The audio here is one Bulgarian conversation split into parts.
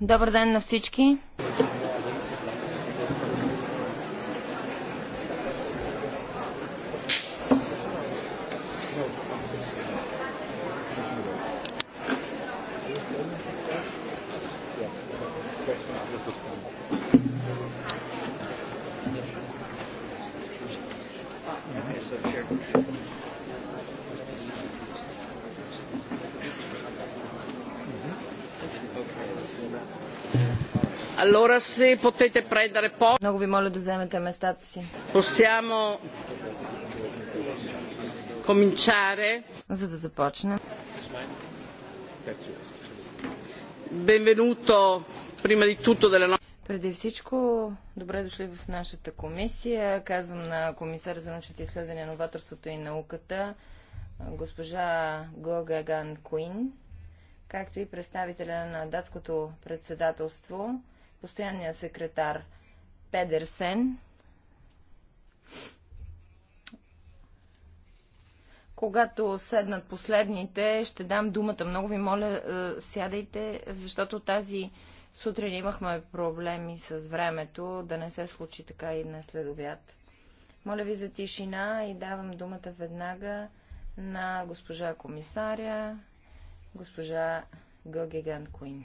Добър ден на всички. se potete prendere posto. Много ви моля да вземете местата си. Possiamo cominciare. За да започнем. Benvenuto prima di tutto della nostra преди всичко, добре дошли в нашата комисия. Казвам на комисар за научните изследвания, новаторството и науката, госпожа Гогаган Куин, както и представителя на датското председателство, постоянния секретар Педерсен, когато седнат последните, ще дам думата. Много ви моля, е, сядайте, защото тази сутрин имахме проблеми с времето, да не се случи така и днес след обяд. Моля ви за тишина и давам думата веднага на госпожа комисаря, госпожа Гогеган Куин.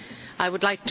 Like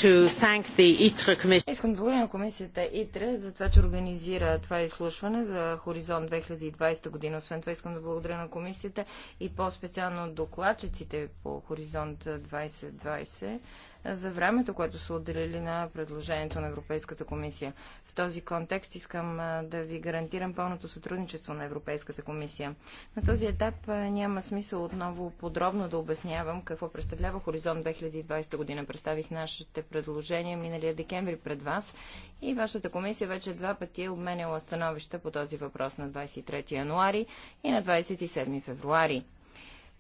Искам да благодаря на комисията ИТРА за това, че организира това изслушване за Хоризонт 2020 година. Освен това искам да благодаря на комисията и по-специално докладчиците по Хоризонт 2020 за времето, което са отделили на предложението на Европейската комисия. В този контекст искам да ви гарантирам пълното сътрудничество на Европейската комисия. На този етап няма смисъл отново подробно да обяснявам какво представлява Хоризонт 2020 година. Представя представих нашите предложения миналия декември пред вас и вашата комисия вече два пъти е обменяла становища по този въпрос на 23 януари и на 27 февруари.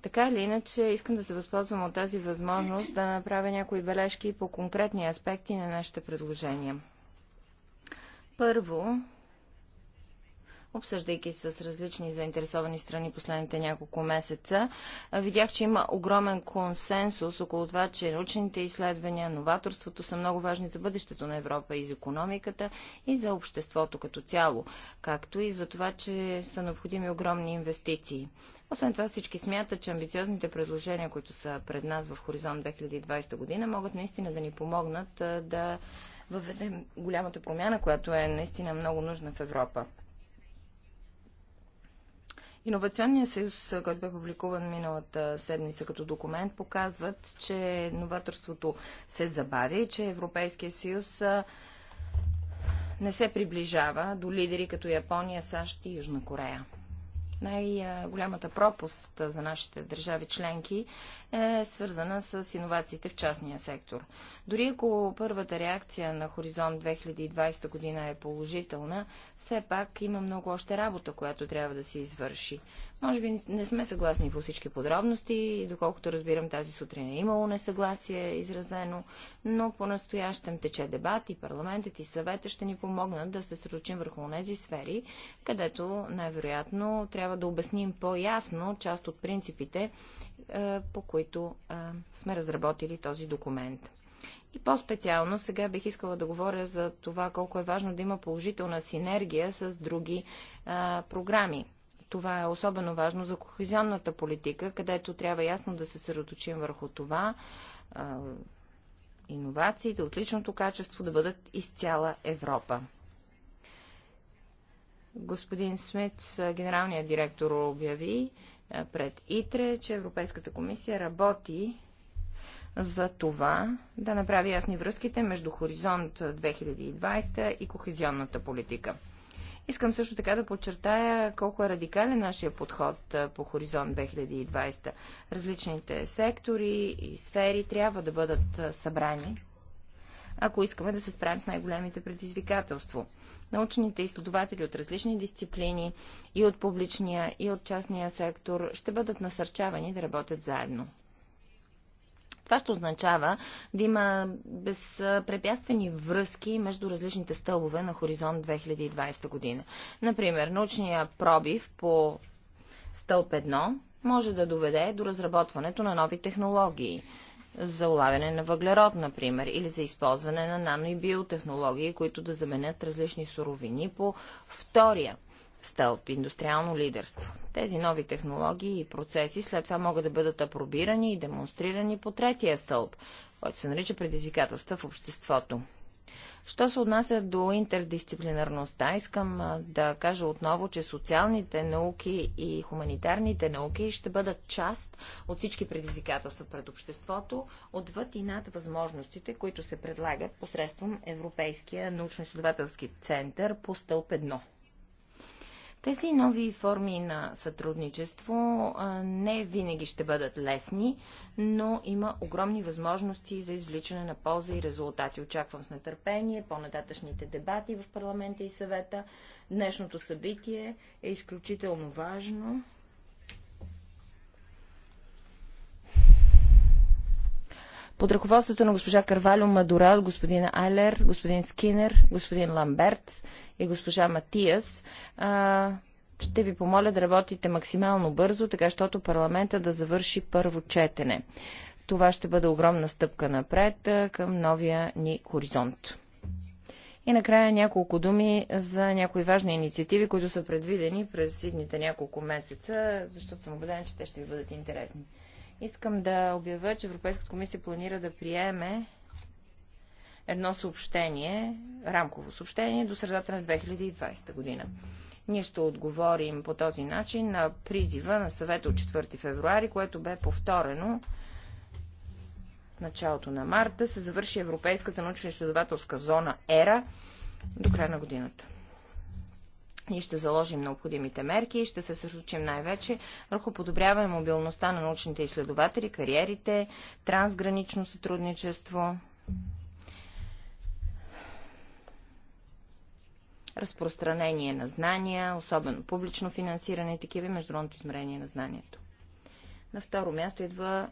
Така или иначе, искам да се възползвам от тази възможност да направя някои бележки по конкретни аспекти на нашите предложения. Първо, обсъждайки с различни заинтересовани страни последните няколко месеца, видях, че има огромен консенсус около това, че научните изследвания, новаторството са много важни за бъдещето на Европа и за економиката, и за обществото като цяло, както и за това, че са необходими огромни инвестиции. Освен това всички смятат, че амбициозните предложения, които са пред нас в Хоризонт 2020 година, могат наистина да ни помогнат да въведем голямата промяна, която е наистина много нужна в Европа. Иновационният съюз, който бе публикуван миналата седмица като документ, показват, че новаторството се забави и че Европейския съюз не се приближава до лидери като Япония, САЩ и Южна Корея. Най-голямата пропуст за нашите държави членки е свързана с иновациите в частния сектор. Дори ако първата реакция на Хоризонт 2020 година е положителна, все пак има много още работа, която трябва да се извърши. Може би не сме съгласни по всички подробности, доколкото разбирам тази сутрин е имало несъгласие изразено, но по-настоящем тече дебат и парламентът и съвета ще ни помогнат да се сръчим върху тези сфери, където най-вероятно трябва да обясним по-ясно част от принципите, е, по които е, сме разработили този документ. И по-специално сега бих искала да говоря за това колко е важно да има положителна синергия с други а, е, програми това е особено важно за кохезионната политика, където трябва ясно да се съсредоточим върху това, иновациите, отличното качество да бъдат из цяла Европа. Господин Смит, генералният директор, обяви пред ИТРЕ, че Европейската комисия работи за това да направи ясни връзките между Хоризонт 2020 и кохезионната политика. Искам също така да подчертая колко е радикален нашия подход по Хоризонт 2020. Различните сектори и сфери трябва да бъдат събрани, ако искаме да се справим с най-големите предизвикателства. Научните изследователи от различни дисциплини и от публичния, и от частния сектор ще бъдат насърчавани да работят заедно. Това ще означава да има безпрепятствени връзки между различните стълбове на Хоризонт 2020 година. Например, научния пробив по стълб 1 може да доведе до разработването на нови технологии за улавяне на въглерод, например, или за използване на нано и биотехнологии, които да заменят различни суровини по втория стълб – индустриално лидерство. Тези нови технологии и процеси след това могат да бъдат апробирани и демонстрирани по третия стълб, който се нарича предизвикателства в обществото. Що се отнася до интердисциплинарността, искам да кажа отново, че социалните науки и хуманитарните науки ще бъдат част от всички предизвикателства пред обществото, отвъд и над възможностите, които се предлагат посредством Европейския научно-изследователски център по стълб 1. Тези нови форми на сътрудничество не винаги ще бъдат лесни, но има огромни възможности за извличане на полза и резултати. Очаквам с нетърпение по-нататъчните дебати в парламента и съвета. Днешното събитие е изключително важно под ръководството на госпожа Карвалю Мадура, господин Айлер, господин Скинер, господин Ламберт и госпожа Матиас, ще ви помоля да работите максимално бързо, така защото парламента да завърши първо четене. Това ще бъде огромна стъпка напред към новия ни хоризонт. И накрая няколко думи за някои важни инициативи, които са предвидени през идните няколко месеца, защото съм убеден, че те ще ви бъдат интересни. Искам да обявя, че Европейската комисия планира да приеме едно съобщение, рамково съобщение, до средата на 2020 година. Ние ще отговорим по този начин на призива на съвета от 4 февруари, което бе повторено в началото на марта, се завърши Европейската научно-изследователска зона ЕРА до края на годината. Ние ще заложим необходимите мерки и ще се съсредоточим най-вече върху подобряване мобилността на научните изследователи, кариерите, трансгранично сътрудничество, разпространение на знания, особено публично финансиране и такива и международното измерение на знанието. На второ място идва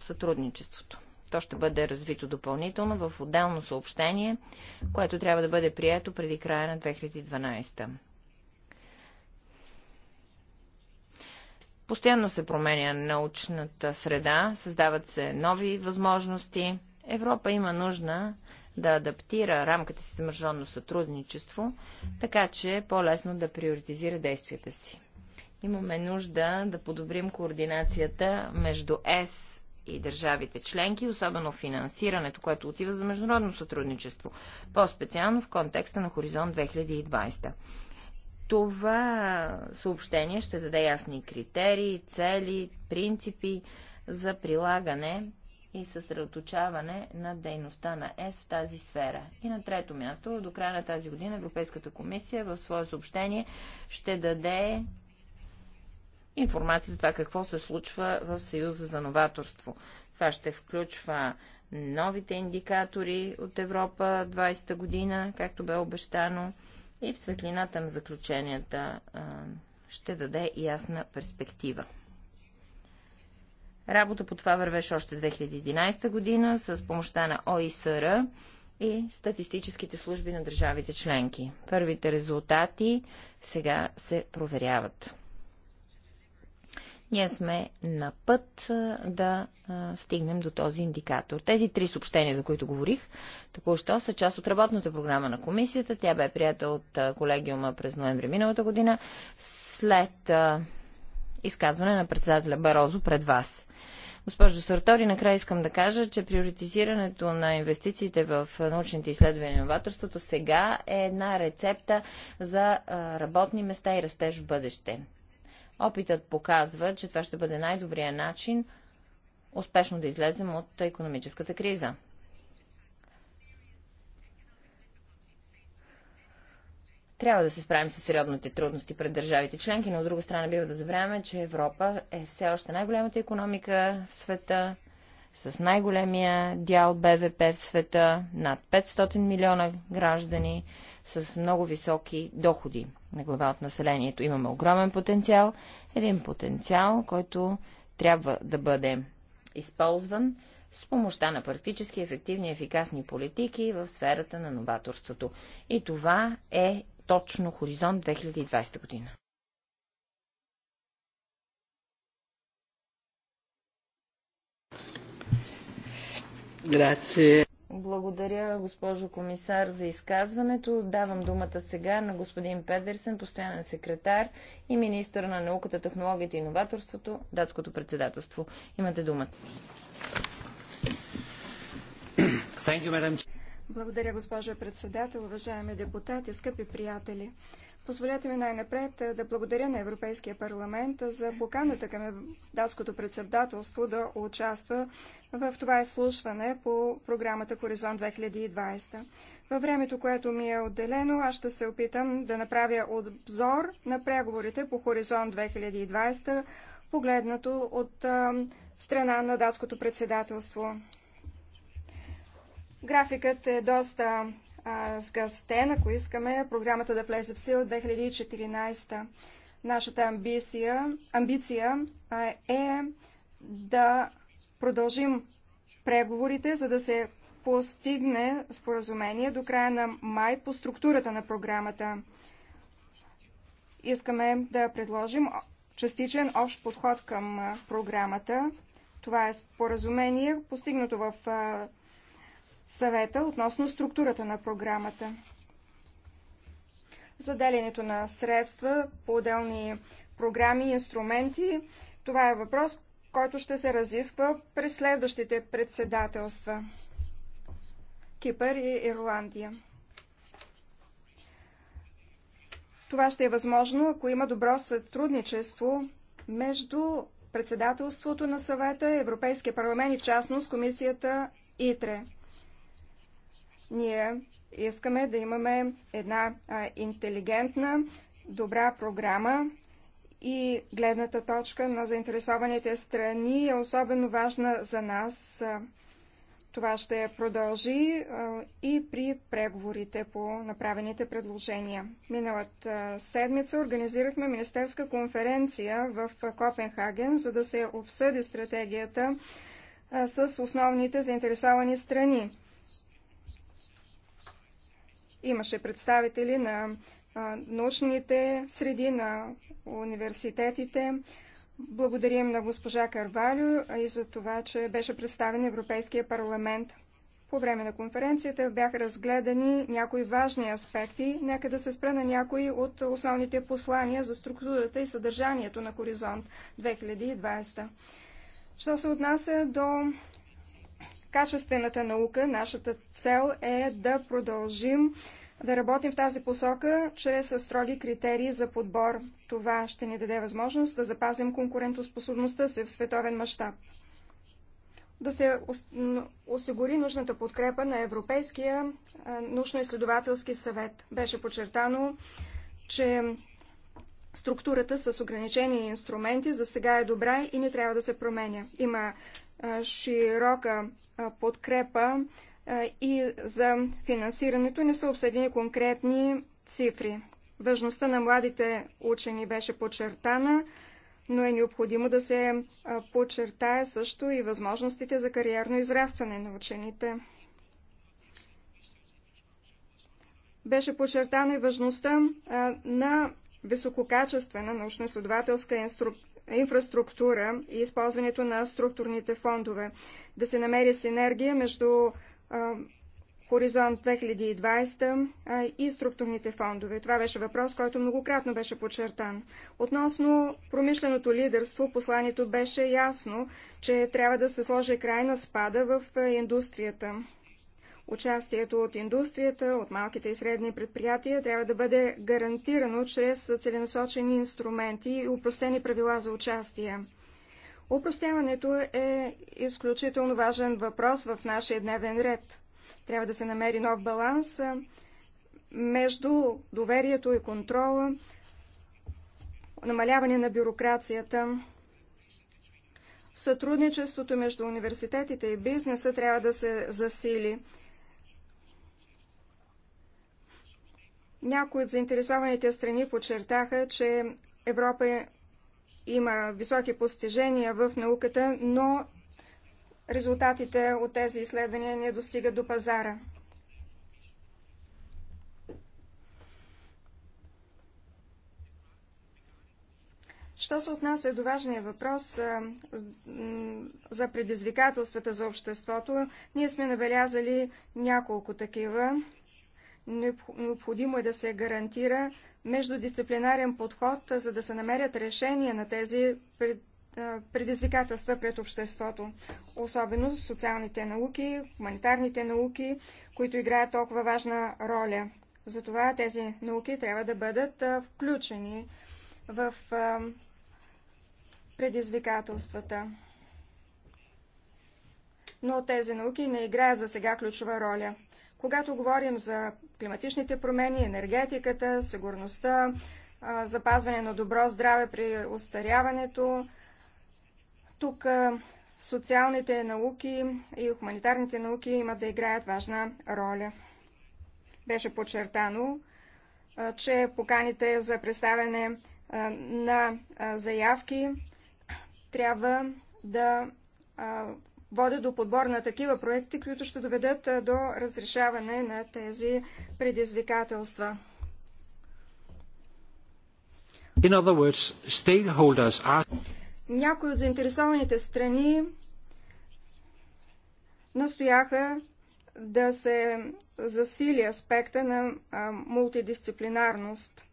сътрудничеството. То ще бъде развито допълнително в отделно съобщение, което трябва да бъде прието преди края на 2012. Постоянно се променя научната среда, създават се нови възможности. Европа има нужда да адаптира рамката си за мъжонно сътрудничество, така че е по-лесно да приоритизира действията си. Имаме нужда да подобрим координацията между ЕС и държавите членки, особено финансирането, което отива за международно сътрудничество, по-специално в контекста на Хоризонт 2020. Това съобщение ще даде ясни критерии, цели, принципи за прилагане и съсредоточаване на дейността на ЕС в тази сфера. И на трето място, до края на тази година Европейската комисия в свое съобщение ще даде информация за това какво се случва в Съюза за новаторство. Това ще включва новите индикатори от Европа 20-та година, както бе обещано, и в светлината на заключенията ще даде ясна перспектива. Работа по това вървеше още 2011 година с помощта на ОИСР и статистическите служби на държавите членки. Първите резултати сега се проверяват ние сме на път да стигнем до този индикатор. Тези три съобщения, за които говорих, току-що са част от работната програма на комисията. Тя бе прията от колегиума през ноември миналата година, след изказване на председателя Барозо пред вас. Госпожо Сартори, накрая искам да кажа, че приоритизирането на инвестициите в научните изследвания и новаторството сега е една рецепта за работни места и растеж в бъдеще. Опитът показва, че това ще бъде най-добрия начин успешно да излезем от економическата криза. трябва да се справим с сериозните трудности пред държавите членки, но от друга страна бива да забравяме, че Европа е все още най-голямата економика в света, с най-големия дял БВП в света, над 500 милиона граждани, с много високи доходи на глава от населението. Имаме огромен потенциал, един потенциал, който трябва да бъде използван с помощта на практически ефективни и ефикасни политики в сферата на новаторството. И това е точно Хоризонт 2020 година. Благодаря, госпожо комисар, за изказването. Давам думата сега на господин Педерсен, постоянен секретар и министър на науката, технологията и иноваторството, датското председателство. Имате думата. Благодаря, госпожо председател, уважаеми депутати, скъпи приятели. Позволете ми най-напред е, да благодаря на Европейския парламент за поканата към датското председателство да участва в това изслушване по програмата Хоризонт 2020. Във времето, което ми е отделено, аз ще се опитам да направя обзор на преговорите по Хоризонт 2020, погледнато от е, страна на датското председателство. Графикът е доста с гастен. ако искаме програмата да влезе в сила 2014. Нашата амбиция, амбиция е да продължим преговорите, за да се постигне споразумение до края на май по структурата на програмата. Искаме да предложим частичен общ подход към програмата. Това е споразумение, постигнато в съвета относно структурата на програмата. Заделянето на средства по отделни програми и инструменти, това е въпрос, който ще се разисква през следващите председателства – Кипър и Ирландия. Това ще е възможно, ако има добро сътрудничество между председателството на съвета, Европейския парламент и в частност комисията ИТРЕ. Ние искаме да имаме една интелигентна, добра програма и гледната точка на заинтересованите страни е особено важна за нас. Това ще продължи и при преговорите по направените предложения. Миналата седмица организирахме министерска конференция в Копенхаген, за да се обсъди стратегията с основните заинтересовани страни. Имаше представители на научните среди, на университетите. Благодарим на госпожа Карвалю и за това, че беше представен Европейския парламент. По време на конференцията бяха разгледани някои важни аспекти. Нека да се спра на някои от основните послания за структурата и съдържанието на Хоризонт 2020. Що се отнася до качествената наука, нашата цел е да продължим да работим в тази посока чрез строги критерии за подбор. Това ще ни даде възможност да запазим конкурентоспособността си в световен мащаб. Да се осигури нужната подкрепа на Европейския научно-изследователски съвет. Беше подчертано, че структурата с ограничени инструменти за сега е добра и не трябва да се променя. Има широка подкрепа и за финансирането не са обсъдени конкретни цифри. Важността на младите учени беше подчертана, но е необходимо да се подчертае също и възможностите за кариерно израстване на учените. Беше подчертана и важността на висококачествена научно-изследователска инстру... инфраструктура и използването на структурните фондове. Да се намери синергия между Хоризонт 2020 и структурните фондове. Това беше въпрос, който многократно беше подчертан. Относно промишленото лидерство, посланието беше ясно, че трябва да се сложи край на спада в индустрията. Участието от индустрията, от малките и средни предприятия трябва да бъде гарантирано чрез целенасочени инструменти и упростени правила за участие. Упростяването е изключително важен въпрос в нашия дневен ред. Трябва да се намери нов баланс между доверието и контрола, намаляване на бюрокрацията. Сътрудничеството между университетите и бизнеса трябва да се засили. Някои от заинтересованите страни подчертаха, че Европа има високи постижения в науката, но резултатите от тези изследвания не достигат до пазара. Що се отнася до важния въпрос а, за предизвикателствата за обществото, ние сме набелязали няколко такива. Необходимо е да се гарантира междудисциплинарен подход, за да се намерят решения на тези предизвикателства пред обществото, особено социалните науки, хуманитарните науки, които играят толкова важна роля. Затова тези науки трябва да бъдат включени в предизвикателствата. Но тези науки не играят за сега ключова роля. Когато говорим за климатичните промени, енергетиката, сигурността, запазване на добро здраве при остаряването, тук социалните науки и хуманитарните науки имат да играят важна роля. Беше подчертано, че поканите за представяне на заявки трябва да водят до подбор на такива проекти, които ще доведат до разрешаване на тези предизвикателства. In other words, stakeholders are... Някои от заинтересованите страни настояха да се засили аспекта на мултидисциплинарност.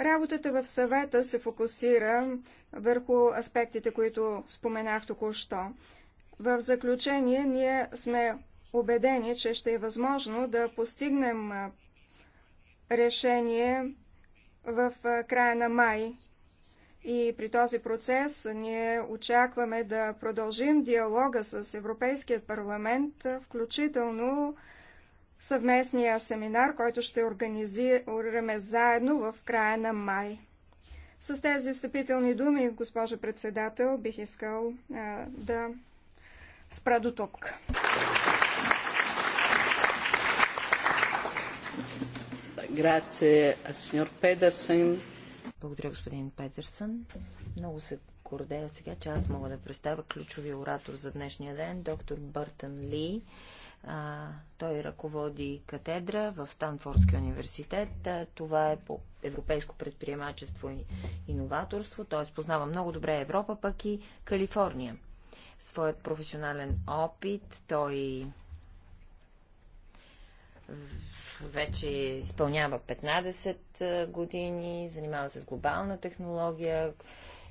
Работата в съвета се фокусира върху аспектите, които споменах току-що. В заключение, ние сме убедени, че ще е възможно да постигнем решение в края на май. И при този процес ние очакваме да продължим диалога с Европейският парламент, включително съвместния семинар, който ще организираме заедно в края на май. С тези встъпителни думи, госпожо председател, бих искал а, да спра до тук. Благодаря, господин Петерсън. Много се гордея сега, че аз мога да представя ключови оратор за днешния ден, доктор Бъртън Ли. А, той ръководи катедра в Станфордския университет. А, това е по европейско предприемачество и иноваторство, Той спознава много добре Европа, пък и Калифорния своят професионален опит. Той вече изпълнява 15 години, занимава се с глобална технология,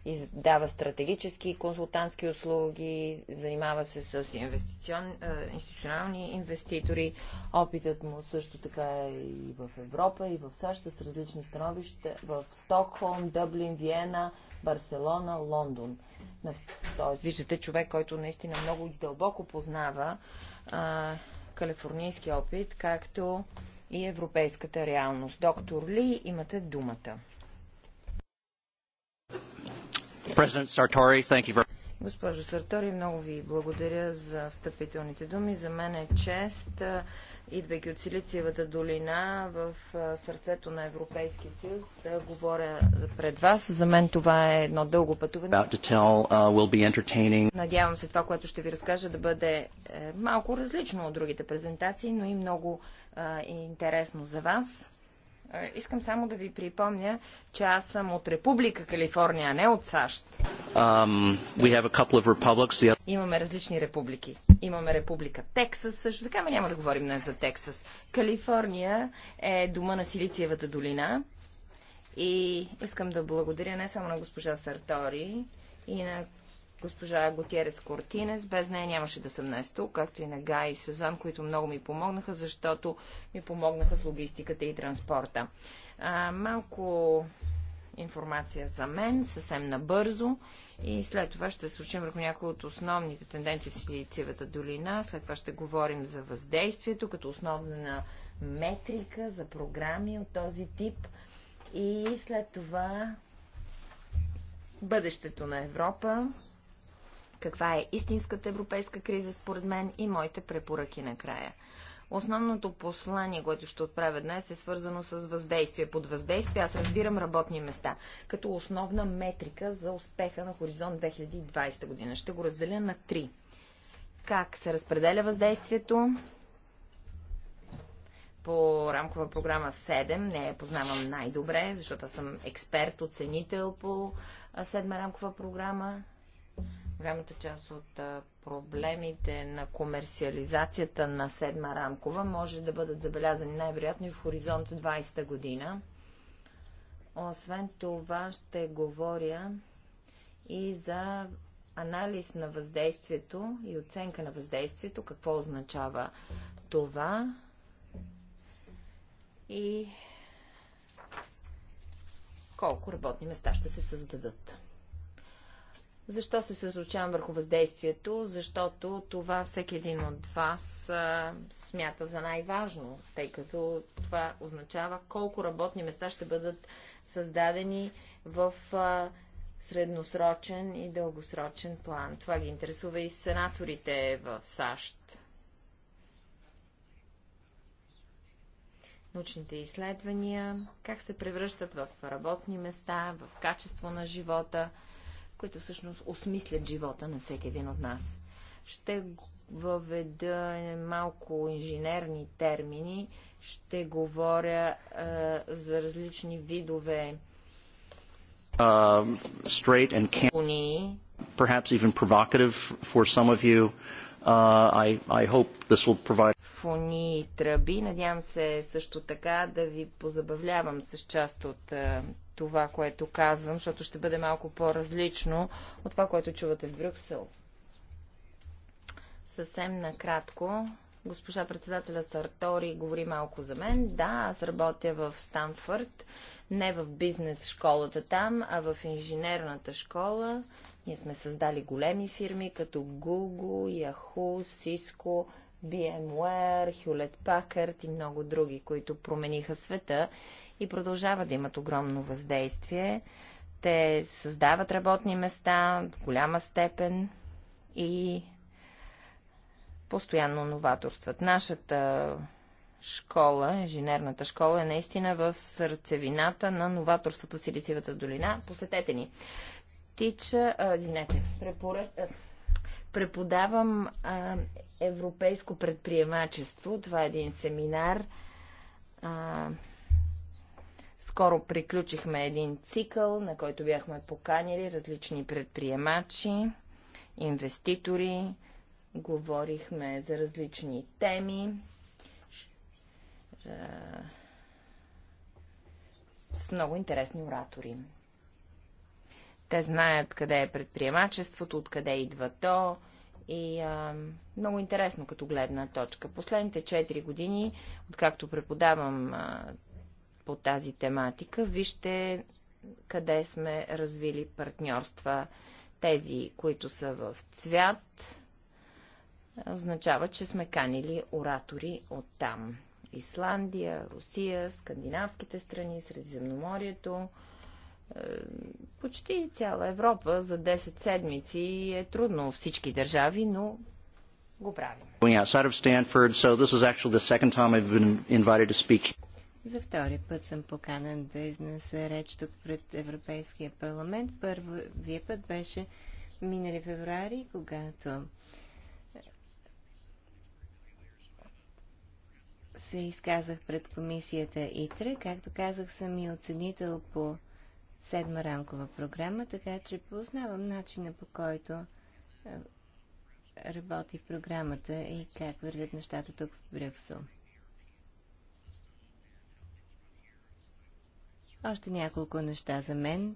издава стратегически консултантски услуги, занимава се с инвестицион, институционални инвеститори. Опитът му също така е и в Европа, и в САЩ, с различни становища в Стокхолм, Дъблин, Виена, Барселона, Лондон. Тоест, виждате човек, който наистина много дълбоко познава а, калифорнийски опит, както и европейската реалност. Доктор Ли, имате думата. President Sartori, thank you very Госпожо Сартори, много ви благодаря за встъпителните думи. За мен е чест, идвайки от Силициевата долина в сърцето на Европейския съюз, да говоря пред вас. За мен това е едно дълго пътуване. Uh, Надявам се това, което ще ви разкажа, да бъде е, малко различно от другите презентации, но и много интересно за вас. Е, искам само да ви припомня, че аз съм от Република Калифорния, а не от САЩ. Um, Имаме различни републики. Имаме република Тексас също така, но няма да говорим днес за Тексас. Калифорния е дома на Силициевата долина. И искам да благодаря не само на госпожа Сартори и на госпожа Готиерес Кортинес. Без нея нямаше да съм днес тук, както и на Гай и Сюзан, които много ми помогнаха, защото ми помогнаха с логистиката и транспорта. А, малко информация за мен, съвсем набързо. И след това ще случим върху някои от основните тенденции в Силицивата долина. След това ще говорим за въздействието като основна метрика за програми от този тип. И след това бъдещето на Европа, каква е истинската европейска криза, според мен, и моите препоръки накрая. Основното послание, което ще отправя днес, е свързано с въздействие. Под въздействие аз разбирам работни места, като основна метрика за успеха на Хоризонт 2020 година. Ще го разделя на три. Как се разпределя въздействието? По рамкова програма 7, не я познавам най-добре, защото аз съм експерт, оценител по седма рамкова програма. Голямата част от проблемите на комерциализацията на седма рамкова може да бъдат забелязани най-вероятно и в хоризонт 20 та година. Освен това ще говоря и за анализ на въздействието и оценка на въздействието, какво означава това и колко работни места ще се създадат. Защо се съсочавам върху въздействието? Защото това всеки един от вас а, смята за най-важно, тъй като това означава колко работни места ще бъдат създадени в а, средносрочен и дългосрочен план. Това ги интересува и сенаторите в САЩ. научните изследвания, как се превръщат в работни места, в качество на живота – които всъщност осмислят живота на всеки един от нас. Ще въведа малко инженерни термини, ще говоря е, за различни видове uh, and can- perhaps even provocative for some of you. Uh, I, I hope this will provide... Фони и тръби. Надявам се също така да ви позабавлявам с част от uh, това, което казвам, защото ще бъде малко по-различно от това, което чувате в Брюксел. Съвсем накратко, госпожа председателя Сартори говори малко за мен. Да, аз работя в Станфорд, не в бизнес школата там, а в инженерната школа. Ние сме създали големи фирми, като Google, Yahoo, Cisco, VMware, Hewlett Packard и много други, които промениха света и продължават да имат огромно въздействие. Те създават работни места в голяма степен и постоянно новаторстват. Нашата школа, инженерната школа е наистина в сърцевината на новаторството в Силицивата долина. Посетете ни. Тича, а, извинете, преподавам а, европейско предприемачество. Това е един семинар. А, скоро приключихме един цикъл, на който бяхме поканили различни предприемачи, инвеститори, говорихме за различни теми. Е, с много интересни оратори. Те знаят къде е предприемачеството, откъде идва то и а, е, много интересно като гледна точка. Последните 4 години, откакто преподавам а, е, по тази тематика. Вижте къде сме развили партньорства. Тези, които са в цвят, означава, че сме канили оратори от там. Исландия, Русия, скандинавските страни, Средиземноморието, е, почти цяла Европа за 10 седмици е трудно всички държави, но го правим. За втори път съм поканен да изнеса реч тук пред Европейския парламент. Първия път беше минали феврари, когато се изказах пред комисията ИТРА. Както казах, съм и оценител по седма рамкова програма, така че познавам начина по който работи програмата и как вървят нещата тук в Брюксел. Още няколко неща за мен.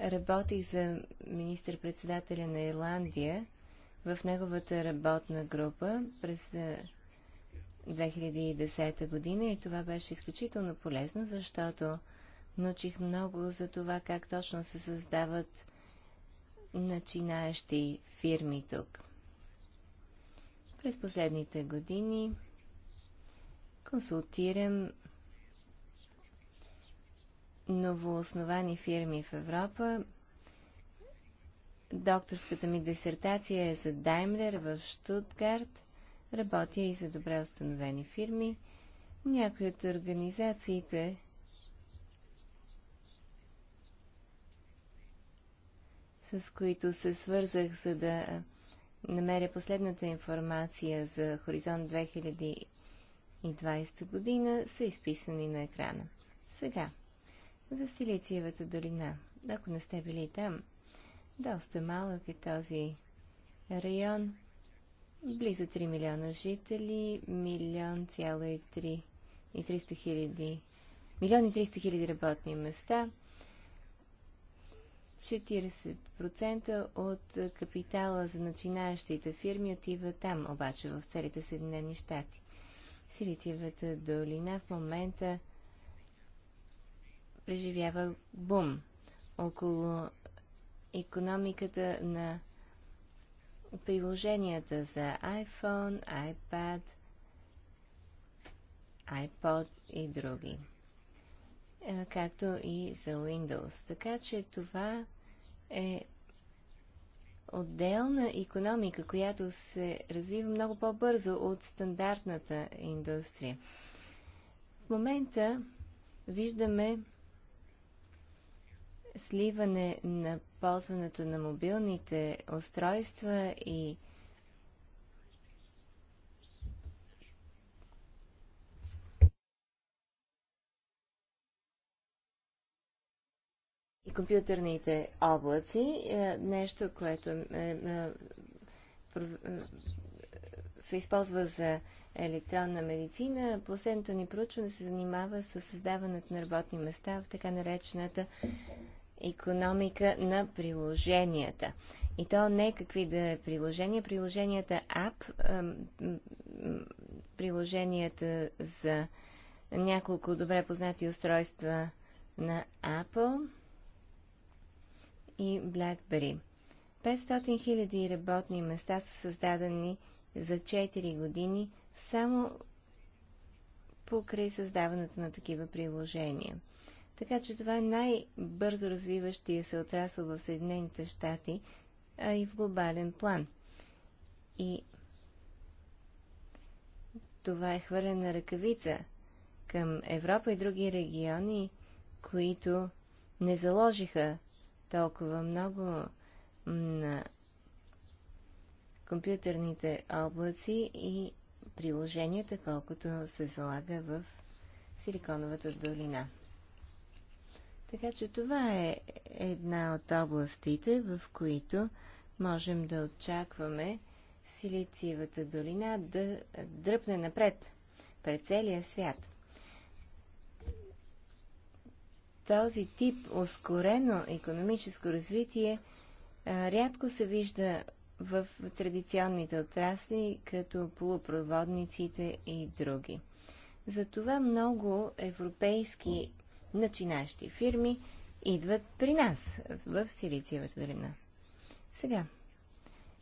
Работих за министър-председателя на Ирландия в неговата работна група през 2010 е, година и това беше изключително полезно, защото научих много за това как точно се създават начинаещи фирми тук. През последните години консултирам новооснованни фирми в Европа. Докторската ми дисертация е за Даймлер в Штутгарт. Работя и за добре установени фирми. Някои от организациите с които се свързах, за да намеря последната информация за Хоризонт 2020 година са изписани на екрана. Сега, за Силициевата долина. Ако не сте били там, доста малък е този район. Близо 3 милиона жители, милион цяло и 3 и 300 хиляди, милион и 300 хиляди работни места, 40% от капитала за начинаещите фирми отива там, обаче в целите Съединени щати. Силицивата долина в момента преживява бум. Около економиката на приложенията за iPhone, iPad, iPod и други, както и за Windows. Така че това е отделна економика, която се развива много по-бързо от стандартната индустрия. В момента виждаме сливане на ползването на мобилните устройства и и компютърните облаци, е, нещо, което е, е, се използва за електронна медицина. Последното ни проучване се занимава с създаването на работни места в така наречената економика на приложенията. И то не какви да е приложения. Приложенията АП, приложенията за няколко добре познати устройства на Apple – и BlackBerry. 500 000 работни места са създадени за 4 години само покрай създаването на такива приложения. Така че това е най-бързо развиващия се отрасъл в Съединените щати, а и в глобален план. И това е хвърлена ръкавица към Европа и други региони, които не заложиха толкова много на компютърните облаци и приложенията, колкото се залага в Силиконовата долина. Така че това е една от областите, в които можем да очакваме Силициевата долина да дръпне напред пред целия свят. този тип ускорено економическо развитие а, рядко се вижда в традиционните отрасли, като полупроводниците и други. Затова много европейски начинащи фирми идват при нас в Силициевата долина. Сега,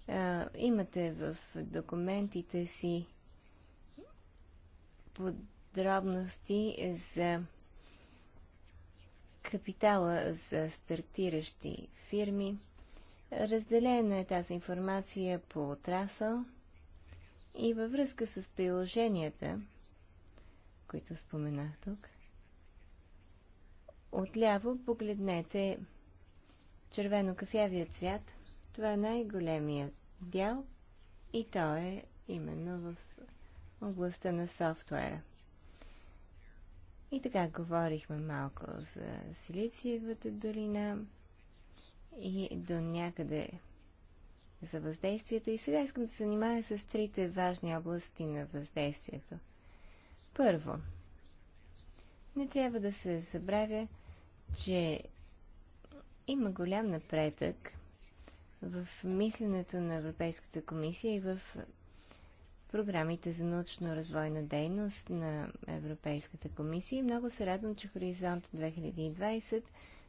а, имате в документите си подробности за капитала за стартиращи фирми. Разделена е тази информация по отрасъл и във връзка с приложенията, които споменах тук. Отляво погледнете червено-кафявия цвят. Това е най-големият дял и то е именно в областта на софтуера. И така говорихме малко за Силициевата долина и до някъде за въздействието. И сега искам да се занимая с трите важни области на въздействието. Първо, не трябва да се забравя, че има голям напредък в мисленето на Европейската комисия и в програмите за научно-развойна дейност на Европейската комисия. Много се радвам, че Хоризонт 2020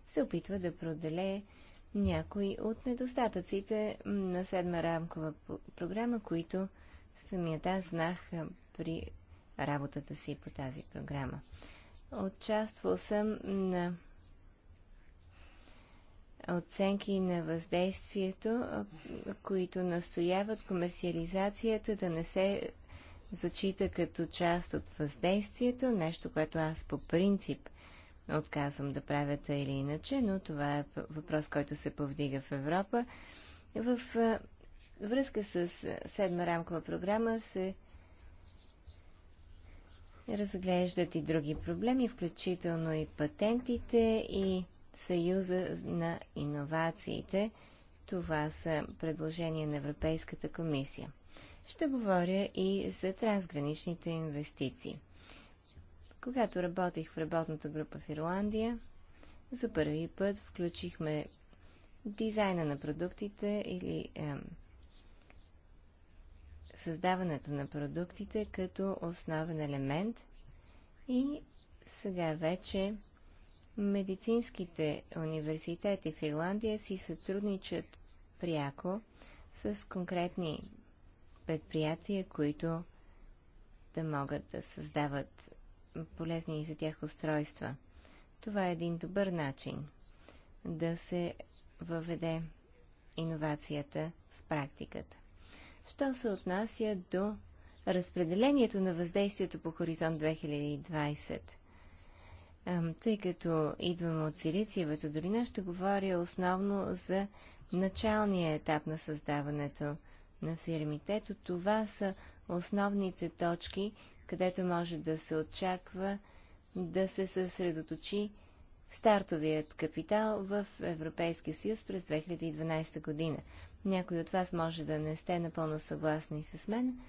се опитва да проделее някои от недостатъците на седма рамкова програма, които самият аз знах при работата си по тази програма. Отчаствал съм на оценки на въздействието, които настояват комерциализацията да не се зачита като част от въздействието, нещо, което аз по принцип отказвам да правя тъй или иначе, но това е въпрос, който се повдига в Европа. В връзка с седма рамкова програма се разглеждат и други проблеми, включително и патентите и Съюза на иновациите. Това са предложения на Европейската комисия. Ще говоря и за трансграничните инвестиции. Когато работих в работната група в Ирландия, за първи път включихме дизайна на продуктите или е, създаването на продуктите като основен елемент и сега вече Медицинските университети в Ирландия си сътрудничат пряко с конкретни предприятия, които да могат да създават полезни и за тях устройства. Това е един добър начин да се въведе иновацията в практиката. Що се отнася до разпределението на въздействието по Хоризонт 2020? Тъй като идвам от Силициевата долина, ще говоря основно за началния етап на създаването на фирмите. Ето това са основните точки, където може да се очаква да се съсредоточи стартовият капитал в Европейския съюз през 2012 година. Някой от вас може да не сте напълно съгласни с мен,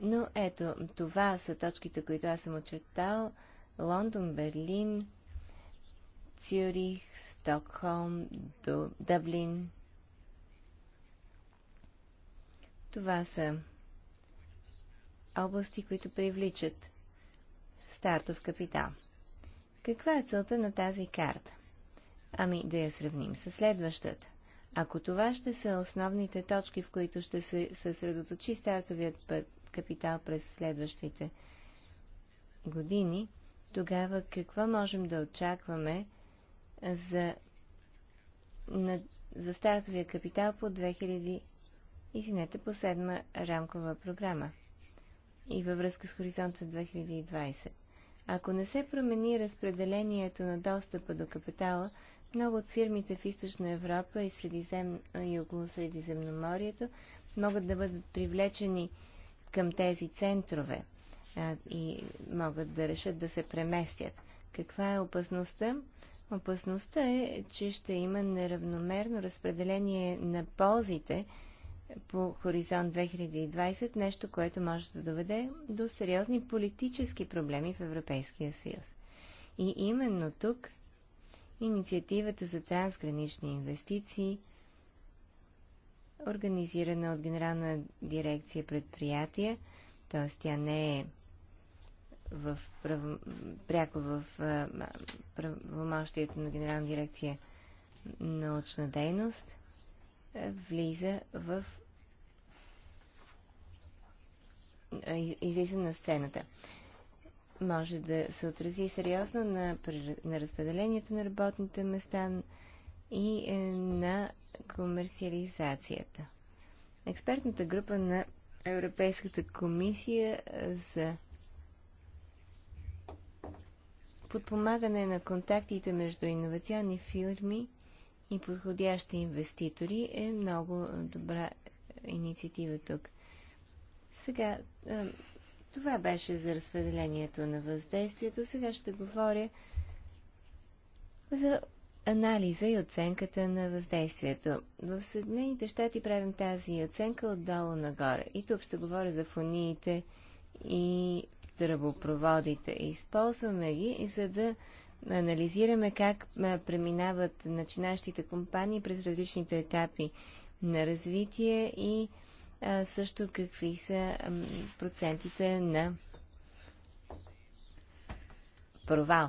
но ето, това са точките, които аз съм очертал – Лондон, Берлин, Цюрих, Стокхолм, Дъблин. Това са области, които привличат стартов капитал. Каква е целта на тази карта? Ами да я сравним с следващата. Ако това ще са основните точки, в които ще се съсредоточи стартовият капитал през следващите години, тогава какво можем да очакваме за, на, за стартовия капитал по 2000 синете по седма рамкова програма и във връзка с хоризонта 2020. Ако не се промени разпределението на достъпа до капитала, много от фирмите в Източна Европа и, средизем... и около Средиземноморието могат да бъдат привлечени към тези центрове и могат да решат да се преместят. Каква е опасността? Опасността е, че ще има неравномерно разпределение на ползите по Хоризонт 2020, нещо, което може да доведе до сериозни политически проблеми в Европейския съюз. И именно тук инициативата за трансгранични инвестиции, организирана от Генерална дирекция предприятия, т.е. тя не е в прав... пряко в правомощието на Генерална дирекция научна дейност, влиза в излиза на сцената. Може да се отрази сериозно на, на разпределението на работните места и е, на комерциализацията. Експертната група на Европейската комисия за подпомагане на контактите между иновационни фирми и подходящи инвеститори е много добра инициатива тук. Сега, това беше за разпределението на въздействието. Сега ще говоря за анализа и оценката на въздействието. В Съединените щати правим тази оценка отдолу нагоре. И тук ще говоря за фониите и тръбопроводите. Използваме ги, за да анализираме как преминават начинащите компании през различните етапи на развитие и а, също какви са процентите на провал.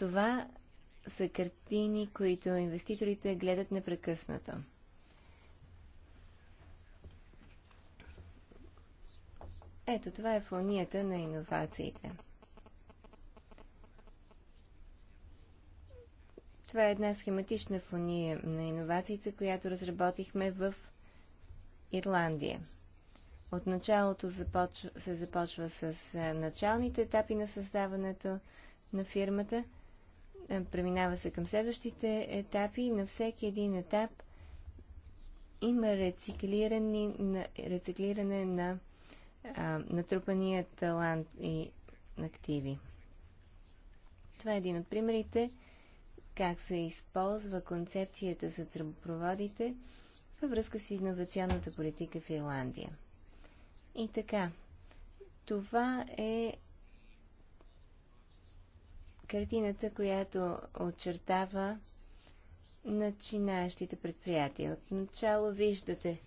Това са картини, които инвеститорите гледат непрекъснато. Ето, това е фонията на иновациите. Това е една схематична фония на иновациите, която разработихме в Ирландия. От началото започва, се започва с началните етапи на създаването на фирмата – е, преминава се към следващите етапи. На всеки един етап има рециклиране на, рециклиране на а, натрупания талант и активи. Това е един от примерите как се използва концепцията за тръбопроводите във връзка с инновационната политика в Ирландия. И така, това е картината, която очертава начинаещите предприятия. Отначало виждате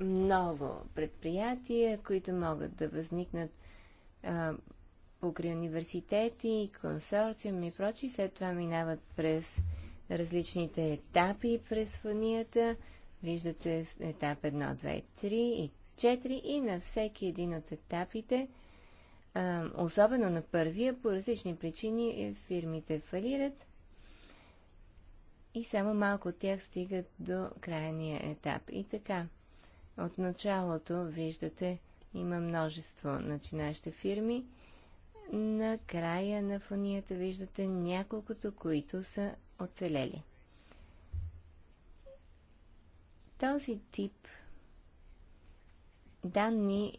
много предприятия, които могат да възникнат а, покри университети, консорциуми и прочи. След това минават през различните етапи през фанията. Виждате етап 1, 2, 3 и 4 и на всеки един от етапите – особено на първия, по различни причини е, фирмите фалират и само малко от тях стигат до крайния етап. И така, от началото виждате, има множество начинащи фирми. На края на фонията виждате няколкото, които са оцелели. Този тип данни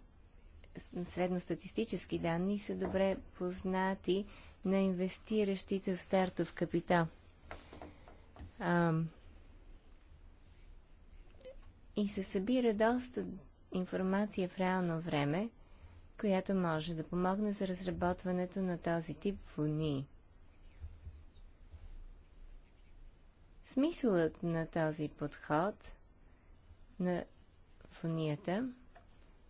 средностатистически данни са добре познати на инвестиращите в стартов капитал. и се събира доста информация в реално време, която може да помогне за разработването на този тип фонии. Смисълът на този подход на фонията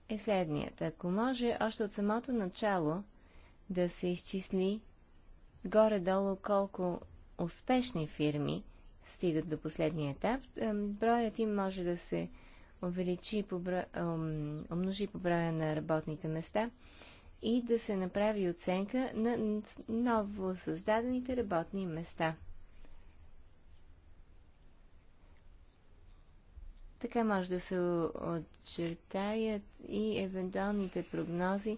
е следният. Ако може още от самото начало да се изчисли горе-долу колко успешни фирми стигат до последния етап, е, броят им може да се увеличи по бро... Е, умножи по броя на работните места и да се направи оценка на ново създадените работни места – Така може да се очертаят и евентуалните прогнози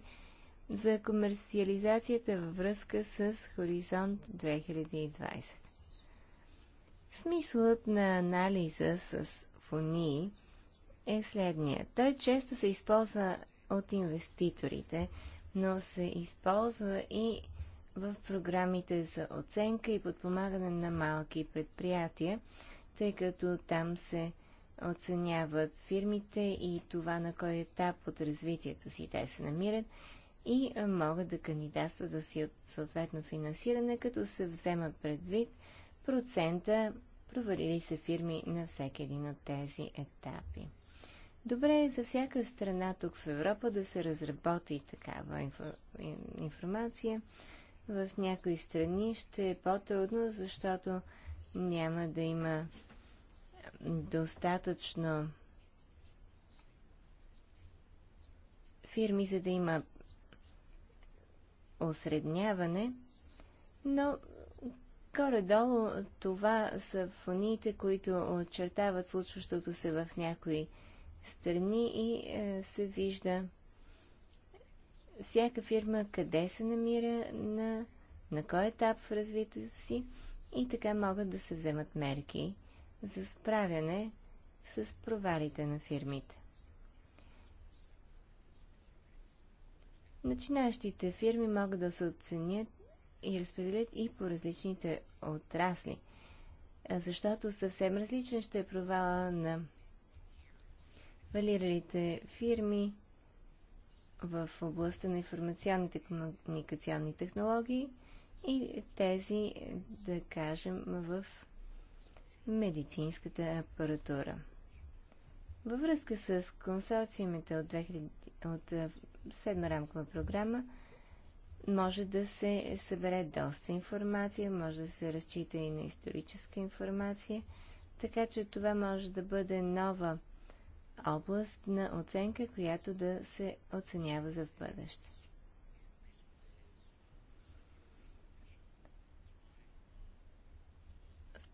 за комерциализацията във връзка с Хоризонт 2020. Смисълът на анализа с фонии е следния. Той често се използва от инвеститорите, но се използва и в програмите за оценка и подпомагане на малки предприятия, тъй като там се оценяват фирмите и това на кой етап от развитието си те се намират и могат да кандидатстват за си от съответно финансиране, като се взема предвид процента провалили се фирми на всеки един от тези етапи. Добре е за всяка страна тук в Европа да се разработи такава информация. В някои страни ще е по-трудно, защото няма да има достатъчно фирми, за да има осредняване, но горе-долу това са фониите, които очертават случващото се в някои страни и е, се вижда всяка фирма къде се намира, на, на кой етап в развитието си и така могат да се вземат мерки за справяне с провалите на фирмите. Начинаещите фирми могат да се оценят и разпределят и по различните отрасли, защото съвсем различен ще е провала на фалиралите фирми в областта на информационните комуникационни технологии и тези, да кажем, в медицинската апаратура. Във връзка с консорциумите от, 2000, от 7 рамкова програма може да се събере доста информация, може да се разчита и на историческа информация, така че това може да бъде нова област на оценка, която да се оценява за в бъдеще.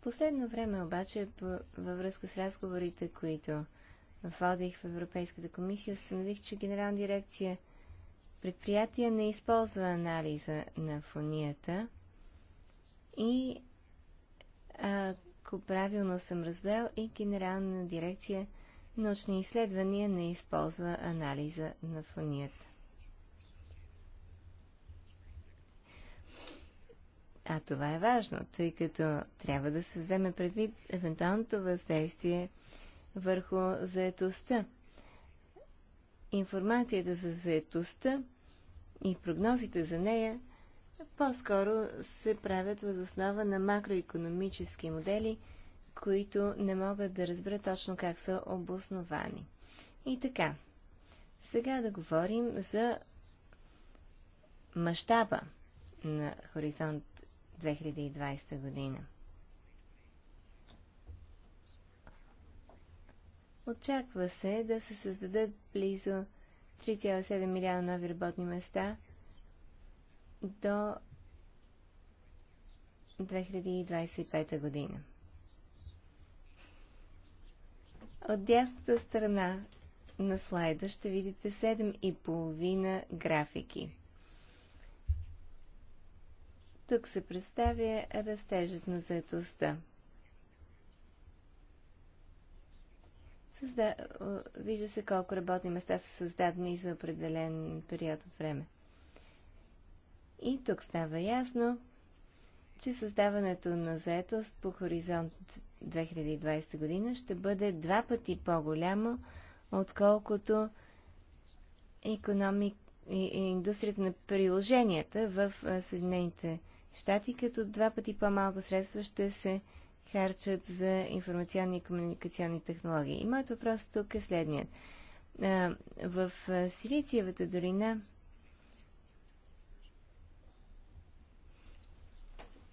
Последно време обаче във връзка с разговорите, които водих в Европейската комисия, установих, че Генерална дирекция предприятия не използва анализа на фонията и ако правилно съм разбрал, и Генерална дирекция научни изследвания не използва анализа на фонията. А това е важно, тъй като трябва да се вземе предвид евентуалното въздействие върху заетостта. Информацията за заетостта и прогнозите за нея по-скоро се правят въз основа на макроекономически модели, които не могат да разберат точно как са обосновани. И така, сега да говорим за мащаба на Хоризонт 2020 година. Очаква се да се създадат близо 3,7 милиона нови работни места до 2025 година. От дясната страна на слайда ще видите 7,5 графики. Тук се представя растежът на заедостта. Създа... Вижда се колко работни места са създадени за определен период от време. И тук става ясно, че създаването на заетост по хоризонт 2020 година ще бъде два пъти по-голямо, отколкото економик... индустрията на приложенията в Съединените щати, като два пъти по-малко средства ще се харчат за информационни и комуникационни технологии. И моят въпрос тук е следният. В Силициевата долина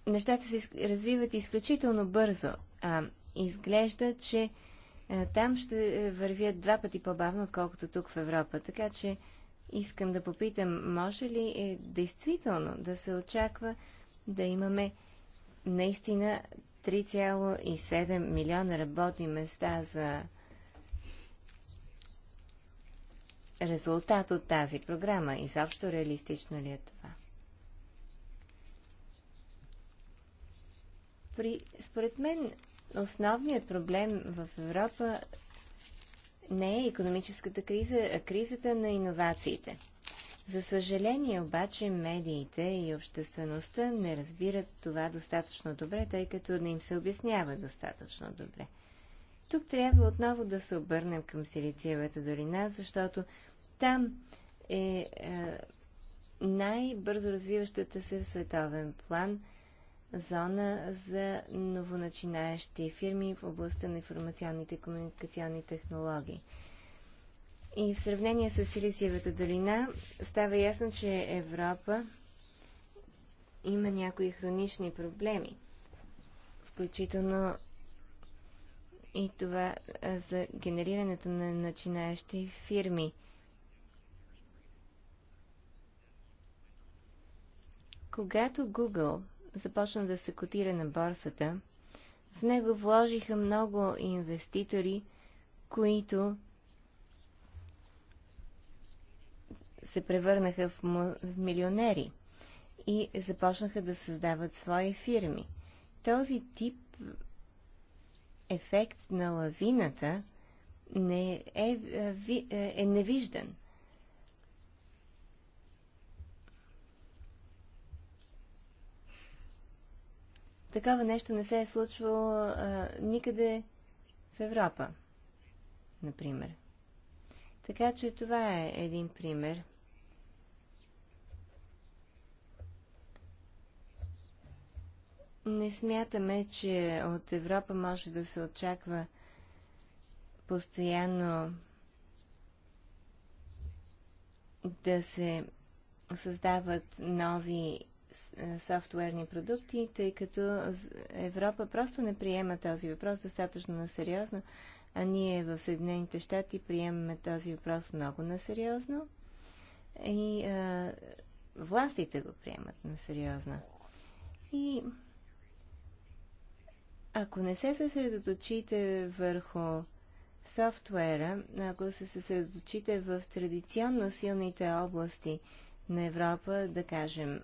нещата се развиват изключително бързо. А, изглежда, че там ще е, вървят два пъти по-бавно, отколкото тук в Европа. Така че искам да попитам, може ли е действително да се очаква да имаме наистина 3,7 милиона работни места за резултат от тази програма. Изобщо реалистично ли е това? При, според мен основният проблем в Европа не е економическата криза, а кризата на иновациите – за съжаление обаче медиите и обществеността не разбират това достатъчно добре, тъй като не им се обяснява достатъчно добре. Тук трябва отново да се обърнем към Силициевата долина, защото там е, е най-бързо развиващата се в световен план зона за новоначинаещи фирми в областта на информационните и комуникационни технологии. И в сравнение с Силисиевата долина става ясно, че Европа има някои хронични проблеми, включително и това за генерирането на начинаещи фирми. Когато Google започна да се котира на борсата, в него вложиха много инвеститори, които се превърнаха в, му... в милионери и започнаха да създават свои фирми. Този тип ефект на лавината не е, е, е, е невиждан. Такова нещо не се е случвало а, никъде в Европа, например. Така че това е един пример Не смятаме, че от Европа може да се очаква постоянно да се създават нови е, софтуерни продукти, тъй като Европа просто не приема този въпрос достатъчно насериозно, а ние в Съединените щати приемаме този въпрос много насериозно и а, е, властите го приемат насериозно. И ако не се съсредоточите върху софтуера, ако се съсредоточите в традиционно силните области на Европа, да кажем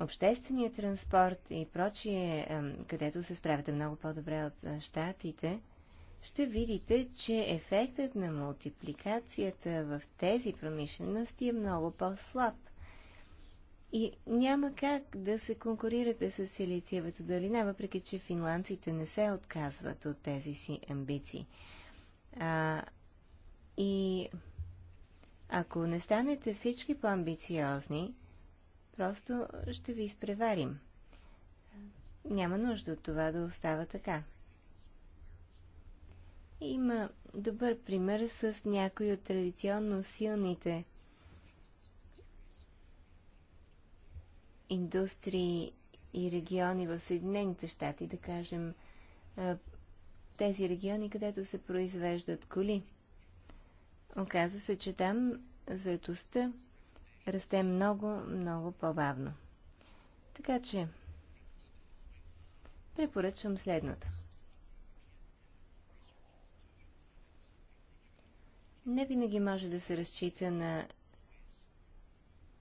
обществения транспорт и прочие, където се справяте много по-добре от щатите, ще видите, че ефектът на мултипликацията в тези промишлености е много по-слаб – и няма как да се конкурирате с Силициевата долина, въпреки че финландците не се отказват от тези си амбиции. А, и ако не станете всички по-амбициозни, просто ще ви изпреварим. Няма нужда от това да остава така. Има добър пример с някои от традиционно силните индустрии и региони в Съединените щати, да кажем тези региони, където се произвеждат коли. Оказва се, че там заетостта расте много, много по-бавно. Така че, препоръчвам следното. Не винаги може да се разчита на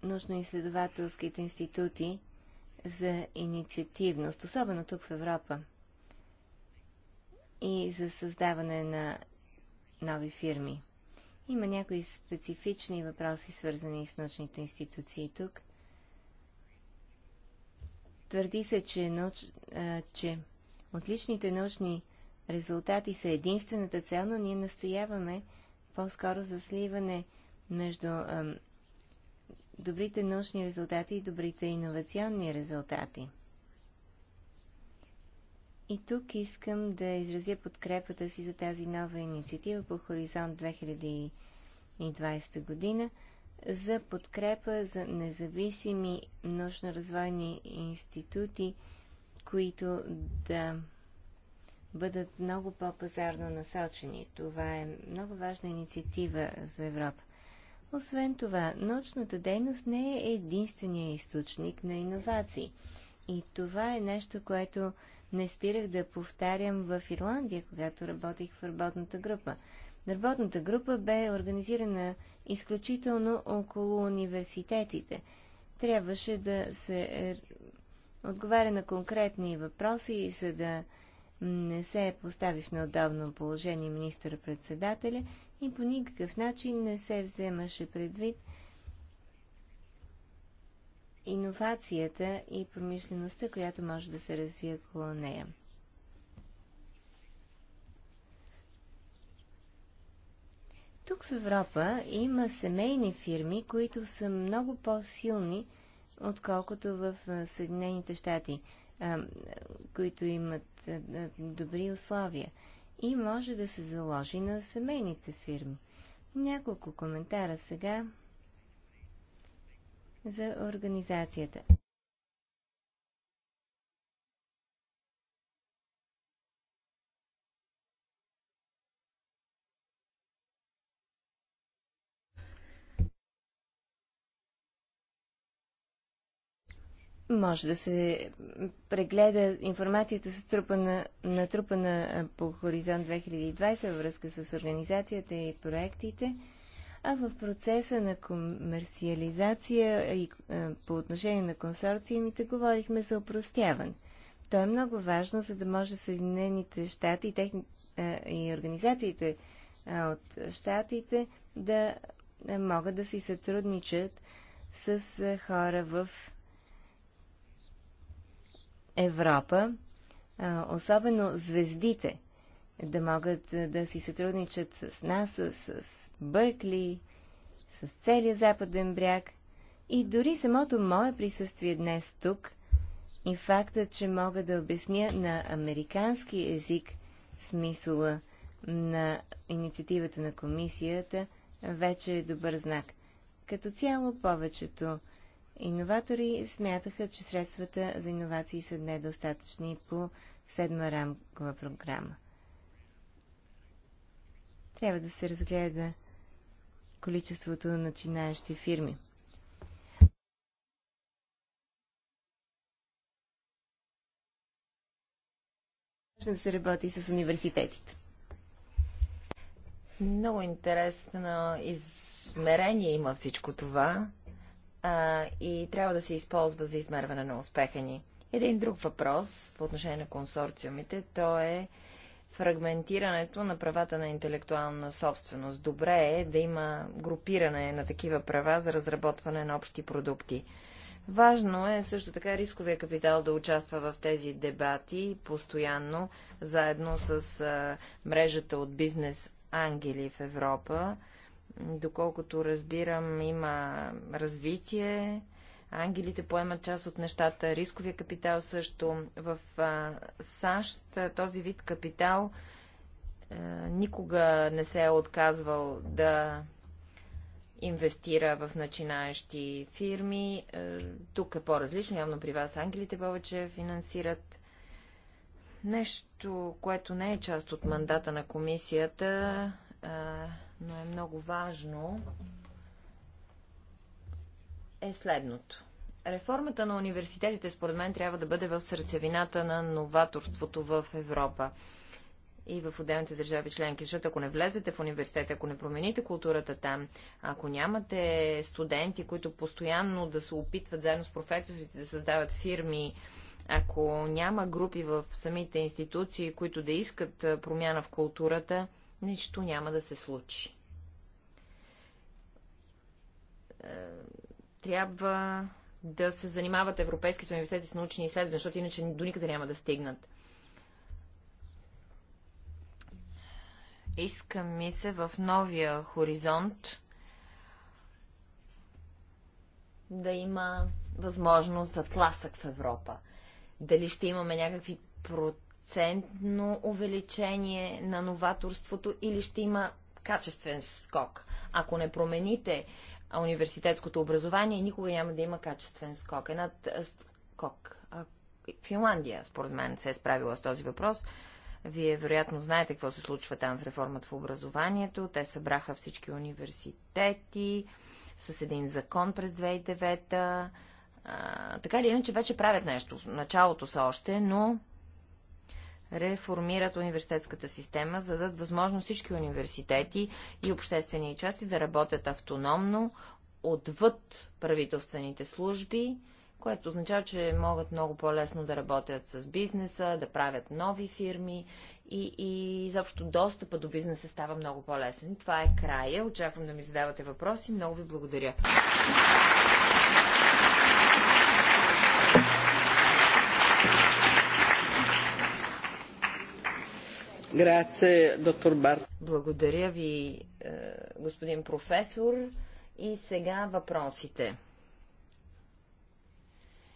научно-изследователските институти за инициативност, особено тук в Европа, и за създаване на нови фирми. Има някои специфични въпроси, свързани с научните институции тук. Твърди се, че, науч... че отличните научни резултати са единствената цел, но ние настояваме по-скоро за сливане между добрите научни резултати и добрите иновационни резултати. И тук искам да изразя подкрепата си за тази нова инициатива по Хоризонт 2020 година за подкрепа за независими научно-развойни институти, които да бъдат много по-пазарно насочени. Това е много важна инициатива за Европа. Освен това, научната дейност не е единствения източник на иновации. И това е нещо, което не спирах да повтарям в Ирландия, когато работих в работната група. Работната група бе организирана изключително около университетите. Трябваше да се е, отговаря на конкретни въпроси, и за да не се постави в неудобно положение министър-председателя и по никакъв начин не се вземаше предвид иновацията и промишлеността, която може да се развие около нея. Тук в Европа има семейни фирми, които са много по-силни, отколкото в Съединените щати които имат добри условия. И може да се заложи на семейните фирми. Няколко коментара сега за организацията. може да се прегледа информацията натрупана, натрупана по Хоризонт 2020 във връзка с организацията и проектите, а в процеса на комерциализация и по отношение на консорциумите говорихме за опростяване. То е много важно, за да може Съединените щати и, техни... и организациите от щатите да могат да си сътрудничат с хора в Европа, особено звездите, да могат да си сътрудничат с нас, с, Бъркли, с целия Западен бряг и дори самото мое присъствие днес тук и факта, че мога да обясня на американски език смисъла на инициативата на комисията, вече е добър знак. Като цяло повечето иноватори смятаха, че средствата за иновации са недостатъчни по седма рамкова програма. Трябва да се разгледа количеството на начинаещи фирми. Важно е да се работи с университетите. Много интересно измерение има всичко това а, и трябва да се използва за измерване на успеха ни. Един друг въпрос по отношение на консорциумите, то е фрагментирането на правата на интелектуална собственост. Добре е да има групиране на такива права за разработване на общи продукти. Важно е също така рисковия капитал да участва в тези дебати постоянно, заедно с а, мрежата от бизнес ангели в Европа, Доколкото разбирам, има развитие, ангелите поемат част от нещата, рисковия капитал също. В САЩ този вид капитал никога не се е отказвал да инвестира в начинаещи фирми. Тук е по-различно, явно при вас ангелите повече финансират. Нещо, което не е част от мандата на комисията, но е много важно, е следното. Реформата на университетите, според мен, трябва да бъде в сърцевината на новаторството в Европа и в отделните държави членки. Защото ако не влезете в университета, ако не промените културата там, ако нямате студенти, които постоянно да се опитват заедно с професорите да създават фирми, ако няма групи в самите институции, които да искат промяна в културата, нищо няма да се случи. Е, трябва да се занимават европейските университети с научни изследвания, защото иначе до никъде няма да стигнат. Иска ми се в новия хоризонт да има възможност за тласък в Европа. Дали ще имаме някакви протести процентно увеличение на новаторството или ще има качествен скок. Ако не промените университетското образование, никога няма да има качествен скок. Една скок. Финландия, според мен, се е справила с този въпрос. Вие вероятно знаете какво се случва там в реформата в образованието. Те събраха всички университети с един закон през 2009. А, така или иначе вече правят нещо. Началото са още, но реформират университетската система, за да дадат възможност всички университети и обществени части да работят автономно, отвъд правителствените служби, което означава, че могат много по-лесно да работят с бизнеса, да правят нови фирми и, и изобщо достъпа до бизнеса става много по-лесен. Това е края. Очаквам да ми задавате въпроси. Много ви благодаря. доктор Благодаря ви, е, господин професор. И сега въпросите.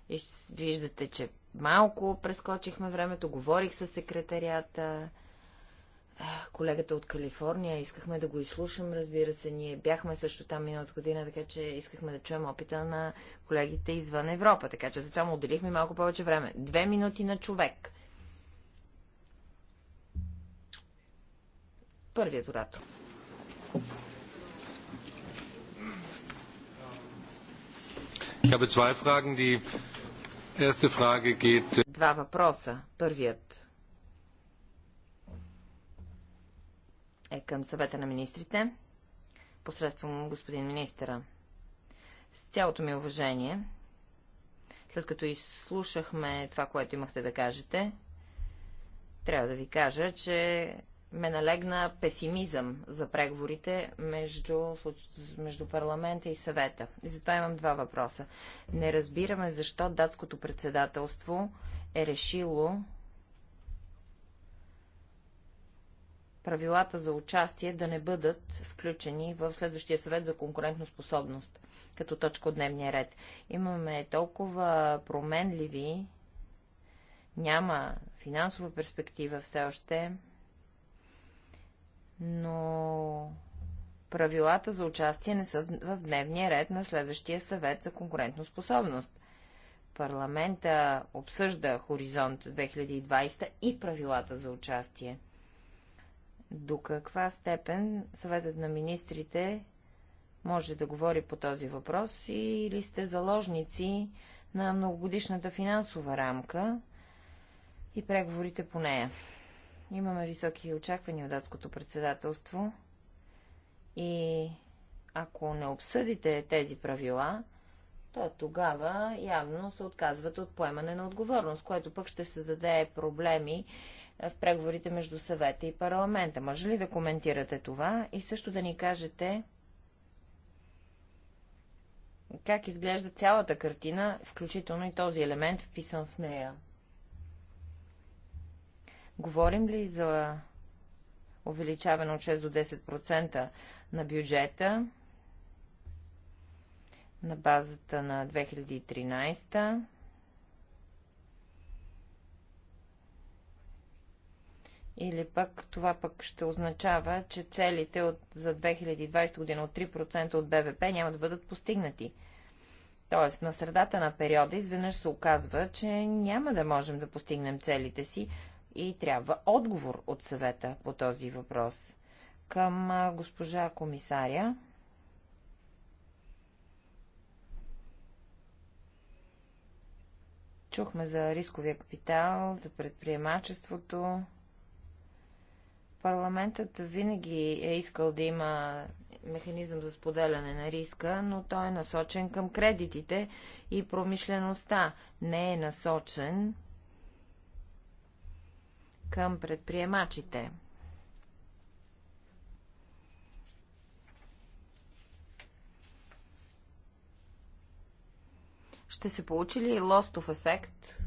И виждате, че малко прескочихме времето, говорих с секретарията, колегата от Калифорния, искахме да го изслушам, разбира се, ние бяхме също там миналата година, така че искахме да чуем опита на колегите извън Европа, така че затова му отделихме малко повече време. Две минути на човек – първият оратор. Äh, Два въпроса. Първият е към съвета на министрите, посредством господин министъра. С цялото ми уважение, след като изслушахме това, което имахте да кажете, трябва да ви кажа, че ме налегна песимизъм за преговорите между, между парламента и съвета. И затова имам два въпроса. Не разбираме защо датското председателство е решило правилата за участие да не бъдат включени в следващия съвет за конкурентоспособност като точка от дневния ред. Имаме толкова променливи, няма финансова перспектива все още, но правилата за участие не са в дневния ред на следващия съвет за конкурентоспособност. Парламента обсъжда Хоризонт 2020 и правилата за участие. До каква степен съветът на министрите може да говори по този въпрос или сте заложници на многогодишната финансова рамка и преговорите по нея? Имаме високи очаквания от датското председателство и ако не обсъдите тези правила, то тогава явно се отказвате от поемане на отговорност, което пък ще създаде проблеми е, в преговорите между съвета и парламента. Може ли да коментирате това и също да ни кажете как изглежда цялата картина, включително и този елемент, вписан в нея? Говорим ли за увеличаване от 6 до 10% на бюджета на базата на 2013? Или пък това пък ще означава, че целите от, за 2020 година от 3% от БВП няма да бъдат постигнати. Тоест, на средата на периода изведнъж се оказва, че няма да можем да постигнем целите си, и трябва отговор от съвета по този въпрос. Към госпожа комисаря. Чухме за рисковия капитал, за предприемачеството. Парламентът винаги е искал да има механизъм за споделяне на риска, но той е насочен към кредитите и промишлеността. Не е насочен към предприемачите. Ще се получи ли лостов ефект,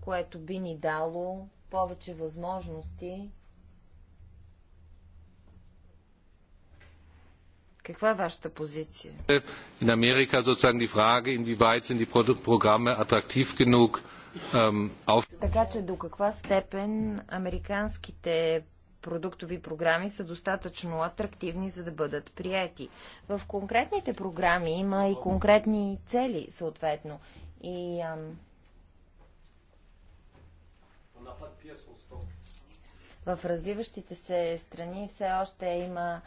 което би ни дало повече възможности? Каква е вашата позиция? In Amerika sozusagen die Frage, inwieweit sind die Produktprogramme attraktiv genug, така че до каква степен американските продуктови програми са достатъчно атрактивни, за да бъдат прияти. В конкретните програми има и конкретни цели, съответно. И, ам... В развиващите се страни все още има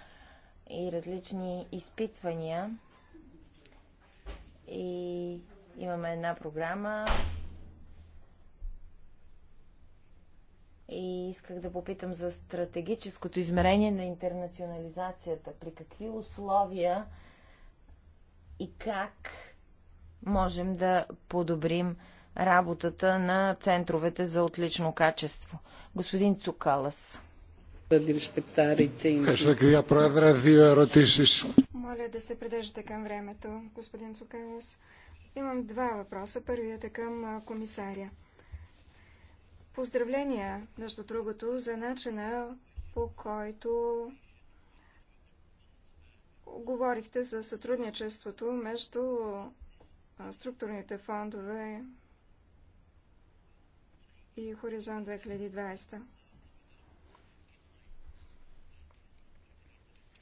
и различни изпитвания. И имаме една програма, и исках да попитам за стратегическото измерение на интернационализацията. При какви условия и как можем да подобрим работата на центровете за отлично качество? Господин Цукалас. Моля да се придържате към времето, господин Цукалас. Имам два въпроса. Първият е към комисаря. Поздравления, между другото, за начина по който говорихте за сътрудничеството между структурните фондове и Хоризонт 2020.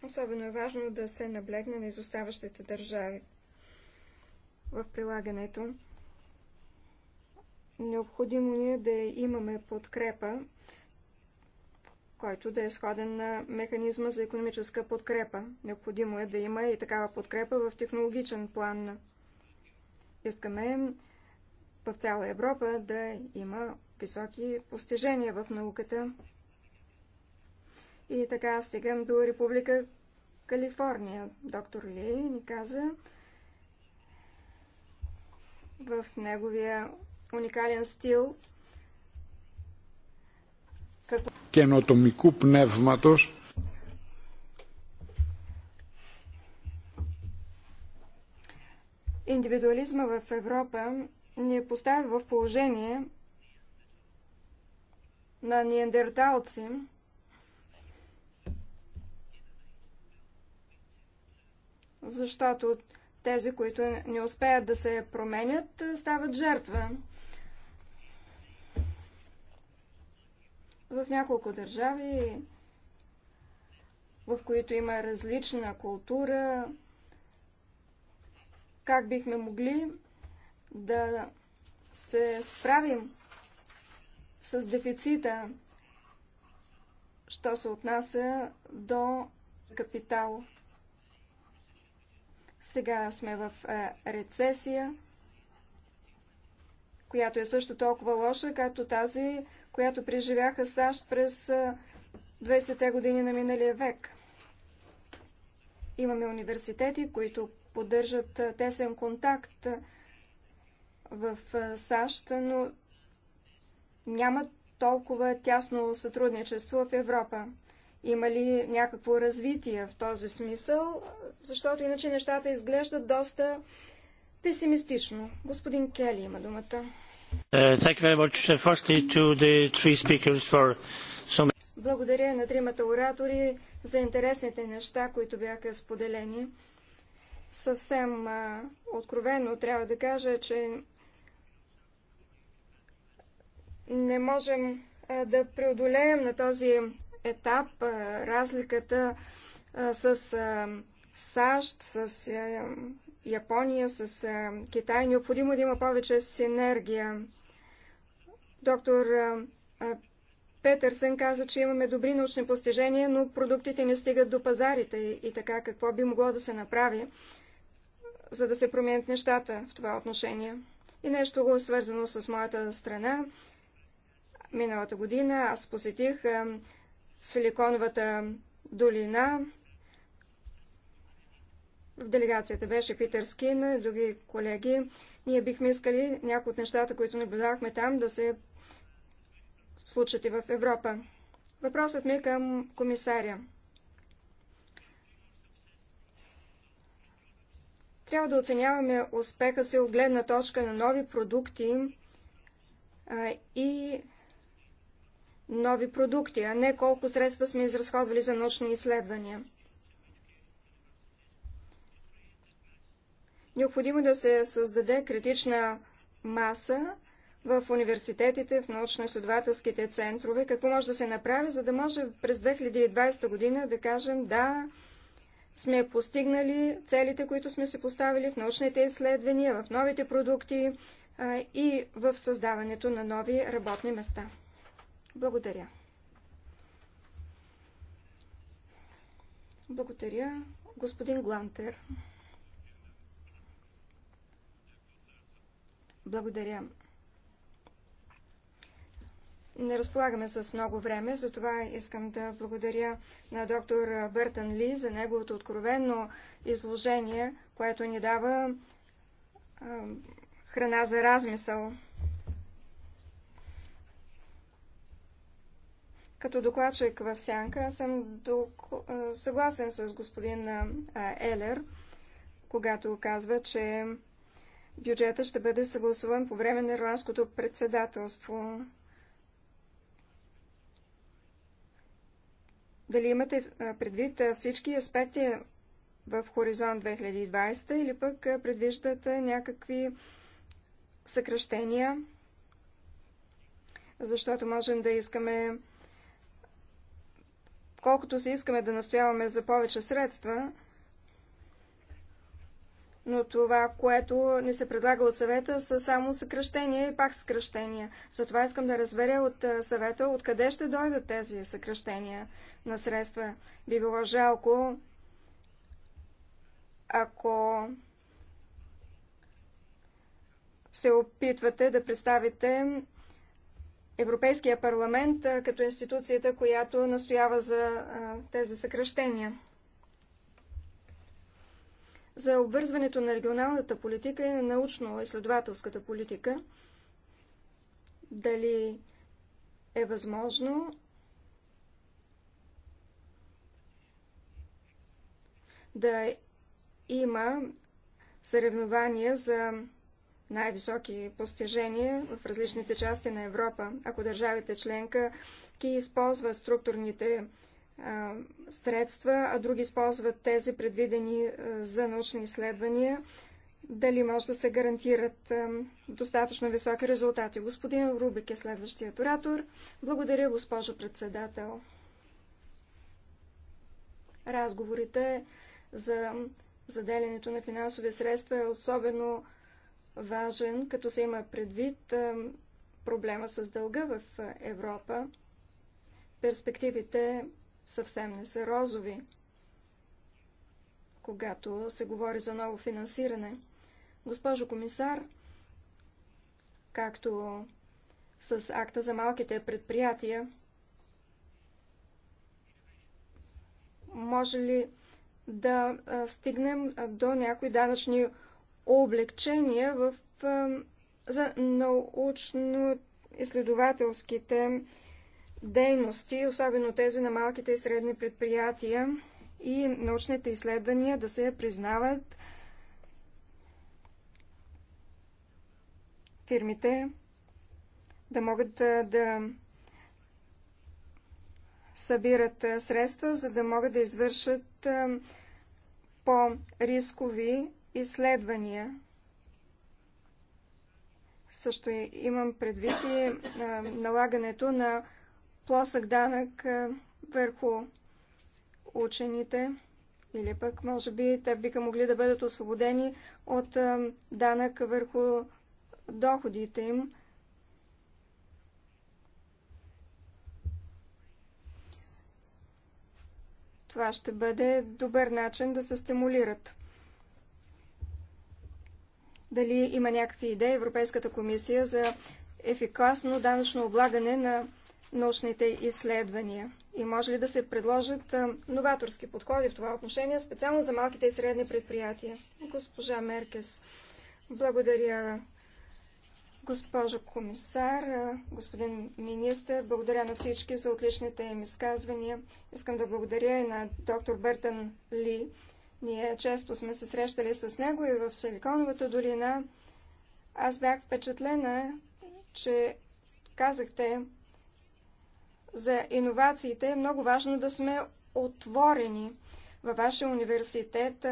Особено е важно да се наблегне на изоставащите държави в прилагането. Необходимо ни е да имаме подкрепа, който да е сходен на механизма за економическа подкрепа. Необходимо е да има и такава подкрепа в технологичен план. Искаме в цяла Европа да има високи постижения в науката. И така стигам до Република Калифорния. Доктор Ли ни каза в неговия уникален стил. Какво... Кенотомику пневматос. Индивидуализма в Европа ни е поставя в положение на неандерталци, защото тези, които не успеят да се променят, стават жертва В няколко държави, в които има различна култура, как бихме могли да се справим с дефицита, що се отнася до капитал. Сега сме в е, рецесия, която е също толкова лоша, както тази която преживяха САЩ през 20-те години на миналия век. Имаме университети, които поддържат тесен контакт в САЩ, но няма толкова тясно сътрудничество в Европа. Има ли някакво развитие в този смисъл? Защото иначе нещата изглеждат доста песимистично. Господин Кели има думата. Uh, uh, Благодаря на тримата оратори за интересните неща, които бяха споделени. Съвсем а, трябва да кажа, че не можем а, да преодолеем на този етап а, разликата а, с а, САЩ, с а, Япония, с Китай. Необходимо е да има повече синергия. Доктор Петърсен каза, че имаме добри научни постижения, но продуктите не стигат до пазарите и така какво би могло да се направи, за да се променят нещата в това отношение. И нещо свързано с моята страна. Миналата година аз посетих Силиконовата долина в делегацията беше Питър Скин, и други колеги. Ние бихме искали някои от нещата, които наблюдавахме там, да се случат и в Европа. Въпросът ми е към комисаря. Трябва да оценяваме успеха си от гледна точка на нови продукти а, и нови продукти, а не колко средства сме изразходвали за научни изследвания. Необходимо е да се създаде критична маса в университетите, в научно-изследователските центрове, какво може да се направи, за да може през 2020 година да кажем да, сме постигнали целите, които сме се поставили в научните изследвания, в новите продукти а, и в създаването на нови работни места. Благодаря. Благодаря, господин Глантер. Благодаря. Не разполагаме с много време, затова искам да благодаря на доктор Бъртън Ли за неговото откровенно изложение, което ни дава храна за размисъл. Като докладчик в Сянка съм док... съгласен с господин Елер, когато казва, че Бюджета ще бъде съгласуван по време на ирландското председателство. Дали имате предвид всички аспекти в Хоризонт 2020 или пък предвиждате някакви съкръщения, защото можем да искаме, колкото се искаме да настояваме за повече средства, но това, което ни се предлага от съвета, са само съкръщения и пак съкръщения. Затова искам да разбера от съвета откъде ще дойдат тези съкръщения на средства. Би било жалко, ако се опитвате да представите Европейския парламент като институцията, която настоява за тези съкръщения за обвързването на регионалната политика и на научно-изследователската политика. Дали е възможно да има съревнования за най-високи постижения в различните части на Европа, ако държавите членка КИ използва структурните средства, а други използват тези предвидени за научни изследвания, дали може да се гарантират достатъчно високи резултати. Господин Рубик е следващият оратор. Благодаря, госпожо председател. Разговорите за заделянето на финансови средства е особено важен, като се има предвид проблема с дълга в Европа, перспективите съвсем не са розови, когато се говори за ново финансиране. Госпожо комисар, както с акта за малките предприятия, може ли да стигнем до някои данъчни облегчения в, за научно-изследователските дейности, особено тези на малките и средни предприятия и научните изследвания да се признават фирмите да могат да, да събират средства, за да могат да извършат по-рискови изследвания. Също имам предвид и налагането на плосък данък върху учените. Или пък, може би, те биха могли да бъдат освободени от данък върху доходите им. Това ще бъде добър начин да се стимулират. Дали има някакви идеи Европейската комисия за ефикасно данъчно облагане на научните изследвания? И може ли да се предложат новаторски подходи в това отношение, специално за малките и средни предприятия? Госпожа Меркес, благодаря госпожо комисар, господин министр, благодаря на всички за отличните им изказвания. Искам да благодаря и на доктор Бертън Ли. Ние често сме се срещали с него и в Силиконовата долина. Аз бях впечатлена, че казахте, за иновациите е много важно да сме отворени. Във вашия университет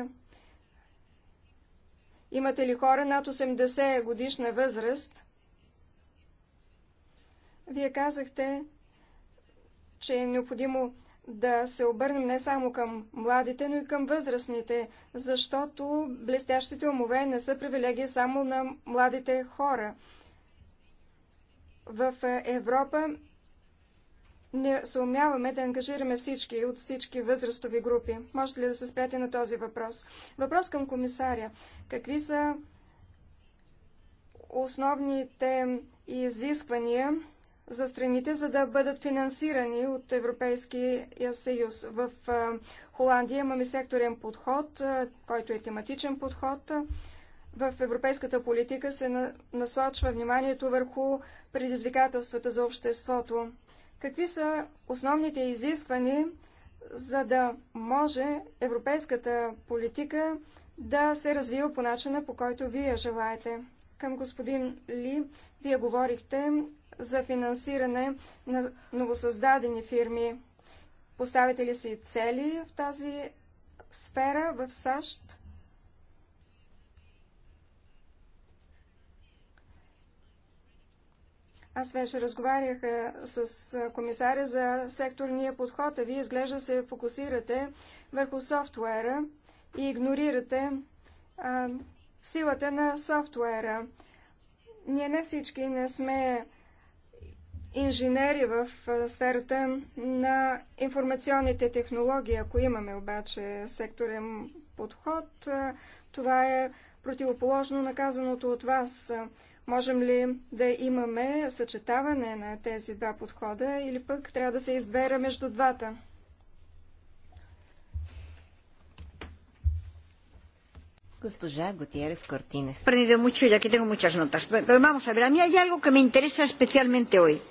имате ли хора над 80 годишна възраст? Вие казахте, че е необходимо да се обърнем не само към младите, но и към възрастните, защото блестящите умове не са привилегия само на младите хора. В Европа не умяваме да ангажираме всички от всички възрастови групи. Можете ли да се спрете на този въпрос? Въпрос към комисаря. Какви са основните изисквания за страните, за да бъдат финансирани от Европейския съюз. В Холандия имаме секторен подход, който е тематичен подход. В европейската политика се насочва вниманието върху предизвикателствата за обществото. Какви са основните изисквания, за да може европейската политика да се развива по начина, по който вие желаете? Към господин Ли, вие говорихте за финансиране на новосъздадени фирми. Поставите ли си цели в тази сфера в САЩ? Аз вече разговарях с комисаря за секторния подход, а вие изглежда се фокусирате върху софтуера и игнорирате а, силата на софтуера. Ние не всички не сме инженери в сферата на информационните технологии. Ако имаме обаче секторен подход, това е противоположно наказаното от вас. Можем ли да имаме съчетаване на тези два подхода или пък трябва да се избера между двата? Госпожа Готиерес Кортинес. Aprendido mucho y aquí tengo muchas notas. Pero vamos a ver, a mí hay algo que me interesa especialmente hoy.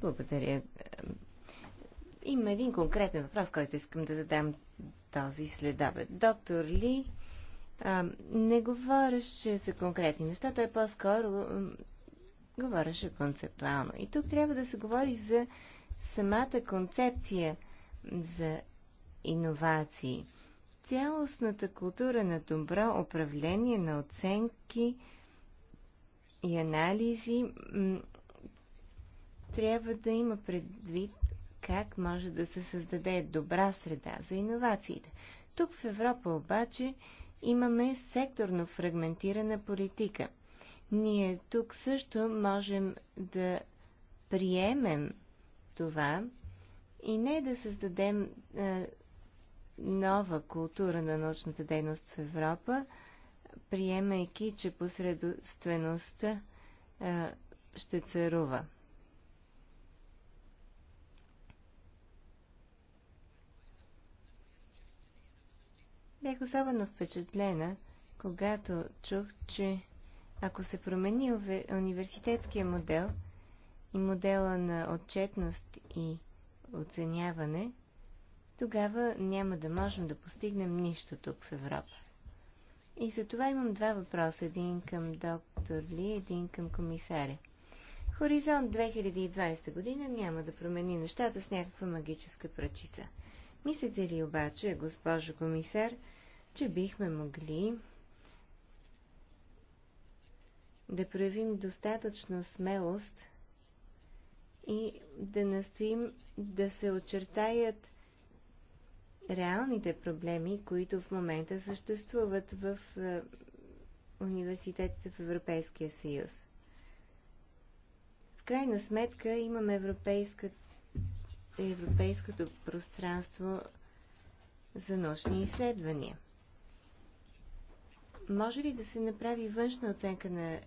Благодаря. Има един конкретен въпрос, който искам да задам този следобед. Доктор Ли а, не говореше за конкретни неща, той по-скоро говореше концептуално. И тук трябва да се говори за самата концепция за иновации. Цялостната култура на добро управление, на оценки и анализи трябва да има предвид как може да се създаде добра среда за иновациите. Тук в Европа обаче имаме секторно фрагментирана политика. Ние тук също можем да приемем това и не да създадем е, нова култура на научната дейност в Европа, приемайки, че посредствеността е, ще царува. Бях особено впечатлена, когато чух, че ако се промени университетския модел и модела на отчетност и оценяване, тогава няма да можем да постигнем нищо тук в Европа. И за това имам два въпроса. Един към доктор Ли, един към комисаря. Хоризонт 2020 година няма да промени нещата с някаква магическа пръчица. Мислите ли обаче, госпожо комисар, че бихме могли да проявим достатъчно смелост и да настоим да се очертаят реалните проблеми, които в момента съществуват в е, университетите в Европейския съюз. В крайна сметка имаме европейска, европейското пространство за научни изследвания. Може ли да се направи външна оценка на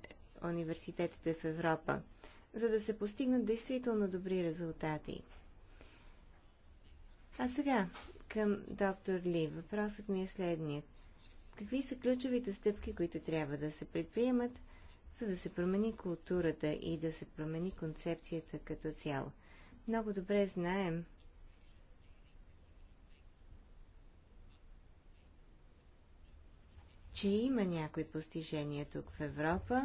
университетите в Европа, за да се постигнат действително добри резултати? А сега към доктор Ли. Въпросът ми е следният. Какви са ключовите стъпки, които трябва да се предприемат, за да се промени културата и да се промени концепцията като цяло? Много добре знаем, че има някои постижения тук в Европа,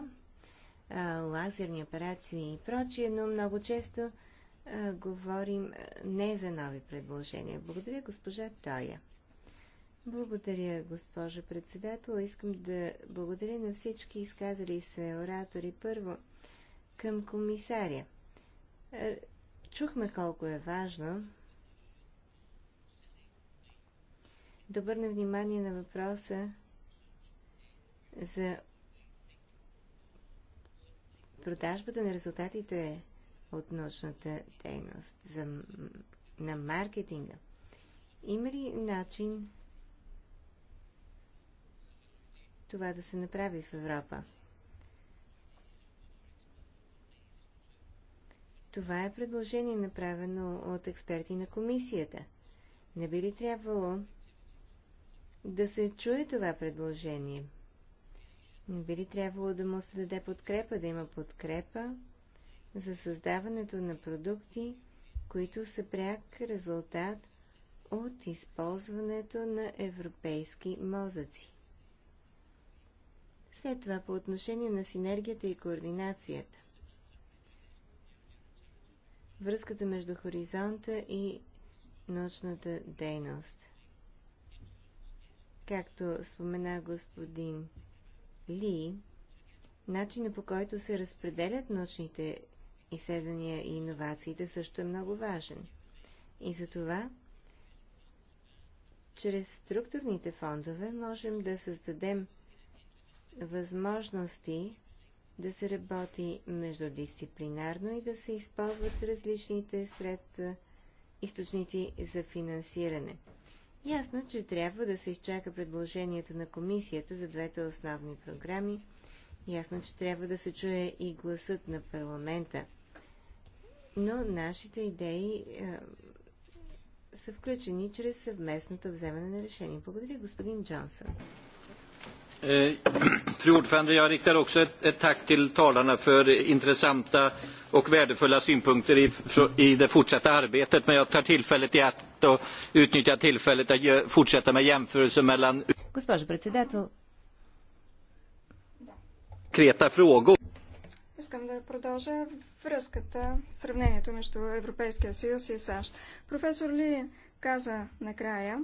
лазерни апарати и прочие, но много често говорим не за нови предложения. Благодаря, госпожа Тоя. Благодаря, госпожа председател. Искам да благодаря на всички изказали се оратори. Първо, към комисаря. Е, чухме колко е важно да обърнем внимание на въпроса за продажбата на резултатите от научната дейност, за, на маркетинга. Има ли начин това да се направи в Европа? Това е предложение направено от експерти на комисията. Не би ли трябвало да се чуе това предложение? Не би ли трябвало да му се даде подкрепа, да има подкрепа за създаването на продукти, които са пряк резултат от използването на европейски мозъци? След това по отношение на синергията и координацията. Връзката между хоризонта и научната дейност. Както спомена господин ли начина по който се разпределят научните изследвания и иновациите също е много важен. И за това чрез структурните фондове можем да създадем възможности да се работи междудисциплинарно и да се използват различните средства, източници за финансиране – Ясно, че трябва да се изчака предложението на комисията за двете основни програми. Ясно, че трябва да се чуе и гласът на парламента. Но нашите идеи е, са включени чрез съвместното вземане на решение. Благодаря, господин Джонсън. Fru ordförande, jag riktar också ett, tack till talarna för intressanta och värdefulla synpunkter i, det fortsatta arbetet. Men jag tar tillfället i akt och utnyttjar tillfället att fortsätta med jämförelser mellan konkreta frågor. Искам да продължа връзката, сравнението между Европейския съюз и САЩ. Професор Ли каза накрая,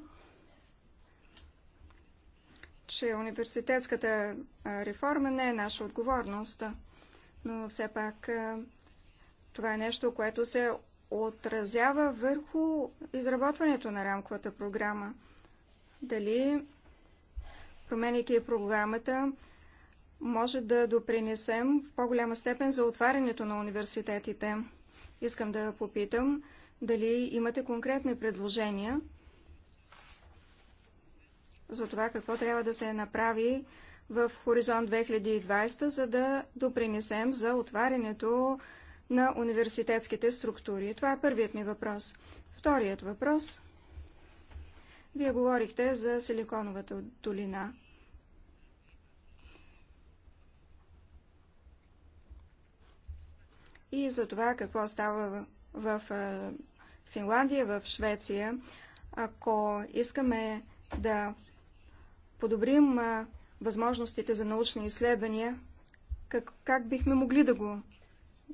че университетската реформа не е наша отговорност, но все пак това е нещо, което се отразява върху изработването на рамковата програма. Дали, променяйки програмата, може да допринесем в по-голяма степен за отварянето на университетите. Искам да попитам дали имате конкретни предложения за това какво трябва да се направи в Хоризонт 2020, за да допринесем за отварянето на университетските структури. Това е първият ми въпрос. Вторият въпрос. Вие говорихте за Силиконовата долина. И за това какво става в Финландия, в Швеция. Ако искаме да подобрим а, възможностите за научни изследвания, как, как бихме могли да го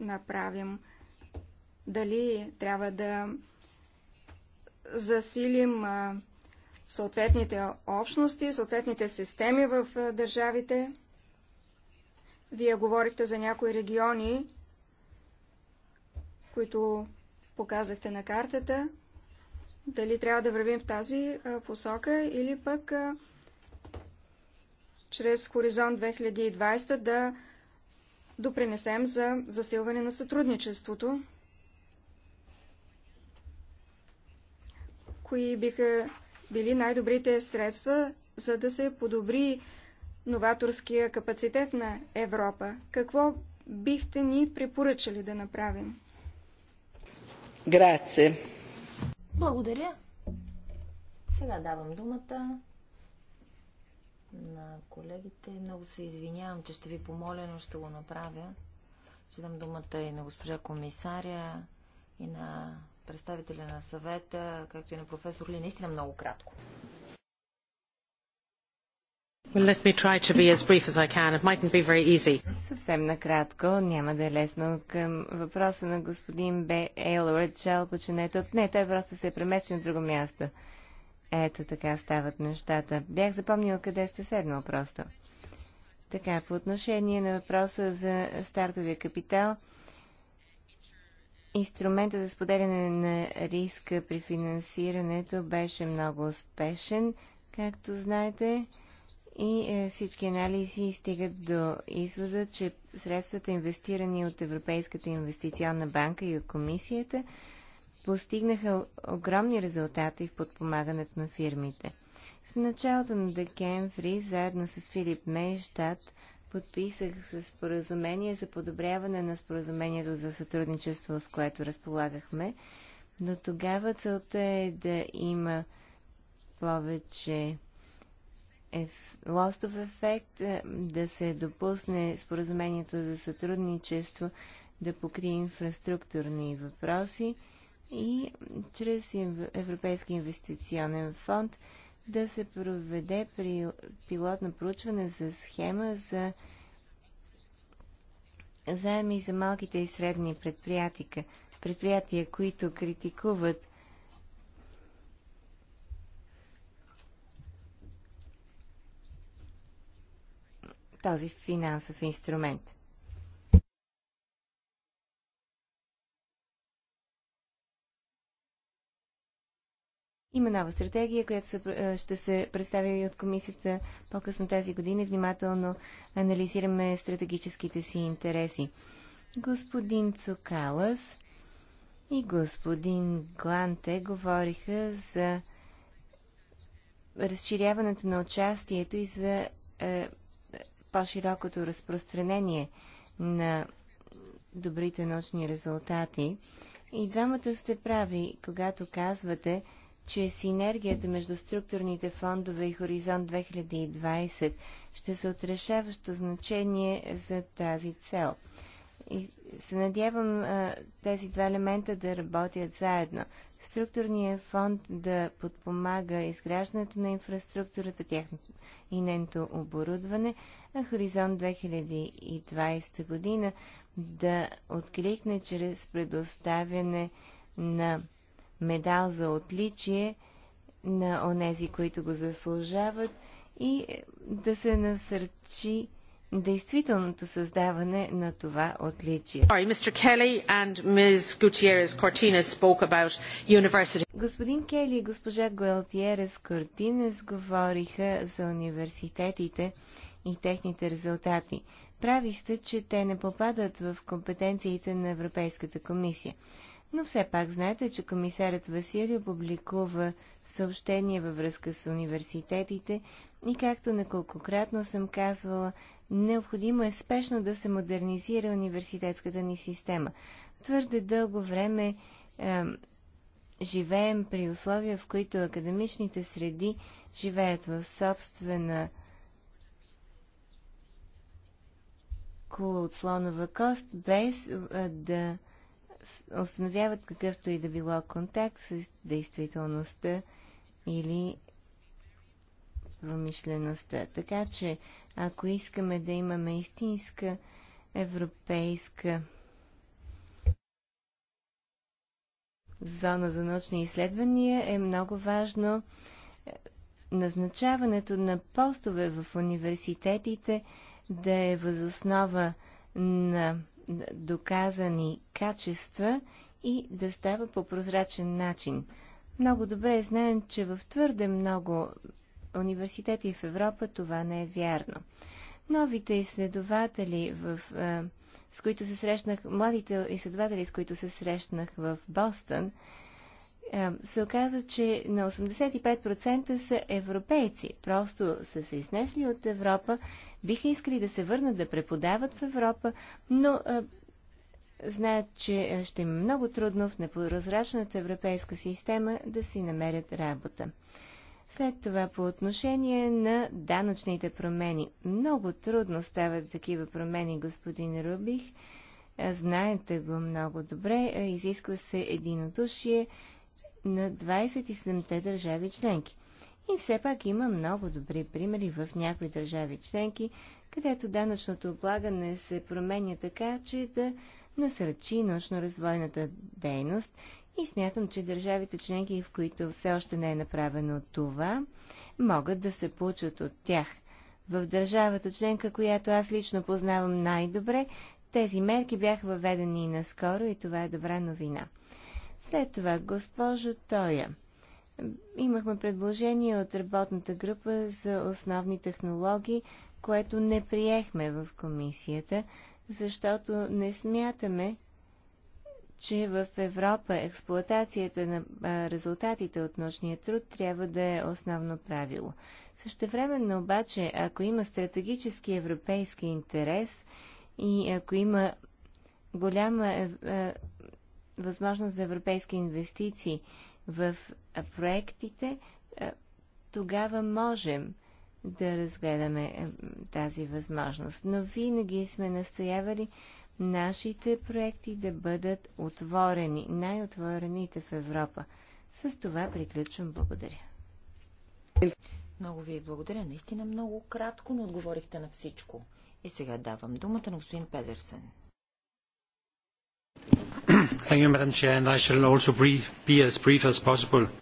направим? Дали трябва да засилим а, съответните общности, съответните системи в а, държавите? Вие говорихте за някои региони, които показахте на картата. Дали трябва да вървим в тази а, посока или пък а, чрез Хоризонт 2020 да допринесем за засилване на сътрудничеството. Кои биха били най-добрите средства, за да се подобри новаторския капацитет на Европа? Какво бихте ни препоръчали да направим? Грация. Благодаря. Сега давам думата на колегите. Много се извинявам, че ще ви помоля, но ще го направя. Ще дам думата и на госпожа комисаря, и на представителя на съвета, както и на професор Ли. Наистина много кратко. Well, Съвсем накратко, няма да е лесно към въпроса на господин Б. Ейлорд. Жалко, че не е тук. Не, той просто се е преместил на друго място. Ето така стават нещата. Бях запомнил къде сте седнал просто. Така, по отношение на въпроса за стартовия капитал, инструмента за споделяне на риска при финансирането беше много успешен, както знаете, и е, всички анализи стигат до извода, че средствата инвестирани от Европейската инвестиционна банка и от комисията – постигнаха огромни резултати в подпомагането на фирмите. В началото на декември, заедно с Филип Мейштад, подписах с споразумение за подобряване на споразумението за сътрудничество, с което разполагахме, но тогава целта е да има повече лостов ефект, да се допусне споразумението за сътрудничество да покрие инфраструктурни въпроси – и чрез Европейски инвестиционен фонд да се проведе при пилотно проучване за схема за заеми за малките и средни предприятия, предприятия, които критикуват този финансов инструмент. Има нова стратегия, която ще се представи от комисията по-късно тази година. Внимателно анализираме стратегическите си интереси. Господин Цукалас и господин Гланте говориха за разширяването на участието и за е, по-широкото разпространение на добрите научни резултати. И двамата сте прави, когато казвате, че синергията между структурните фондове и Хоризонт 2020 ще са отрешаващо значение за тази цел. И се надявам тези два елемента да работят заедно. Структурният фонд да подпомага изграждането на инфраструктурата тяхното, и нейното оборудване, а Хоризонт 2020 година да откликне чрез предоставяне на медал за отличие на онези, които го заслужават и да се насърчи действителното създаване на това отличие. Господин Кели и госпожа Гуелтиерес Кортинес говориха за университетите и техните резултати. Прави сте, че те не попадат в компетенциите на Европейската комисия. Но все пак знаете, че комисарят Василио публикува съобщения във връзка с университетите и както неколкократно съм казвала, необходимо е спешно да се модернизира университетската ни система. Твърде дълго време е, живеем при условия, в които академичните среди живеят в собствена кула от слонова кост, без е, да установяват какъвто и да било контакт с действителността или промишлеността. Така че, ако искаме да имаме истинска европейска зона за научни изследвания, е много важно е, назначаването на постове в университетите да е възоснова на доказани качества и да става по прозрачен начин. Много добре знаем, че в твърде много университети в Европа това не е вярно. Новите изследователи, в, с които се срещнах, младите изследователи, с които се срещнах в Бостън, е, се оказа, че на 85% са европейци. Просто са се изнесли от Европа, биха искали да се върнат да преподават в Европа, но е, знаят, че е, ще е много трудно в непрозрачната европейска система да си намерят работа. След това по отношение на данъчните промени. Много трудно стават такива промени, господин Рубих. Знаете го много добре. Изисква се единодушие на 27-те държави членки. И все пак има много добри примери в някои държави членки, където данъчното облагане се променя така, че да насърчи научно-развойната дейност и смятам, че държавите членки, в които все още не е направено това, могат да се получат от тях. В държавата членка, която аз лично познавам най-добре, тези мерки бяха въведени и наскоро и това е добра новина. След това, госпожо Тоя, имахме предложение от работната група за основни технологии, което не приехме в комисията, защото не смятаме, че в Европа експлоатацията на резултатите от научния труд трябва да е основно правило. Същевременно обаче, ако има стратегически европейски интерес и ако има голяма е, е, възможност за европейски инвестиции в проектите, е, тогава можем да разгледаме е, тази възможност. Но винаги сме настоявали нашите проекти да бъдат отворени, най-отворените в Европа. С това приключвам. Благодаря. Много ви благодаря. Наистина много кратко, но отговорихте на всичко. И сега давам думата на господин Педерсен. И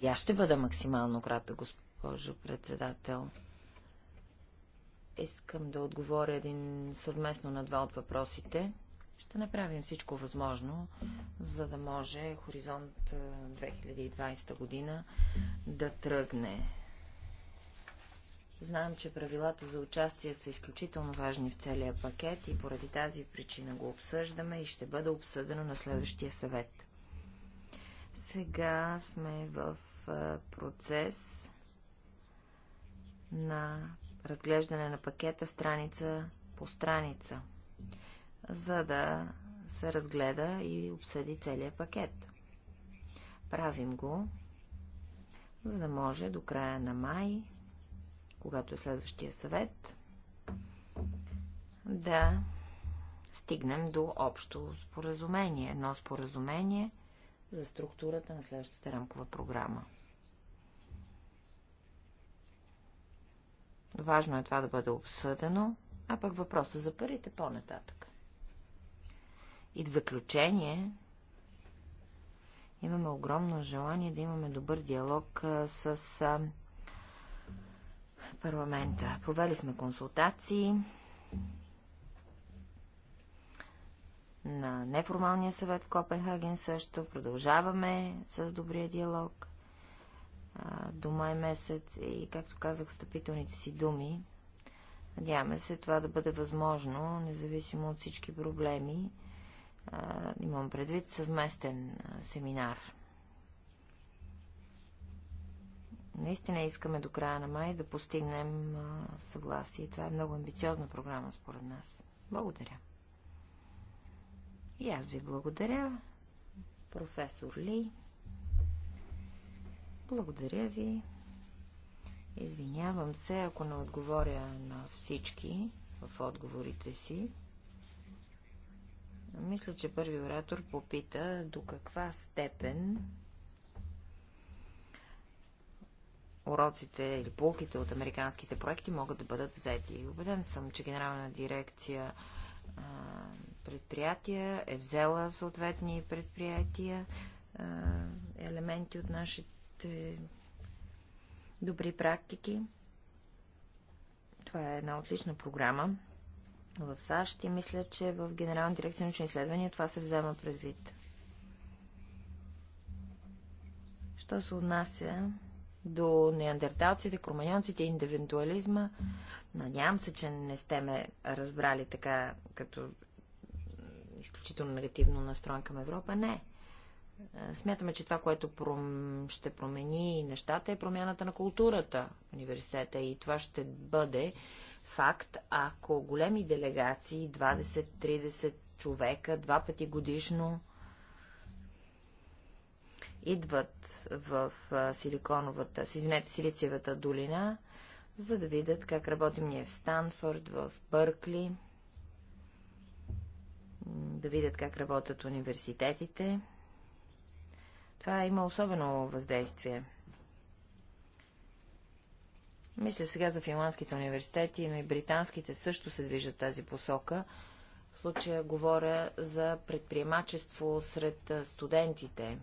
аз ще бъда максимално кратък, госпожо председател. Искам да отговоря един съвместно на два от въпросите. Ще направим всичко възможно, за да може Хоризонт 2020 е, година да тръгне Знаем, че правилата за участие са изключително важни в целия пакет и поради тази причина го обсъждаме и ще бъде обсъдено на следващия съвет. Сега сме в процес на разглеждане на пакета страница по страница, за да се разгледа и обсъди целият пакет. Правим го, за да може до края на май когато е следващия съвет, да стигнем до общо споразумение. Едно споразумение за структурата на следващата рамкова програма. Важно е това да бъде обсъдено, а пък въпроса за парите по-нататък. И в заключение имаме огромно желание да имаме добър диалог с парламента. Провели сме консултации на неформалния съвет в Копенхаген също. Продължаваме с добрия диалог до май месец и, както казах, встъпителните си думи. Надяваме се това да бъде възможно, независимо от всички проблеми. Имам предвид съвместен семинар. наистина искаме до края на май да постигнем съгласие. Това е много амбициозна програма според нас. Благодаря. И аз ви благодаря, професор Ли. Благодаря ви. Извинявам се, ако не отговоря на всички в отговорите си. Мисля, че първи оратор попита до каква степен уроците или полките от американските проекти могат да бъдат взети. Убеден съм, че генерална дирекция а, предприятия е взела съответни предприятия, а, елементи от нашите добри практики. Това е една отлична програма в САЩ и мисля, че в Генерална дирекция научни изследвания това се взема предвид. Що се отнася до неандерталците, кроманьонците, индивидуализма. Надявам се, че не сте ме разбрали така, като изключително негативно настроен към Европа. Не. Е, смятаме, че това, което пром... ще промени нещата е промяната на културата в университета и това ще бъде факт, ако големи делегации, 20-30 човека, два пъти годишно, идват в силиконовата, извинете, Силициевата долина, за да видят как работим ние в Станфорд, в Бъркли, да видят как работят университетите. Това има особено въздействие. Мисля сега за финландските университети, но и британските също се движат тази посока. В случая говоря за предприемачество сред студентите.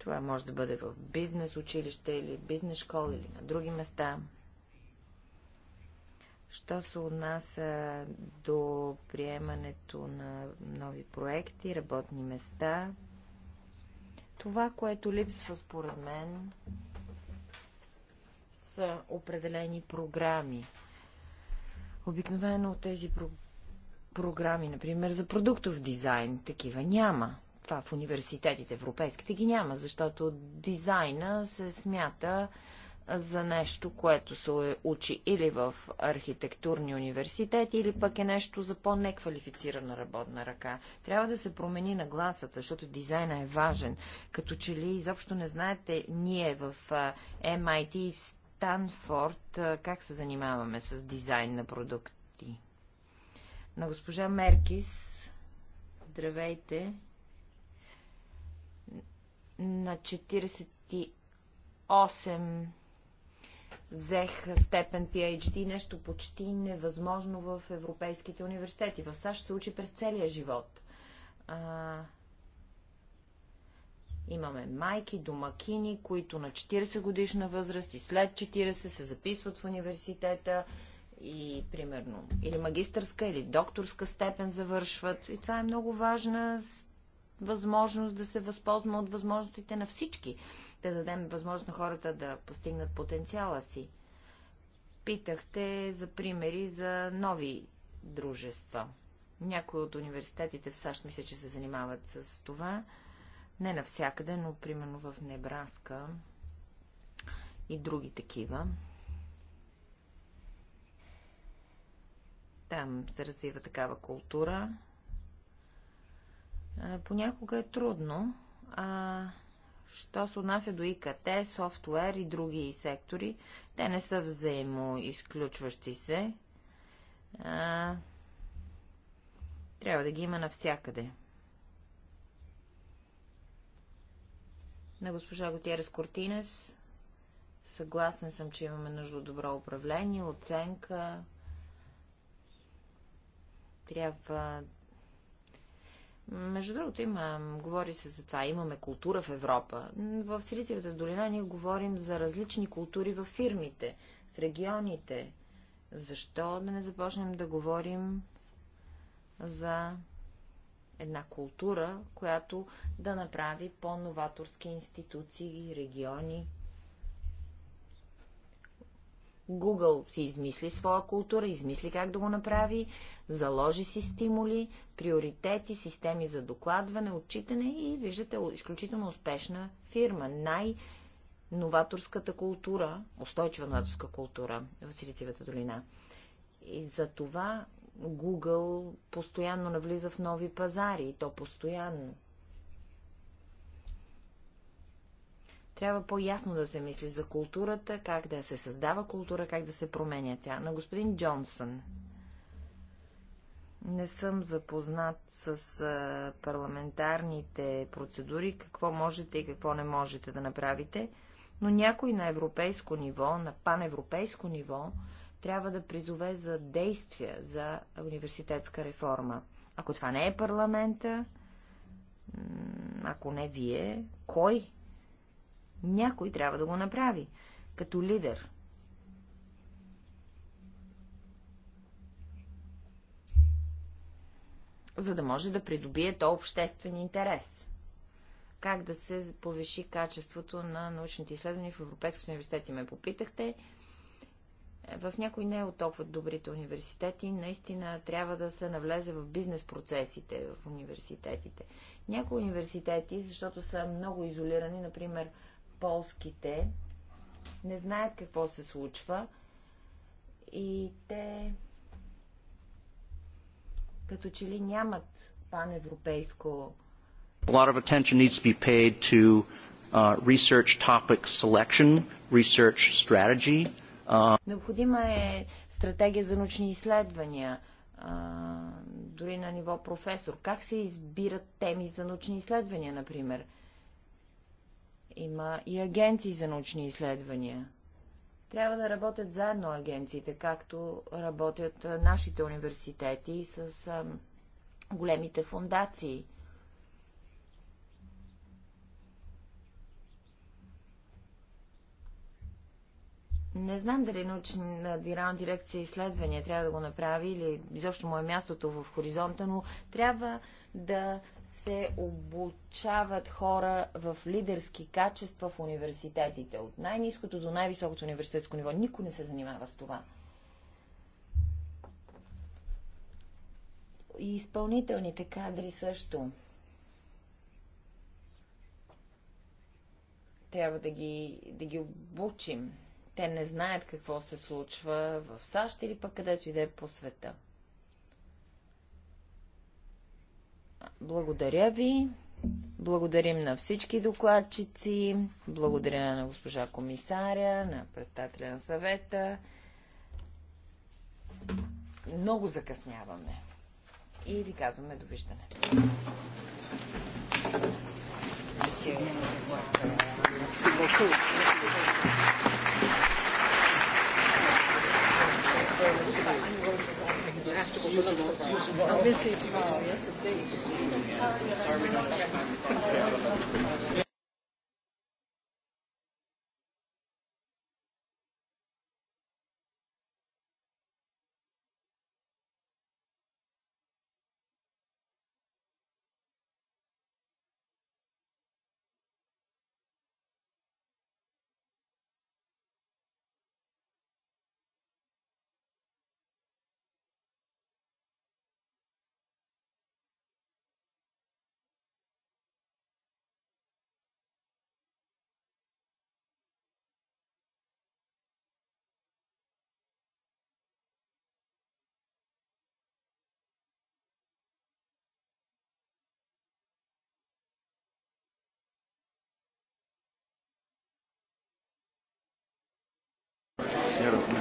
Това може да бъде в бизнес училище или бизнес школа или на други места. Що се отнася до приемането на нови проекти, работни места, това, което липсва според мен, са определени програми. Обикновено тези про- програми, например, за продуктов дизайн, такива няма. Това в университетите европейските ги няма, защото дизайна се смята за нещо, което се е- учи или в архитектурни университети, или пък е нещо за по-неквалифицирана работна ръка. Трябва да се промени на гласата, защото дизайна е важен. Като че ли изобщо не знаете ние в MIT и в Станфорд как се занимаваме с дизайн на продукти. На госпожа Меркис, здравейте! на 48 зех степен PhD, нещо почти невъзможно в европейските университети. В САЩ се учи през целия живот. А, имаме майки, домакини, които на 40 годишна възраст и след 40 се записват в университета и примерно или магистърска, или докторска степен завършват. И това е много важна възможност да се възползваме от възможностите на всички, да дадем възможност на хората да постигнат потенциала си. Питахте за примери за нови дружества. Някои от университетите в САЩ мисля, че се занимават с това. Не навсякъде, но примерно в Небраска и други такива. Там се развива такава култура понякога е трудно. А, що се отнася до ИКТ, софтуер и други сектори, те не са взаимоизключващи се. А, трябва да ги има навсякъде. На госпожа Готиерес Кортинес съгласен съм, че имаме нужда от добро управление, оценка. Трябва между другото, има, говори се за това, имаме култура в Европа. В Силициевата долина ние говорим за различни култури в фирмите, в регионите. Защо да не започнем да говорим за една култура, която да направи по-новаторски институции, региони, Google си измисли своя култура, измисли как да го направи, заложи си стимули, приоритети, системи за докладване, отчитане и виждате изключително успешна фирма. Най- новаторската култура, устойчива новаторска култура в Силицивата долина. И за това Google постоянно навлиза в нови пазари, и то постоянно. Трябва по-ясно да се мисли за културата, как да се създава култура, как да се променя тя. На господин Джонсън. Не съм запознат с парламентарните процедури, какво можете и какво не можете да направите, но някой на европейско ниво, на паневропейско ниво, трябва да призове за действия за университетска реформа. Ако това не е парламента, ако не вие, кой някой трябва да го направи, като лидер. За да може да придобие то обществен интерес. Как да се повиши качеството на научните изследвания в Европейските университети, ме попитахте в някои не е от толкова добрите университети, наистина трябва да се навлезе в бизнес процесите в университетите. Някои университети, защото са много изолирани, например полските не знаят какво се случва и те като че ли нямат паневропейско A lot of attention needs to be paid to uh, research topic selection, research strategy. Uh... Необходима е стратегия за научни изследвания, uh, дори на ниво професор. Как се избират теми за научни изследвания, например? Има и агенции за научни изследвания. Трябва да работят заедно агенциите, както работят нашите университети с големите фундации – Не знам дали научна генерална дирекция изследвания трябва да го направи или изобщо му е мястото в хоризонта, но трябва да се обучават хора в лидерски качества в университетите. От най-низкото до най-високото университетско ниво. Никой не се занимава с това. И изпълнителните кадри също. Трябва да ги, да ги обучим те не знаят какво се случва в САЩ или пък където иде по света. Благодаря ви. Благодарим на всички докладчици. Благодаря на госпожа комисаря, на представителя на съвета. Много закъсняваме. И ви казваме довиждане. Thank you. I'll miss you tomorrow. Yes, indeed. Sorry, we don't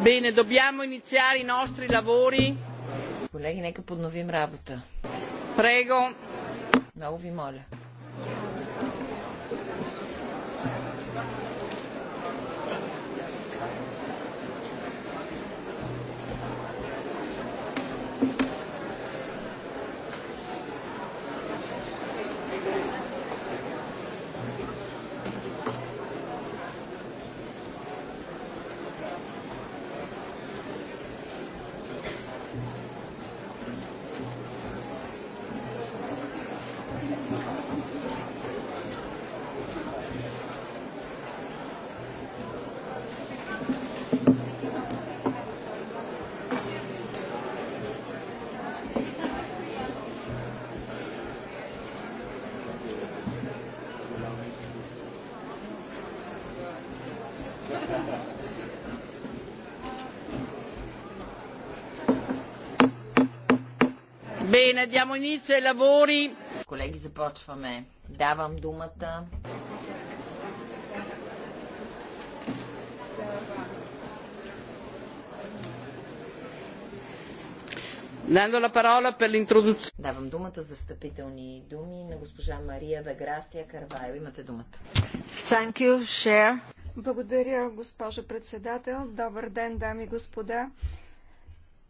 Bene, dobbiamo iniziare i nostri lavori. Колеги, нека подновим работа. Прего. Много ви моля. Bene, diamo inizio ai lavori. Колеги, започваме. Давам думата. la parola per l'introduzione. Давам думата за встъпителни думи на госпожа Мария Веграсия Карвайо. Имате думата. Thank you, Share. Благодаря, госпожо председател. Добър ден, дами и господа.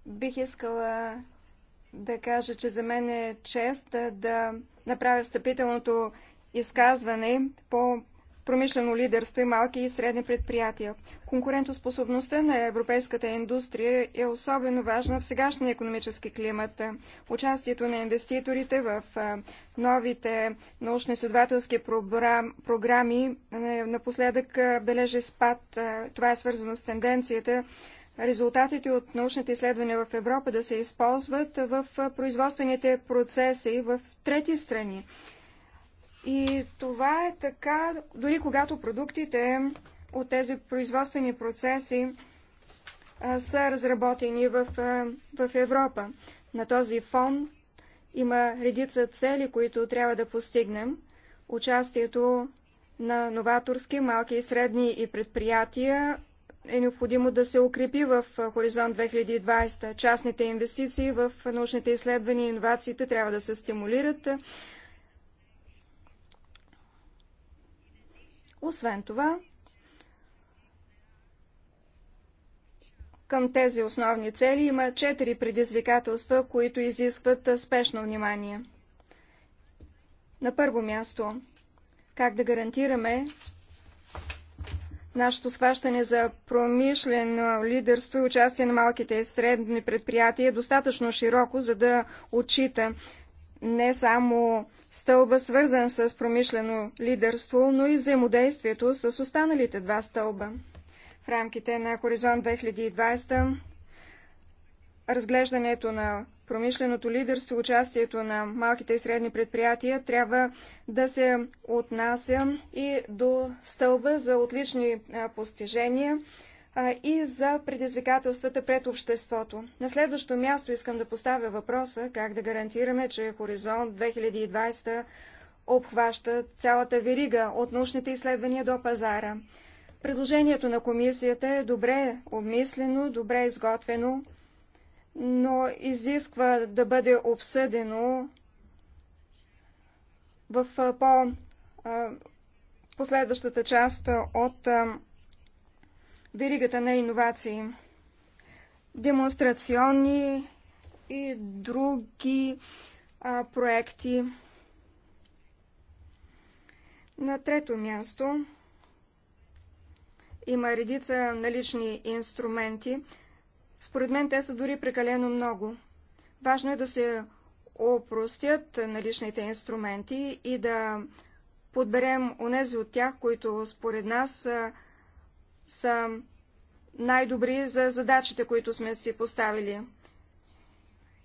Бих искала да кажа, че за мен е чест да направя встъпителното изказване по промишлено лидерство и малки и средни предприятия. Конкурентоспособността на европейската индустрия е особено важна в сегашния економически климат. Участието на инвеститорите в новите научно-изследователски програми напоследък бележи спад. Това е свързано с тенденцията резултатите от научните изследвания в Европа да се използват в производствените процеси в трети страни. И това е така, дори когато продуктите от тези производствени процеси а, са разработени в, а, в Европа. На този фон има редица цели, които трябва да постигнем. Участието на новаторски малки и средни и предприятия е необходимо да се укрепи в Хоризонт 2020. Частните инвестиции в научните изследвания и инновациите трябва да се стимулират. Освен това, към тези основни цели има четири предизвикателства, които изискват спешно внимание. На първо място, как да гарантираме Нашето сващане за промишлено лидерство и участие на малките и средни предприятия е достатъчно широко, за да отчита не само стълба, свързан с промишлено лидерство, но и взаимодействието с останалите два стълба. В рамките на Хоризонт 2020 разглеждането на промишленото лидерство, участието на малките и средни предприятия трябва да се отнася и до стълба за отлични постижения и за предизвикателствата пред обществото. На следващо място искам да поставя въпроса как да гарантираме, че Хоризонт 2020 обхваща цялата верига от научните изследвания до пазара. Предложението на комисията е добре обмислено, добре изготвено но изисква да бъде обсъдено в по-последващата част от веригата на иновации. Демонстрационни и други а, проекти. На трето място има редица налични инструменти, според мен те са дори прекалено много. Важно е да се опростят наличните инструменти и да подберем онези от тях, които според нас са, са най-добри за задачите, които сме си поставили.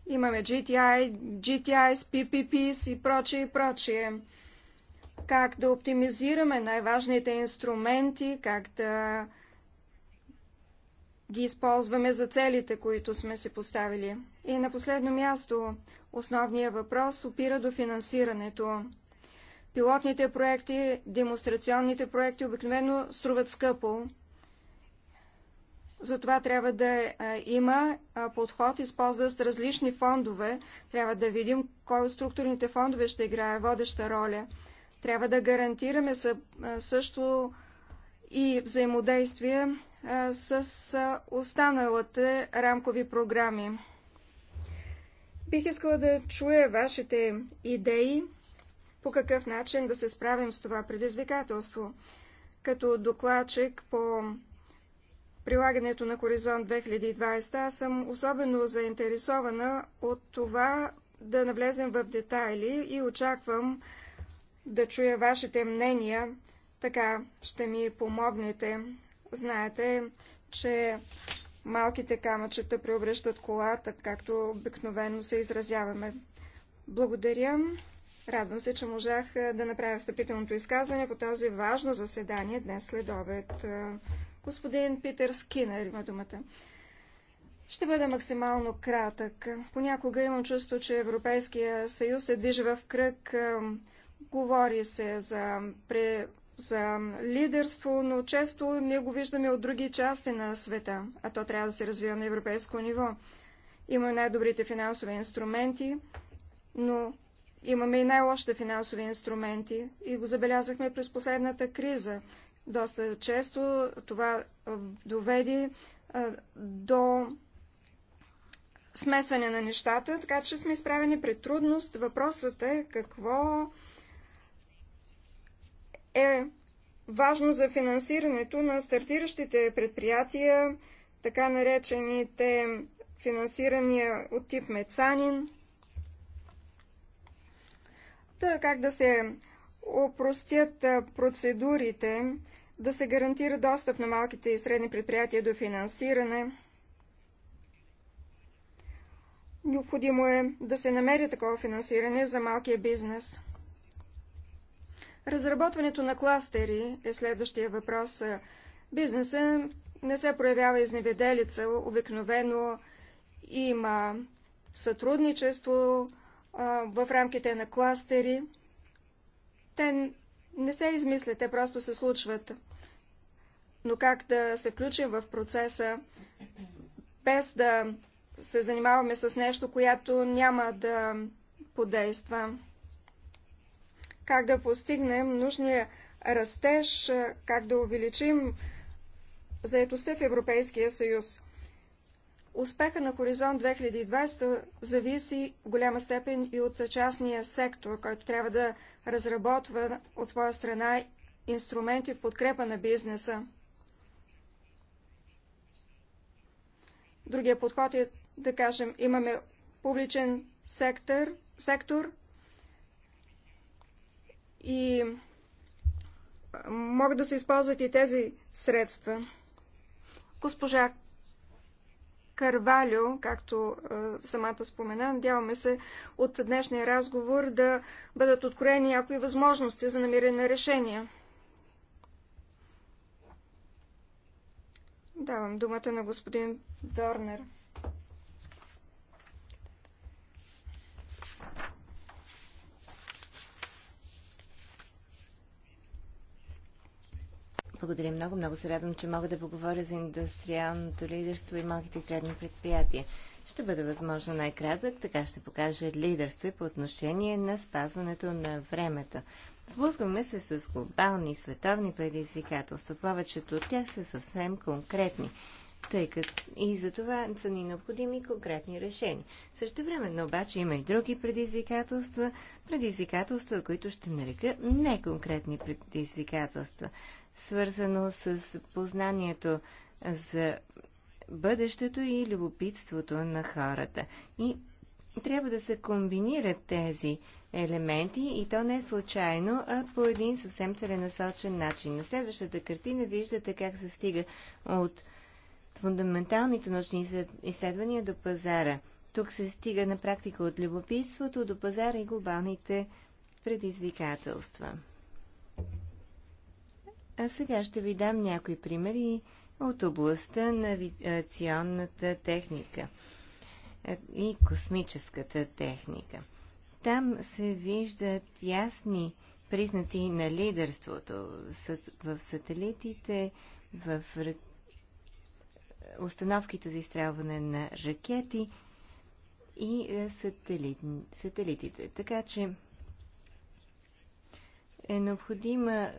Имаме GTI, GTI, PPPs и прочие и прочие. Как да оптимизираме най-важните инструменти, как да ги използваме за целите, които сме си поставили. И на последно място, основният въпрос опира до финансирането. Пилотните проекти, демонстрационните проекти обикновено струват скъпо. Затова трябва да е, има подход, използващ различни фондове. Трябва да видим кой от структурните фондове ще играе водеща роля. Трябва да гарантираме също и взаимодействие с останалите рамкови програми. Бих искала да чуя вашите идеи по какъв начин да се справим с това предизвикателство. Като докладчик по прилагането на Хоризонт 2020, аз съм особено заинтересована от това да навлезем в детайли и очаквам да чуя вашите мнения. Така ще ми помогнете Знаете, че малките камъчета преобръщат колата, както обикновено се изразяваме. Благодаря. Радвам се, че можах е, да направя встъпителното изказване по този важно заседание днес след обед. Е, господин Питер Скинер има думата. Ще бъда максимално кратък. Понякога имам чувство, че Европейския съюз се движи в кръг. Е, говори се за за лидерство, но често ние го виждаме от други части на света, а то трябва да се развива на европейско ниво. Имаме най-добрите финансови инструменти, но имаме и най-лошите финансови инструменти и го забелязахме през последната криза. Доста често това доведе до смесване на нещата, така че сме изправени пред трудност. Въпросът е какво е важно за финансирането на стартиращите предприятия, така наречените финансирания от тип Мецанин. Та как да се опростят процедурите, да се гарантира достъп на малките и средни предприятия до финансиране. Необходимо е да се намери такова финансиране за малкия бизнес. Разработването на кластери е следващия въпрос. бизнеса не се проявява изневеделица. Обикновено има сътрудничество а, в рамките на кластери. Те не се измислят, те просто се случват. Но как да се включим в процеса, без да се занимаваме с нещо, което няма да подейства как да постигнем нужния растеж, как да увеличим заетостта в Европейския съюз. Успеха на Хоризонт 2020 зависи в голяма степен и от частния сектор, който трябва да разработва от своя страна инструменти в подкрепа на бизнеса. Другия подход е, да кажем, имаме публичен сектор, сектор и могат да се използват и тези средства. Госпожа Карвалю, както е, самата спомена, надяваме се от днешния разговор да бъдат откроени някои възможности за намиране на решения. Давам думата на господин Дорнер. Благодаря много. Много се радвам, че мога да поговоря за индустриалното лидерство и малките и средни предприятия. Ще бъде възможно най-кратък, така ще покажа лидерство и по отношение на спазването на времето. Сблъскваме се с глобални и световни предизвикателства. Повечето от тях са съвсем конкретни, тъй като и за това са ни необходими конкретни решения. Също време, обаче има и други предизвикателства, предизвикателства, които ще нарека неконкретни предизвикателства свързано с познанието за бъдещето и любопитството на хората. И трябва да се комбинират тези елементи и то не е случайно, а по един съвсем целенасочен начин. На следващата картина виждате как се стига от фундаменталните научни изследвания до пазара. Тук се стига на практика от любопитството до пазара и глобалните предизвикателства. А сега ще ви дам някои примери от областта на авиационната техника е, и космическата техника. Там се виждат ясни признаци на лидерството в сателитите, в установките за изстрелване на ракети и е, сателит, сателитите. Така че е необходима е,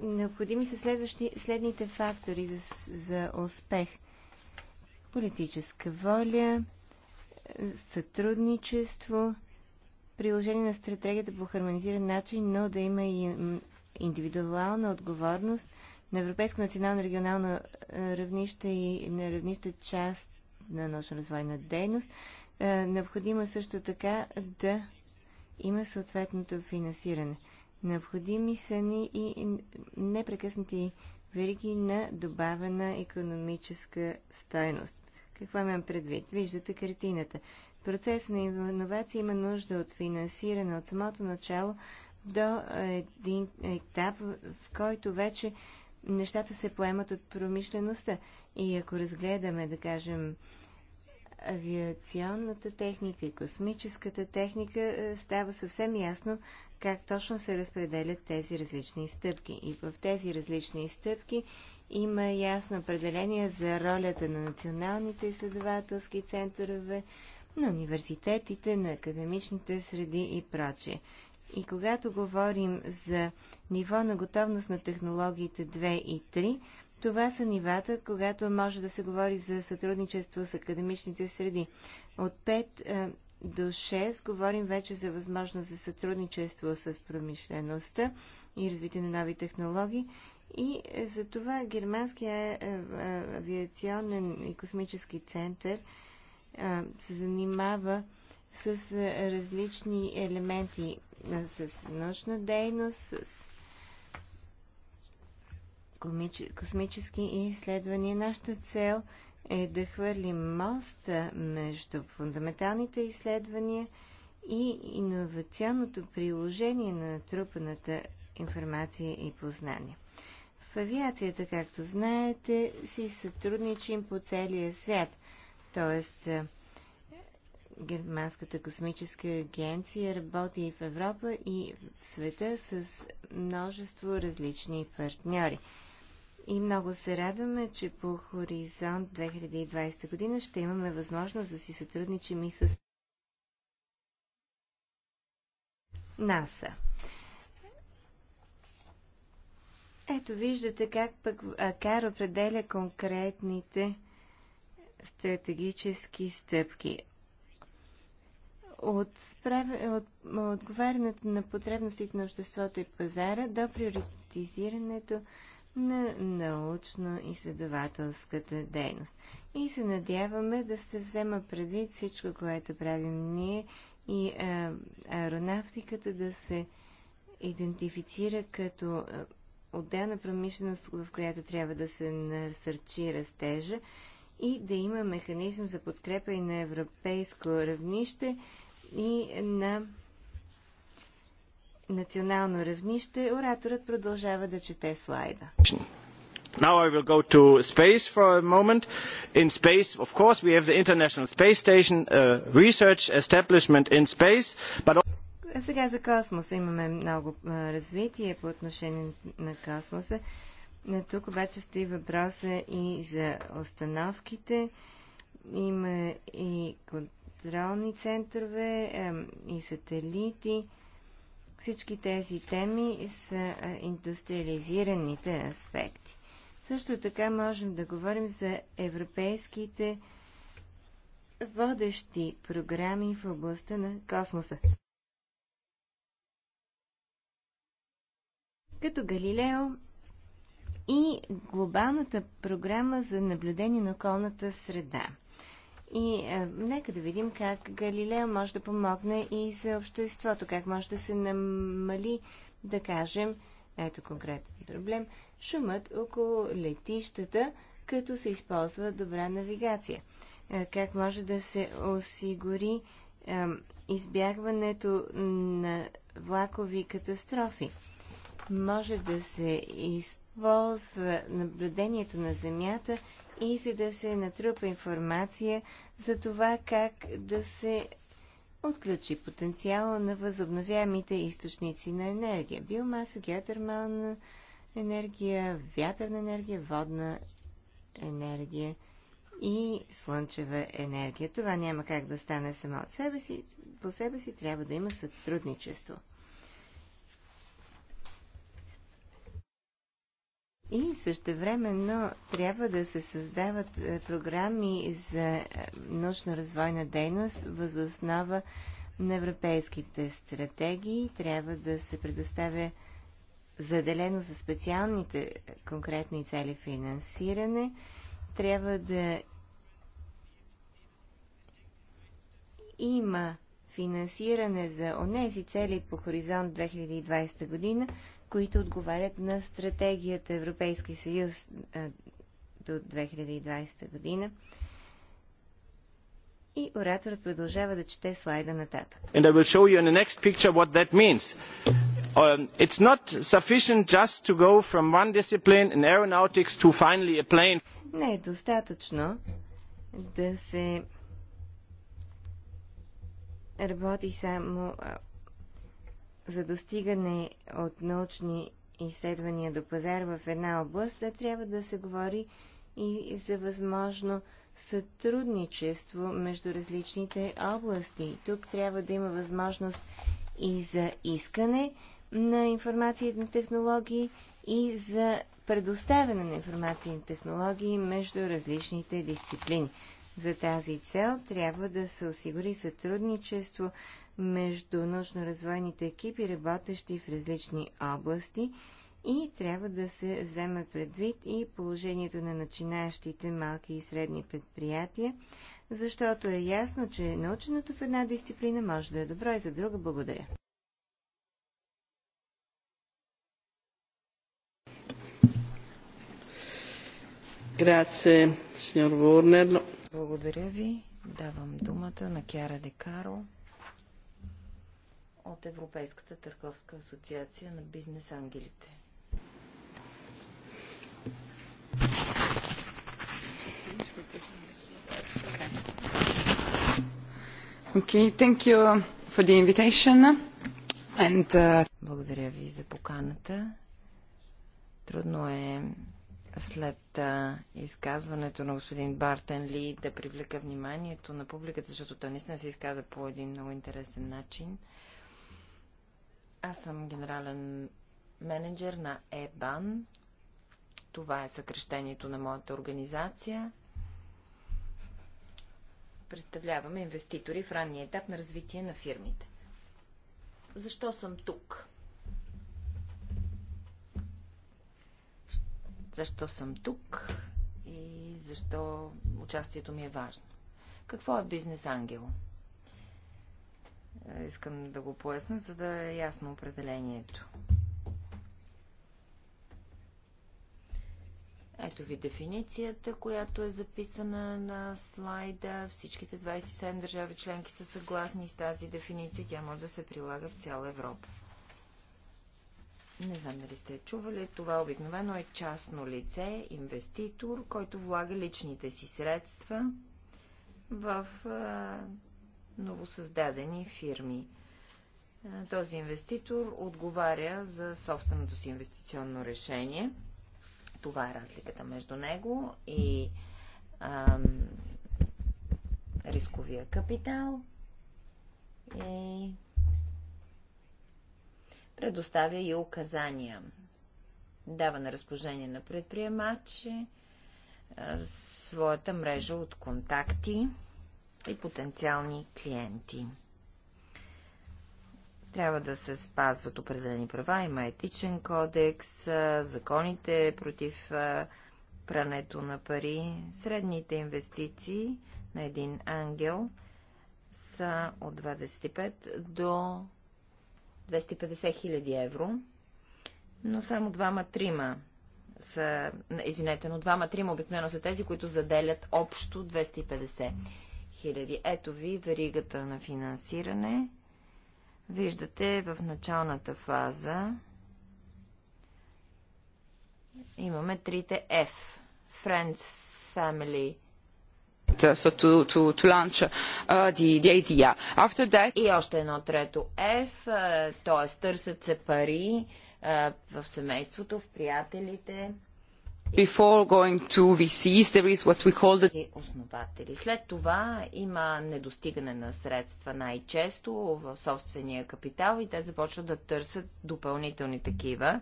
необходими са следващи, следните фактори за, за успех. Политическа воля, сътрудничество, приложение на стратегията по хармонизиран начин, но да има и индивидуална отговорност на европейско, национално, регионално равнище и на равнище част на научно-развойна дейност. Необходимо е също така да има съответното финансиране. Необходими са ни и непрекъснати вериги на добавена економическа стойност. Какво имам предвид? Виждате картината. Процес на иновация има нужда от финансиране от самото начало до един етап, в който вече нещата се поемат от промишлеността. И ако разгледаме, да кажем, авиационната техника и космическата техника, е, става съвсем ясно как точно се разпределят тези различни стъпки. И в тези различни стъпки има ясно определение за ролята на националните изследователски центрове, на университетите, на академичните среди и прочее. И когато говорим за ниво на готовност на технологиите 2 и 3, това са нивата, когато може да се говори за сътрудничество с академичните среди. От 5 е, до 6 говорим вече за възможност за сътрудничество с промишлеността и развитие на нови технологии. И е, за това Германския е, авиационен и космически център се занимава с различни елементи, с научна дейност, с космически изследвания. Нашата цел е да хвърлим моста между фундаменталните изследвания и иновационното приложение на трупаната информация и познание. В авиацията, както знаете, си сътрудничим по целия свят. Тоест, Германската космическа агенция работи и в Европа, и в света с множество различни партньори. И много се радваме, че по Хоризонт 2020 година ще имаме възможност да си сътрудничим и с НАСА. Ето виждате как пък Кар определя конкретните стратегически стъпки. От, от отговарянето на потребностите на обществото и пазара до приоритизирането на научно-изследователската дейност. И се надяваме да се взема предвид всичко, което правим ние и а, аеронавтиката да се идентифицира като отделна промишленост, в която трябва да се насърчи растежа и да има механизъм за подкрепа и на европейско равнище и на национално равнище, ораторът продължава да чете слайда. Now I will go to space for a moment. In space, of course, we have the International Space Station, a uh, research establishment in space, but... сега за космоса имаме много развитие по отношение на космоса. На тук обаче стои въпроса и за установките. Има и контролни центрове, и сателити. Всички тези теми са индустриализираните аспекти. Също така можем да говорим за европейските водещи програми в областта на космоса. Като Галилео и глобалната програма за наблюдение на околната среда. И а, е, нека да видим как Галилео може да помогне и за обществото, как може да се намали, да кажем, ето конкретен проблем, шумът около летищата, като се използва добра навигация. А, е, как може да се осигури а, е, избягването на влакови катастрофи. Може да се използва ползва наблюдението на Земята и за да се натрупа информация за това как да се отключи потенциала на възобновяемите източници на енергия. Биомаса, геотермална енергия, вятърна енергия, водна енергия и слънчева енергия. Това няма как да стане само от себе си. По себе си трябва да има сътрудничество. И същевременно трябва да се създават е, програми за е, научно-развойна дейност възоснова на европейските стратегии. Трябва да се предоставя заделено за специалните е, конкретни цели финансиране. Трябва да има финансиране за онези цели по хоризонт 2020 година, които отговарят на стратегията Европейски съюз до 2020 година. И ораторът продължава да чете слайда нататък. And I will show you in the next picture what that means. Um, it's not sufficient just to go from one discipline in aeronautics to finally a plane. Не е достатъчно да се работи само за достигане от научни изследвания до пазар в една област, да трябва да се говори и за възможно сътрудничество между различните области. Тук трябва да има възможност и за искане на информационни технологии и за предоставяне на информационни технологии между различните дисциплини. За тази цел трябва да се осигури сътрудничество между научно-развойните екипи, работещи в различни области и трябва да се вземе предвид и положението на начинаещите малки и средни предприятия, защото е ясно, че наученото в една дисциплина може да е добро и за друга благодаря. Благодаря ви. Давам думата на Кяра Декаро от Европейската търговска асоциация на бизнес ангелите. Okay, thank you for the invitation. And, uh... Благодаря ви за поканата. Трудно е след а, изказването на господин Бартен Ли да привлека вниманието на публиката, защото той наистина се изказа по един много интересен начин. Аз съм генерален менеджер на ЕБАН. Това е съкрещението на моята организация. Представляваме инвеститори в ранния етап на развитие на фирмите. Защо съм тук? Защо съм тук и защо участието ми е важно? Какво е бизнес ангел? Е, искам да го поясна, за да е ясно определението. Ето ви дефиницията, която е записана на слайда. Всичките 27 държави членки са съгласни с тази дефиниция. Тя може да се прилага в цяла Европа. Не знам дали сте чували, това обикновено е частно лице, инвеститор, който влага личните си средства в новосъздадени фирми. Този инвеститор отговаря за собственото си инвестиционно решение. Това е разликата между него и ам, рисковия капитал. И предоставя и указания. Дава на разположение на предприемачи своята мрежа от контакти и потенциални клиенти. Трябва да се спазват определени права, има етичен кодекс, законите против прането на пари, средните инвестиции на един ангел са от 25 до 250 хиляди евро, но само двама-трима са, извинете, но двама-трима обикновено са тези, които заделят общо 250 хиляди. Ето ви веригата на финансиране. Виждате в началната фаза имаме трите F. Friends, Family, so to, to, to launch uh, the, the idea. After that... И още едно трето F, uh, т.е. търсят се пари uh, в семейството, в приятелите. Before going to VCs, there is what we call the... Е, основатели. След това има недостигане на средства най-често в собствения капитал и те започват да търсят допълнителни такива,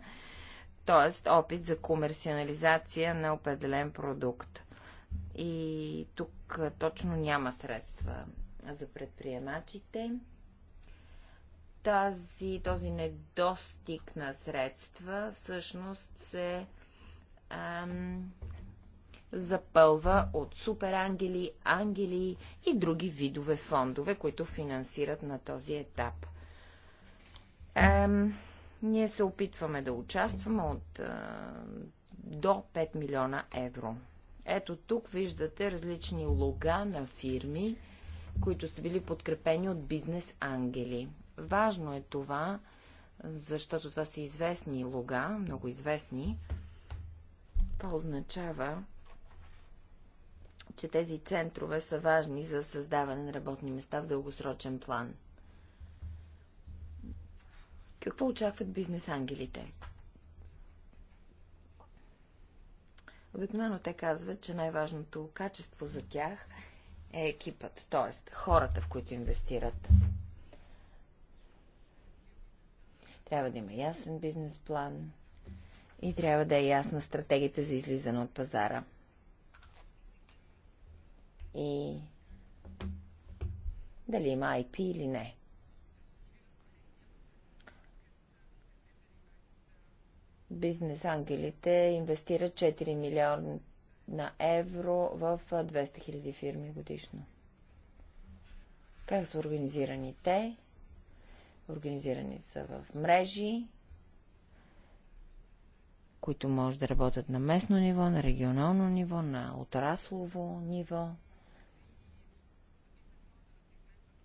т.е. опит за комерциализация на определен продукт. И тук точно няма средства за предприемачите. Тази, този недостиг на средства всъщност се ам, запълва от суперангели, ангели и други видове фондове, които финансират на този етап. Ам, ние се опитваме да участваме от а, до 5 милиона евро. Ето тук виждате различни лога на фирми, които са били подкрепени от бизнес ангели. Важно е това, защото това са известни лога, много известни, това означава, че тези центрове са важни за създаване на работни места в дългосрочен план. Какво очакват бизнес ангелите? Обикновено те казват, че най-важното качество за тях е екипът, т.е. хората, в които инвестират. Трябва да има ясен бизнес план, и трябва да е ясна стратегията за излизане от пазара. И дали има IP или не. Бизнес ангелите инвестират 4 милиона на евро в 200 000 фирми годишно. Как са организирани те? Организирани са в мрежи, които може да работят на местно ниво, на регионално ниво, на отраслово ниво.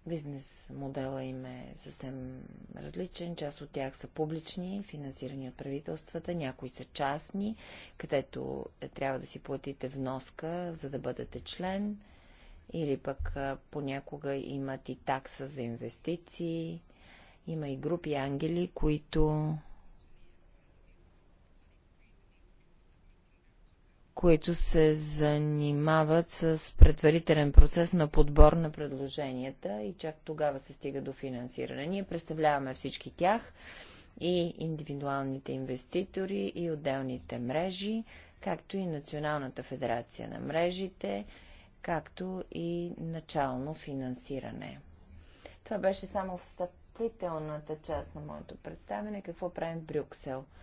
Бизнес модела им е съвсем различен. Част от тях са публични, финансирани от правителствата, някои са частни, където е, трябва да си платите вноска, за да бъдете член, или пък понякога имат и такса за инвестиции. Има и групи ангели, които които се занимават с предварителен процес на подбор на предложенията и чак тогава се стига до финансиране. Ние представляваме всички тях и индивидуалните инвеститори и отделните мрежи, както и Националната федерация на мрежите, както и начално финансиране. Това беше само встъплителната част на моето представяне, какво правим в Брюксел –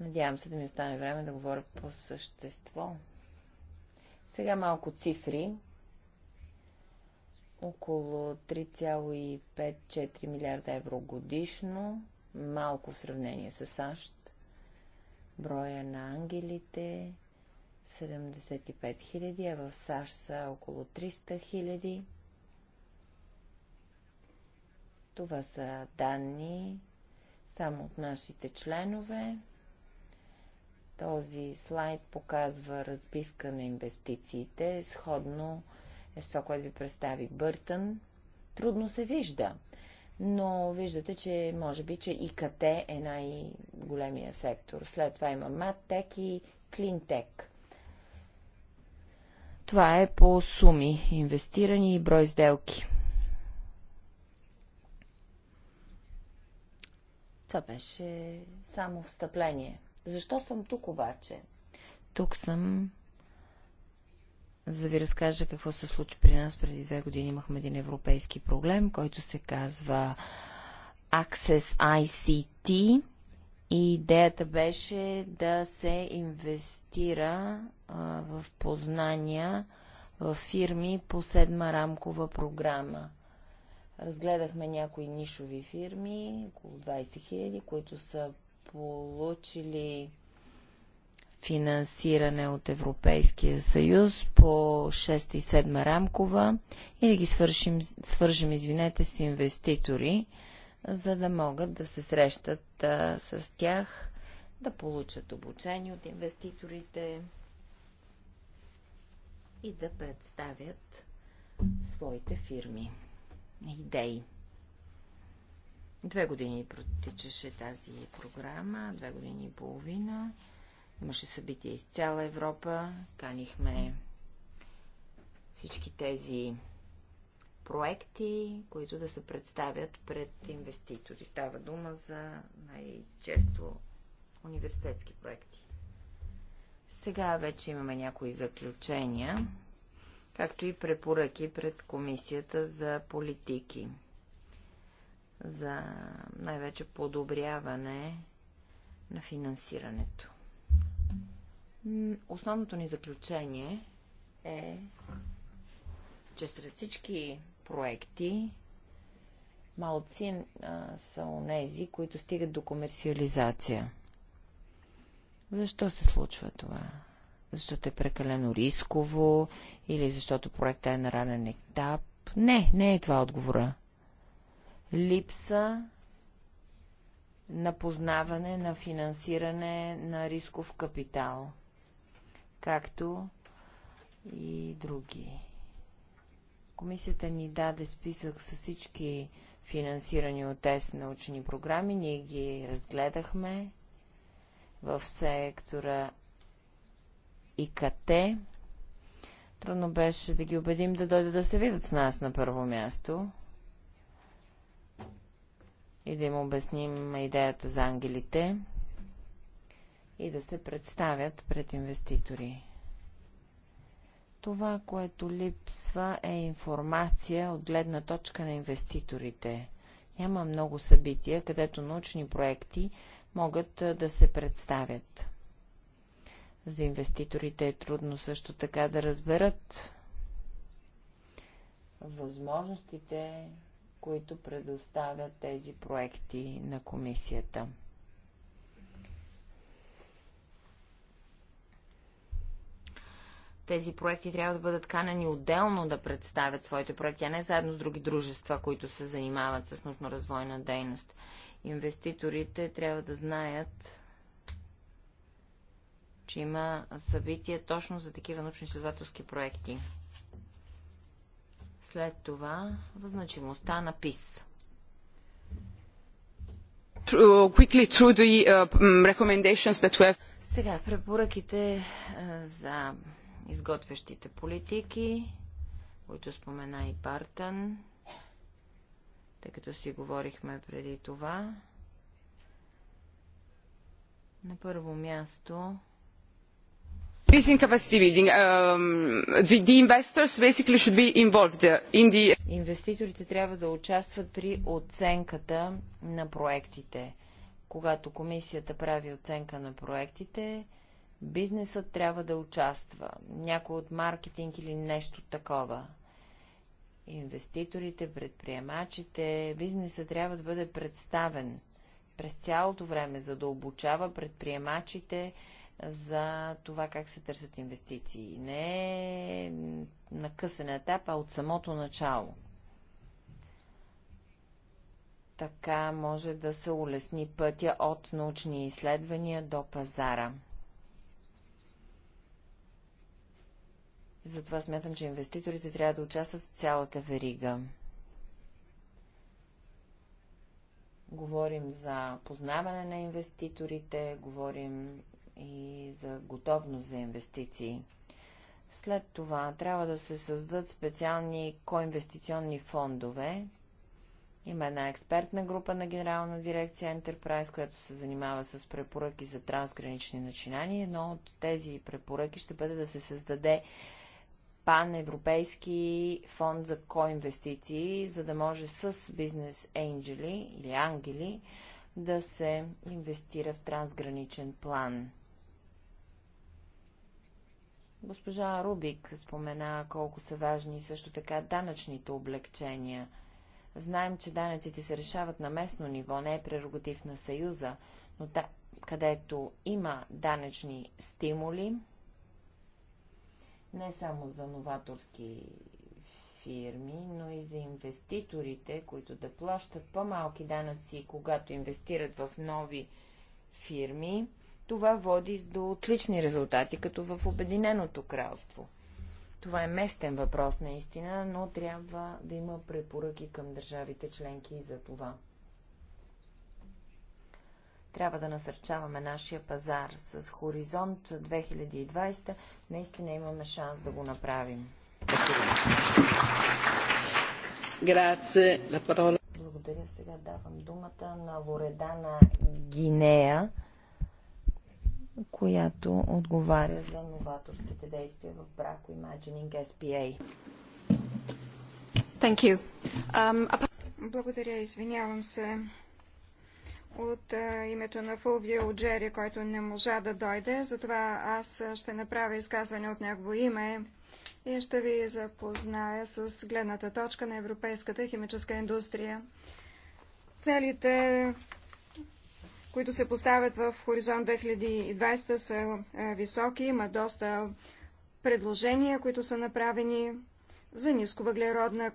Надявам се да ми остане време да говоря по същество. Сега малко цифри. Около 3,5-4 милиарда евро годишно, малко в сравнение с САЩ. Броя на ангелите 75 хиляди, а в САЩ са около 300 хиляди. Това са данни само от нашите членове. Този слайд показва разбивка на инвестициите, сходно е с това, което ви представи Бъртън. Трудно се вижда, но виждате, че може би, че ИКТ е най-големия сектор. След това има МАТТЕК и Клинтек. Това е по суми инвестирани и брой сделки. Това беше само встъпление. Защо съм тук обаче? Тук съм, за да ви разкажа какво се случи при нас. Преди две години имахме един европейски проблем, който се казва Access ICT. И идеята беше да се инвестира а, в познания в фирми по седма рамкова програма. Разгледахме някои нишови фирми, около 20 000, които са получили финансиране от Европейския съюз по 6 и 7 рамкова и да ги свършим, свържем извинете, с инвеститори, за да могат да се срещат а, с тях, да получат обучение от инвеститорите и да представят своите фирми, идеи. Две години протичаше тази програма, две години и половина. Имаше събития из цяла Европа. Канихме всички тези проекти, които да се представят пред инвеститори. Става дума за най-често университетски проекти. Сега вече имаме някои заключения, както и препоръки пред Комисията за политики за най-вече подобряване на финансирането. Основното ни заключение е, че сред всички проекти малци а, са онези, които стигат до комерциализация. Защо се случва това? Защото е прекалено рисково или защото проектът е на ранен етап? Не, не е това отговора липса на познаване на финансиране на рисков капитал, както и други. Комисията ни даде списък с всички финансирани от ЕС научни програми. Ние ги разгледахме в сектора ИКТ. Трудно беше да ги убедим да дойдат да се видят с нас на първо място и да им обясним идеята за ангелите и да се представят пред инвеститори. Това, което липсва е информация от гледна точка на инвеститорите. Няма много събития, където научни проекти могат да се представят. За инвеститорите е трудно също така да разберат възможностите, които предоставят тези проекти на комисията. Тези проекти трябва да бъдат канени отделно да представят своите проекти, а не заедно с други дружества, които се занимават с нужно развойна дейност. Инвеститорите трябва да знаят, че има събитие точно за такива научно-изследователски проекти. След това значимостта на ПИС. Uh, uh, mm, Сега препоръките за изготвящите политики, които спомена и Бартън, тъй като си говорихме преди това. На първо място Инвеститорите трябва да участват при оценката на проектите. Когато комисията прави оценка на проектите, бизнесът трябва да участва. Някой от маркетинг или нещо такова. Инвеститорите, предприемачите, бизнесът трябва да бъде представен през цялото време, за да обучава предприемачите, за това как се търсят инвестиции. Не на късен етап, а от самото начало. Така може да се улесни пътя от научни изследвания до пазара. Затова смятам, че инвеститорите трябва да участват в цялата верига. Говорим за познаване на инвеститорите, говорим и за готовност за инвестиции. След това трябва да се създадат специални коинвестиционни фондове. Има една експертна група на Генерална дирекция Enterprise, която се занимава с препоръки за трансгранични начинания. Едно от тези препоръки ще бъде да се създаде паневропейски фонд за коинвестиции, за да може с бизнес енджели или ангели да се инвестира в трансграничен план. Госпожа Рубик спомена колко са важни също така данъчните облегчения. Знаем, че данъците се решават на местно ниво, не е прерогатив на Съюза, но та, където има данъчни стимули, не само за новаторски фирми, но и за инвеститорите, които да плащат по-малки данъци, когато инвестират в нови фирми, това води до отлични резултати, като в Обединеното кралство. Това е местен въпрос наистина, но трябва да има препоръки към държавите членки и за това. Трябва да насърчаваме нашия пазар с хоризонт 2020. Наистина имаме шанс да го направим. Благодаря. Сега давам думата на Лоредана Гинея която отговаря за новаторските действия в Брако Imagining SPA. Thank you. Um, Благодаря, извинявам се от а, името на Фулвио Джери, който не можа да дойде. Затова аз ще направя изказване от негово име и ще ви запозная с гледната точка на европейската химическа индустрия. Целите които се поставят в Хоризонт 2020, са високи. Има доста предложения, които са направени за нисковъглеродна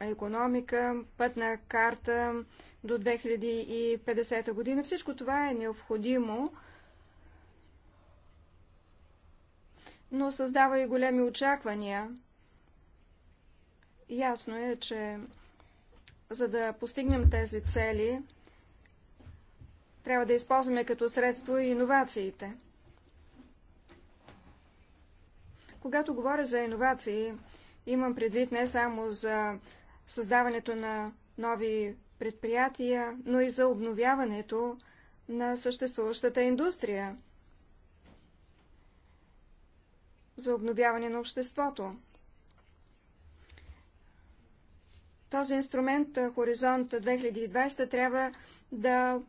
економика, пътна карта до 2050 година. Всичко това е необходимо, но създава и големи очаквания. Ясно е, че за да постигнем тези цели, трябва да използваме като средство и иновациите. Когато говоря за иновации, имам предвид не само за създаването на нови предприятия, но и за обновяването на съществуващата индустрия, за обновяване на обществото. Този инструмент Хоризонт 2020 трябва да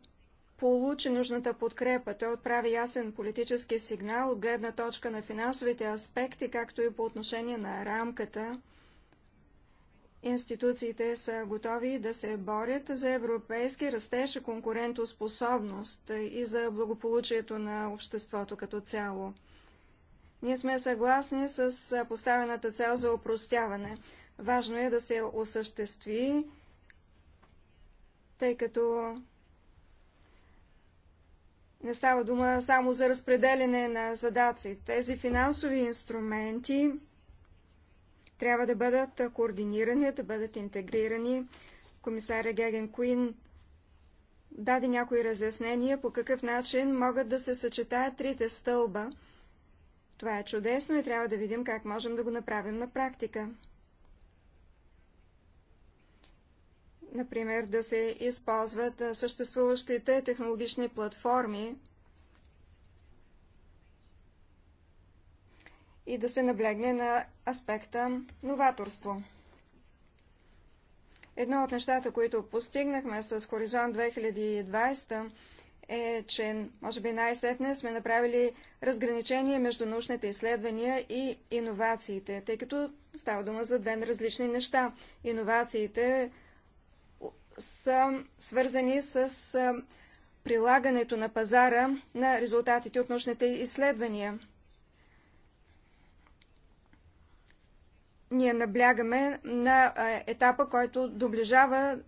получи нужната подкрепа. Той отправи ясен политически сигнал от гледна точка на финансовите аспекти, както и по отношение на рамката. Институциите са готови да се борят за европейски растеж и конкурентоспособност и за благополучието на обществото като цяло. Ние сме съгласни с поставената цел за опростяване. Важно е да се осъществи, тъй като не става дума само за разпределене на задаци. Тези финансови инструменти трябва да бъдат координирани, да бъдат интегрирани. Комисаря Геген Куин даде някои разяснения по какъв начин могат да се съчетаят трите стълба. Това е чудесно и трябва да видим как можем да го направим на практика. например, да се използват съществуващите технологични платформи и да се наблегне на аспекта новаторство. Едно от нещата, които постигнахме с Хоризонт 2020 е, че може би най-сетне сме направили разграничение между научните изследвания и иновациите, тъй като става дума за две различни неща. Иновациите са свързани с прилагането на пазара на резултатите от научните изследвания. Ние наблягаме на етапа, който доближава,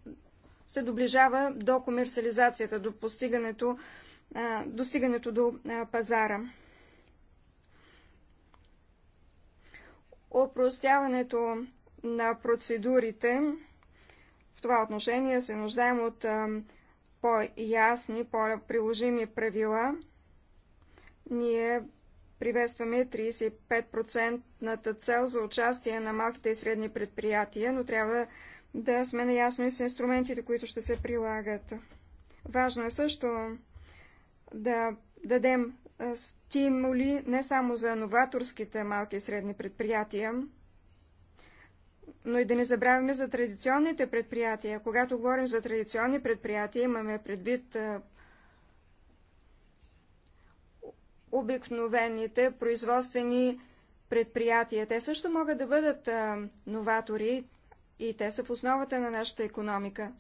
се доближава до комерциализацията, до постигането, достигането до пазара. Опростяването на процедурите това отношение се нуждаем от по-ясни, по-приложими правила. Ние приветстваме 35 цел за участие на малките и средни предприятия, но трябва да сме наясно и с инструментите, които ще се прилагат. Важно е също да дадем стимули не само за новаторските малки и средни предприятия, но и да не забравяме за традиционните предприятия. Когато говорим за традиционни предприятия, имаме предвид е, обикновените производствени предприятия. Те също могат да бъдат а, е, новатори и те са в основата на нашата економика.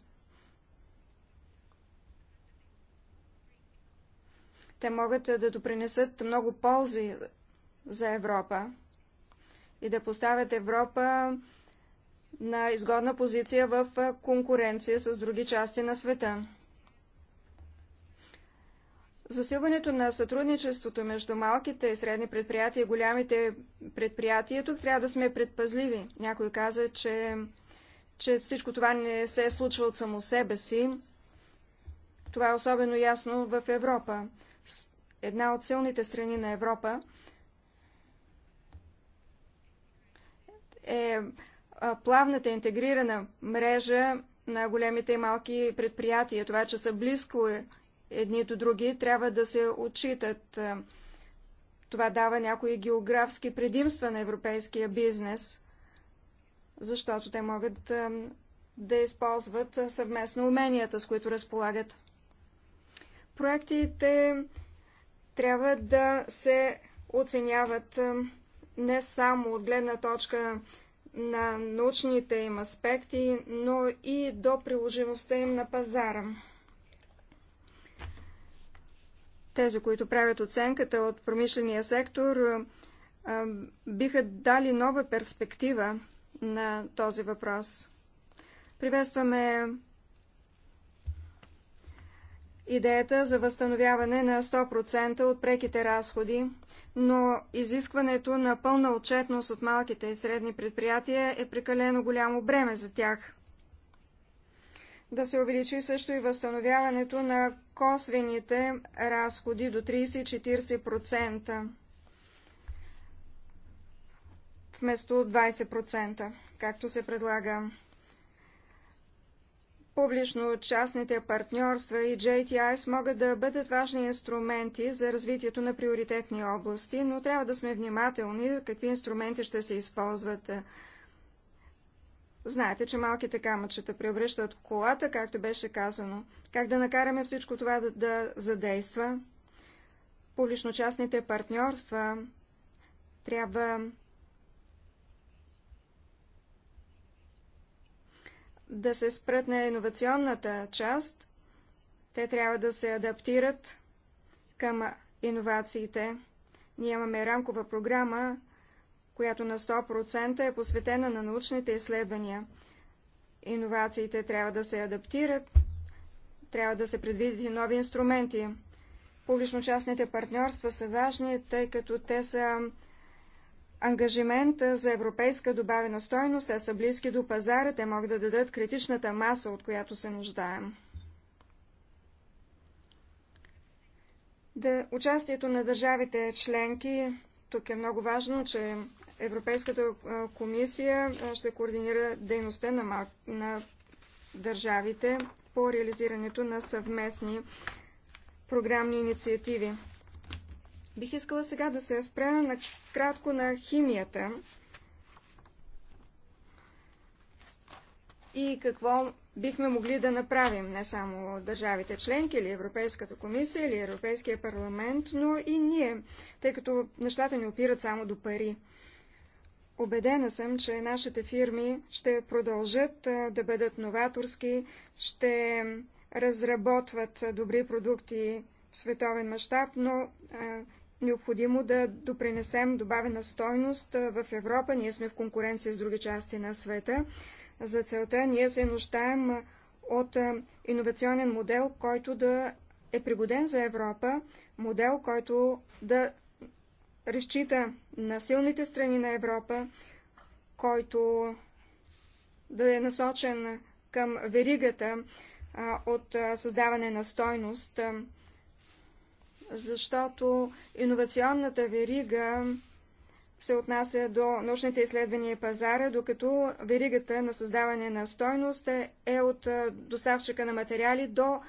Те могат е, да допринесат много ползи за Европа и да поставят Европа на изгодна позиция в конкуренция с други части на света. Засилването на сътрудничеството между малките и средни предприятия и голямите предприятия, тук трябва да сме предпазливи. Някой каза, че, че всичко това не се случва от само себе си. Това е особено ясно в Европа. Една от силните страни на Европа е плавната интегрирана мрежа на големите и малки предприятия. Това, че са близко е, едни до други, трябва да се отчитат. Това дава някои географски предимства на европейския бизнес, защото те могат да използват съвместно уменията, с които разполагат. Проектите трябва да се оценяват не само от гледна точка на научните им аспекти, но и до приложимостта им на пазара. Тези, които правят оценката от промишления сектор, биха дали нова перспектива на този въпрос. Приветстваме идеята за възстановяване на 100% от преките разходи но изискването на пълна отчетност от малките и средни предприятия е прекалено голямо бреме за тях. Да се увеличи също и възстановяването на косвените разходи до 30-40%, вместо 20%, както се предлага. Публично-частните партньорства и JTI могат да бъдат важни инструменти за развитието на приоритетни области, но трябва да сме внимателни какви инструменти ще се използват. Знаете, че малките камъчета превръщат колата, както беше казано. Как да накараме всичко това да, да задейства? Публично-частните партньорства трябва да се спрат на иновационната част. Те трябва да се адаптират към иновациите. Ние имаме рамкова програма, която на 100% е посветена на научните изследвания. Иновациите трябва да се адаптират, трябва да се предвидят и нови инструменти. Публично-частните партньорства са важни, тъй като те са ангажимент за европейска добавена стойност. Те са близки до пазара, те могат да дадат критичната маса, от която се нуждаем. Да, участието на държавите членки. Тук е много важно, че Европейската комисия ще координира дейността на, мал... на държавите по реализирането на съвместни програмни инициативи. Бих искала сега да се спра на кратко на химията и какво бихме могли да направим, не само държавите членки или Европейската комисия или Европейския парламент, но и ние, тъй като нещата ни опират само до пари. Обедена съм, че нашите фирми ще продължат да бъдат новаторски, ще разработват добри продукти в световен мащаб, но необходимо да допринесем добавена стойност в Европа. Ние сме в конкуренция с други части на света. За целта ние се нуждаем от иновационен модел, който да е пригоден за Европа, модел, който да разчита на силните страни на Европа, който да е насочен към веригата от създаване на стойност, защото иновационната верига се отнася до научните изследвания и пазара, докато веригата на създаване на стойност е от доставчика на материали до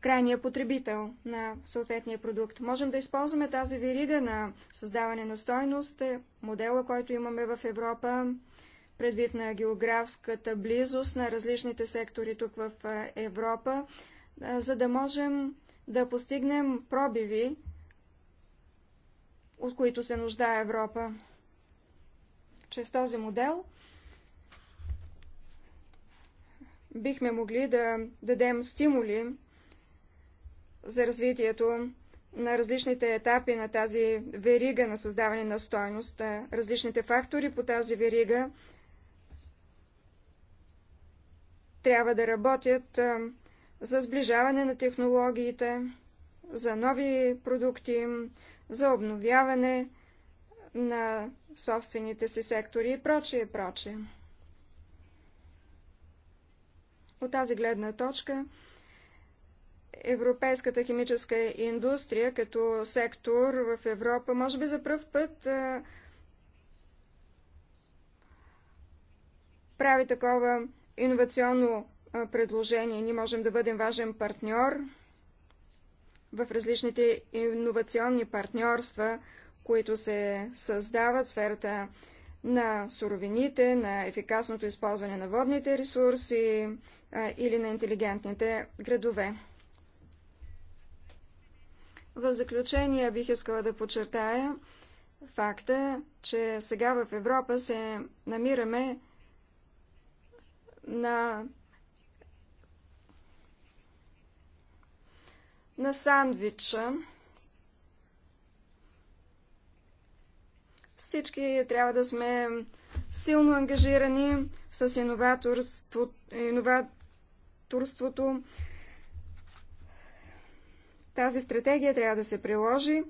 крайния потребител на съответния продукт. Можем да използваме тази верига на създаване на стойност, е модела, който имаме в Европа, предвид на географската близост на различните сектори тук в Европа, за да можем да постигнем пробиви, от които се нуждае Европа. Чрез този модел бихме могли да дадем стимули за развитието на различните етапи на тази верига на създаване на стойност, различните фактори по тази верига трябва да работят за сближаване на технологиите, за нови продукти, за обновяване на собствените си сектори и прочие, и прочие. От тази гледна точка, европейската химическа индустрия като сектор в Европа, може би за пръв път прави такова иновационно предложение. Ние можем да бъдем важен партньор в различните иновационни партньорства, които се създават в сферата на суровините, на ефикасното използване на водните ресурси а, или на интелигентните градове. В заключение бих искала да подчертая факта, че сега в Европа се намираме на на сандвича. Всички трябва да сме силно ангажирани с иноваторство, иноваторството. Тази стратегия трябва да се приложи.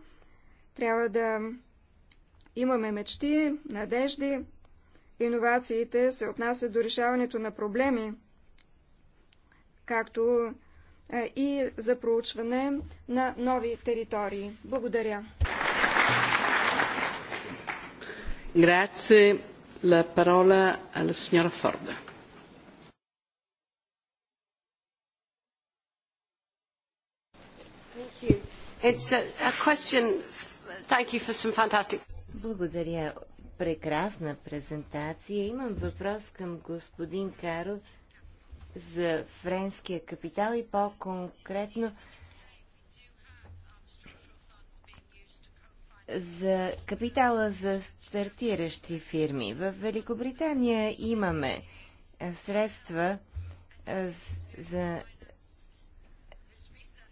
Трябва да имаме мечти, надежди. Иновациите се отнасят до решаването на проблеми, както е, и за проучване на нови територии. Благодаря. Grazie. La parola alla signora Ford. Thank you. It's a, a question. Thank you for some fantastic. Благодаря. Прекрасна презентация. Имам въпрос към господин Карос за френския капитал и по-конкретно за капитала за стартиращи фирми. В Великобритания имаме средства за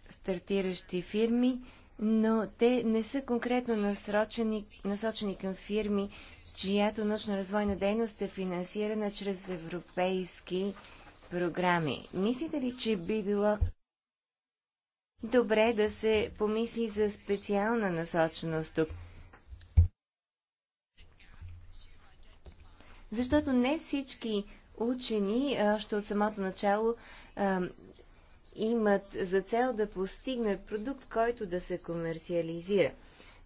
стартиращи фирми, но те не са конкретно насочени, насочени към фирми, чиято научно-развойна дейност е финансирана чрез европейски програми. Мислите ли, че би било добре да се помисли за специална насоченост тук? Защото не всички учени още от самото начало а, имат за цел да постигнат продукт, който да се комерциализира.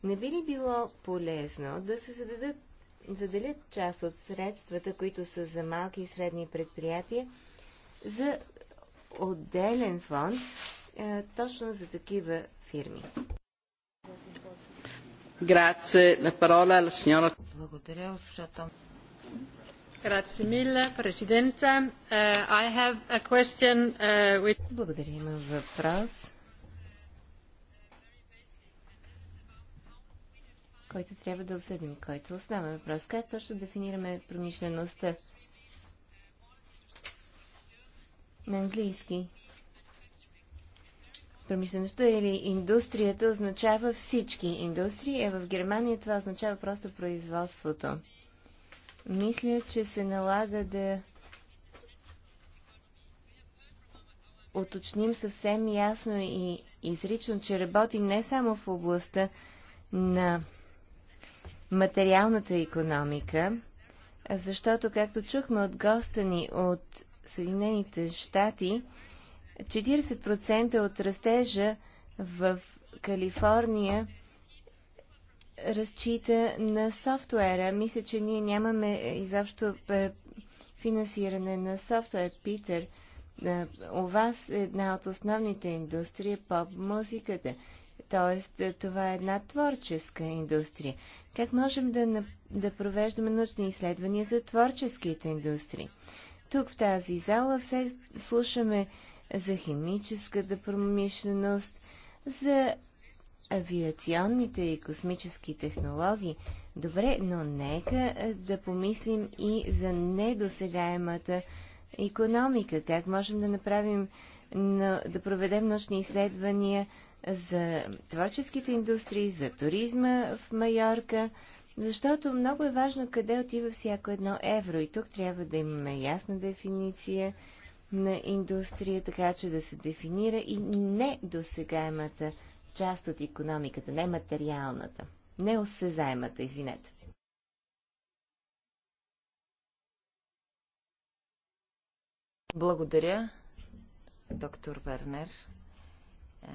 Не би ли било полезно да се зададат, заделят част от средствата, които са за малки и средни предприятия, за отделен фонд е, точно за такива фирми. Благодаря, госпожа Том. Е, е, Благодаря, имам въпрос, който трябва да обсъдим, който е основен въпрос. Как точно дефинираме промишлеността? на английски. Промишлеността или индустрията означава всички индустрии, а е в Германия това означава просто производството. Мисля, че се налага да уточним съвсем ясно и изрично, че работи не само в областта на материалната економика, защото, както чухме от госта ни от Съединените щати 40% от растежа в Калифорния разчита на софтуера. Мисля, че ние нямаме изобщо е, финансиране на софтуер. Питер, е, у вас е една от основните индустрии е поп-музиката. Тоест, това е една творческа индустрия. Как можем да, да провеждаме научни изследвания за творческите индустрии? Тук в тази зала все слушаме за химическата промишленост, за авиационните и космически технологии. Добре, но нека да помислим и за недосегаемата економика. Как можем да направим, да проведем научни изследвания за творческите индустрии, за туризма в Майорка – защото много е важно къде отива всяко едно евро и тук трябва да имаме ясна дефиниция на индустрия, така че да се дефинира и недосегаемата част от економиката, Не не неосезаемата, извинете. Благодаря, доктор Вернер. Е,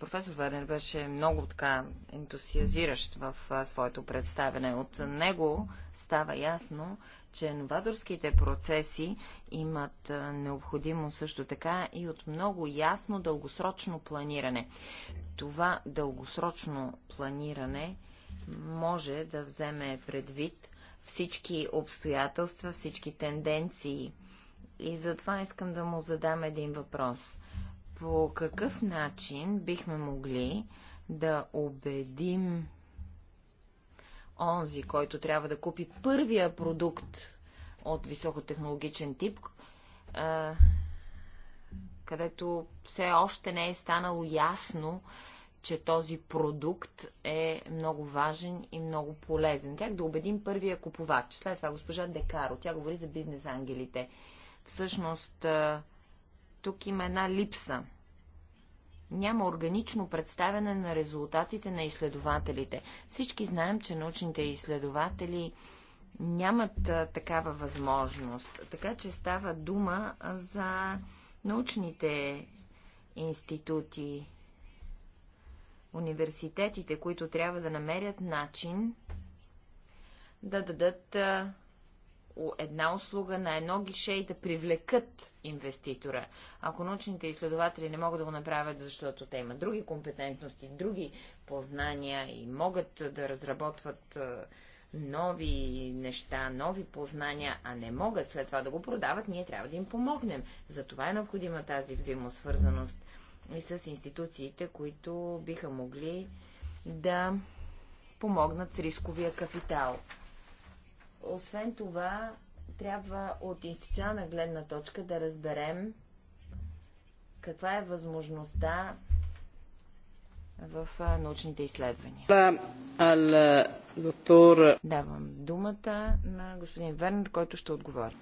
професор Вернер беше много така ентусиазиращ в своето представене. От него става ясно, че новаторските процеси имат необходимо също така и от много ясно дългосрочно планиране. Това дългосрочно планиране може да вземе предвид всички обстоятелства, всички тенденции. И затова искам да му задам един въпрос по какъв начин бихме могли да убедим онзи, който трябва да купи първия продукт от високотехнологичен тип, където все още не е станало ясно, че този продукт е много важен и много полезен. Как да убедим първия купувач? След това госпожа Декаро, тя говори за бизнес ангелите. Всъщност, тук има една липса. Няма органично представяне на резултатите на изследователите. Всички знаем, че научните изследователи нямат а, такава възможност. Така че става дума за научните институти, университетите, които трябва да намерят начин да дадат а, една услуга на едно гише и да привлекат инвеститора. Ако научните изследователи не могат да го направят, защото те имат други компетентности, други познания и могат да разработват нови неща, нови познания, а не могат след това да го продават, ние трябва да им помогнем. Затова е необходима тази взаимосвързаност и с институциите, които биха могли да помогнат с рисковия капитал. Освен това, трябва от институционална гледна точка да разберем каква е възможността в научните изследвания. Давам думата на господин Вернер, който ще отговори.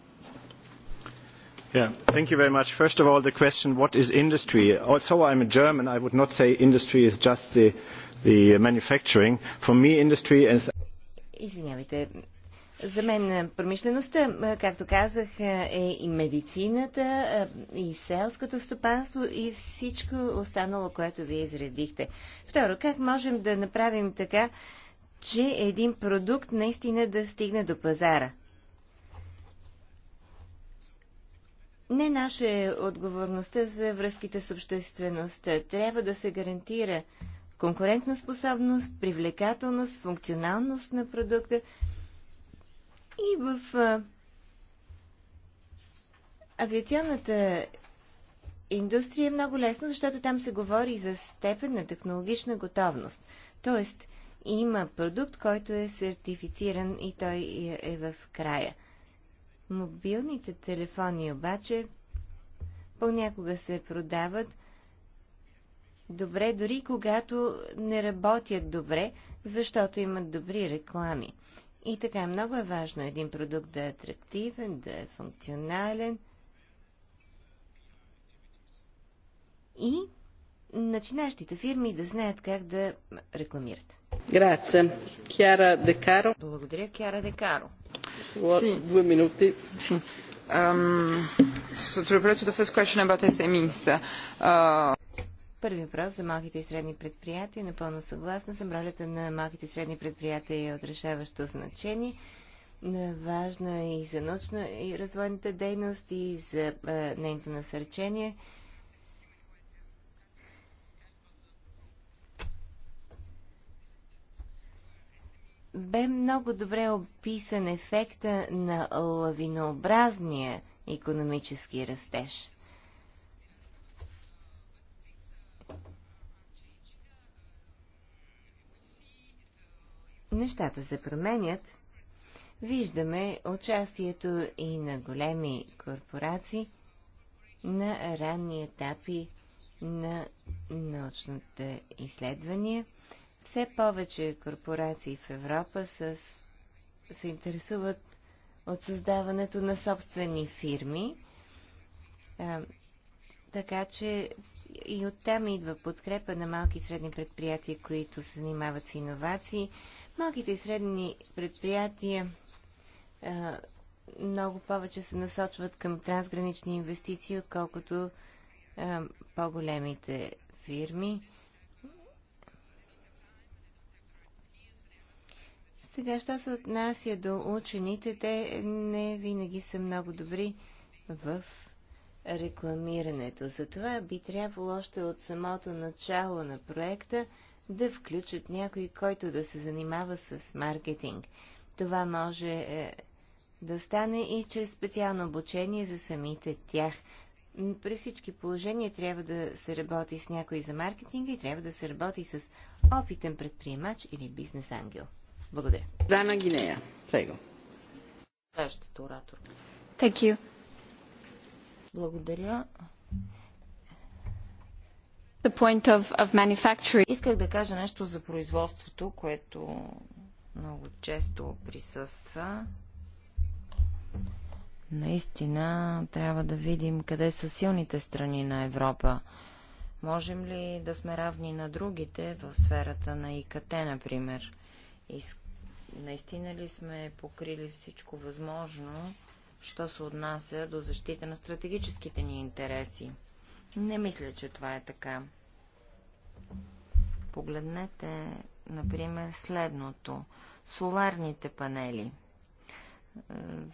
Yeah. Thank you very much. First of all, the question, what is industry? Also, I'm a German. I would not say industry is just the, the manufacturing. For me, industry is... Извинявайте, за мен промишлеността, както казах, е и медицината, и селското стопанство, и всичко останало, което вие изредихте. Второ, как можем да направим така, че един продукт наистина да стигне до пазара? Не наша е отговорността за връзките с обществеността. Трябва да се гарантира конкурентна способност, привлекателност, функционалност на продукта, и в а, авиационната индустрия е много лесно, защото там се говори за степен на технологична готовност. Тоест, има продукт, който е сертифициран и той е в края. Мобилните телефони обаче понякога се продават добре, дори когато не работят добре, защото имат добри реклами. И така, много е важно един продукт да е атрактивен, да е функционален и начинащите фирми да знаят как да рекламират. Грация. Кяра Декаро. Благодаря, Кяра Декаро. Две минути. Um, so to reply to the first question about SMEs, uh, Първи въпрос за малките и средни предприятия. Напълно съгласна съм. Ролята на малките и средни предприятия е от решаващо значение. Е, важна е и за научна и развойната дейност, и за а, е, нейното насърчение. Бе много добре описан ефекта на лавинообразния економически растеж – нещата се променят. Виждаме участието и на големи корпорации на ранни етапи на научните изследвания. Все повече корпорации в Европа са, се интересуват от създаването на собствени фирми, а, така че и оттам идва подкрепа на малки и средни предприятия, които се занимават с иновации, Малките и средни предприятия а, много повече се насочват към трансгранични инвестиции, отколкото по-големите фирми. Сега, що се отнася до учените, те не винаги са много добри в рекламирането. Затова би трябвало още от самото начало на проекта да включат някой, който да се занимава с маркетинг. Това може е, да стане и чрез специално обучение за самите тях. При всички положения трябва да се работи с някой за маркетинг и трябва да се работи с опитен предприемач или бизнес ангел. Благодаря. Дана Гинея. Прего. Следващата оратор. Благодаря. Of, of Исках да кажа нещо за производството, което много често присъства. Наистина трябва да видим къде са силните страни на Европа. Можем ли да сме равни на другите в сферата на ИКТ, например? И наистина ли сме покрили всичко възможно, що се отнася до защита на стратегическите ни интереси? Не мисля, че това е така. Погледнете, например, следното. Соларните панели. Е,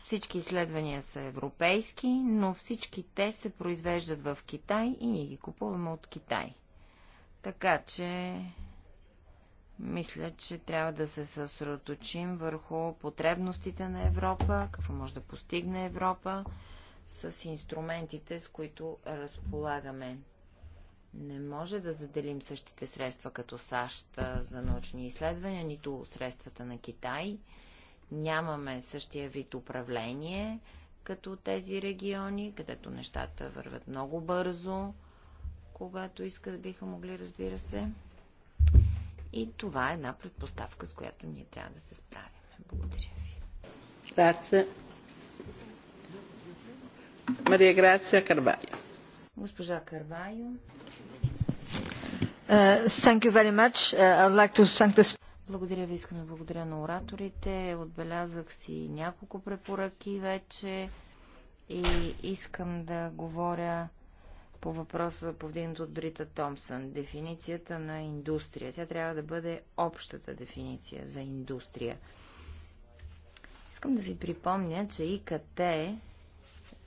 всички изследвания са европейски, но всички те се произвеждат в Китай и ние ги купуваме от Китай. Така че мисля, че трябва да се съсредоточим върху потребностите на Европа, какво може да постигне Европа, с инструментите, с които разполагаме. Не може да заделим същите средства като САЩ за научни изследвания, нито средствата на Китай. Нямаме същия вид управление като тези региони, където нещата върват много бързо, когато искат биха могли, разбира се. И това е една предпоставка, с която ние трябва да се справим. Благодаря ви. Мария Грация Карвайо. Госпожа Карвайо. Uh, thank you very much. Uh, I'd like to thank the... Благодаря ви, искам да благодаря на ораторите. Отбелязах си няколко препоръки вече и искам да говоря по въпроса, повдигнат от Брита Томсън. Дефиницията на индустрия. Тя трябва да бъде общата дефиниция за индустрия. Искам да ви припомня, че ИКТ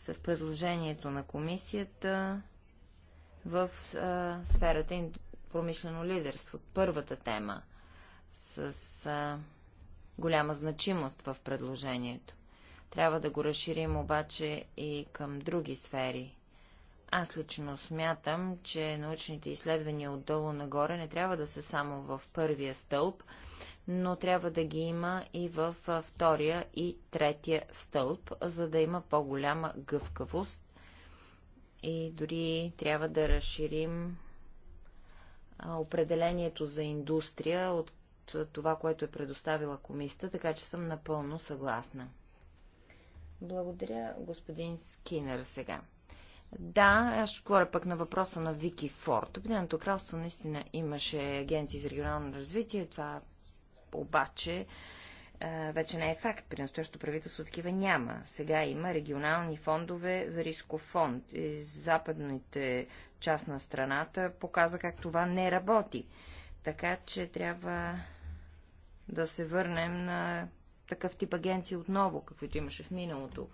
са в предложението на комисията в а, сферата и промишлено лидерство. Първата тема с а, голяма значимост в предложението. Трябва да го разширим обаче и към други сфери. Аз лично смятам, че научните изследвания отдолу нагоре не трябва да са само в първия стълб, но трябва да ги има и във втория и третия стълб, за да има по-голяма гъвкавост. И дори трябва да разширим определението за индустрия от това, което е предоставила комисията, така че съм напълно съгласна. Благодаря, господин Скинер, сега. Да, аз ще говоря пък на въпроса на Вики Форд. Обединеното кралство наистина имаше агенции за регионално развитие. Това обаче вече не е факт. При настоящото правителство такива няма. Сега има регионални фондове за рисков фонд. И западните част на страната показа как това не работи. Така че трябва да се върнем на такъв тип агенции отново, каквито имаше в миналото,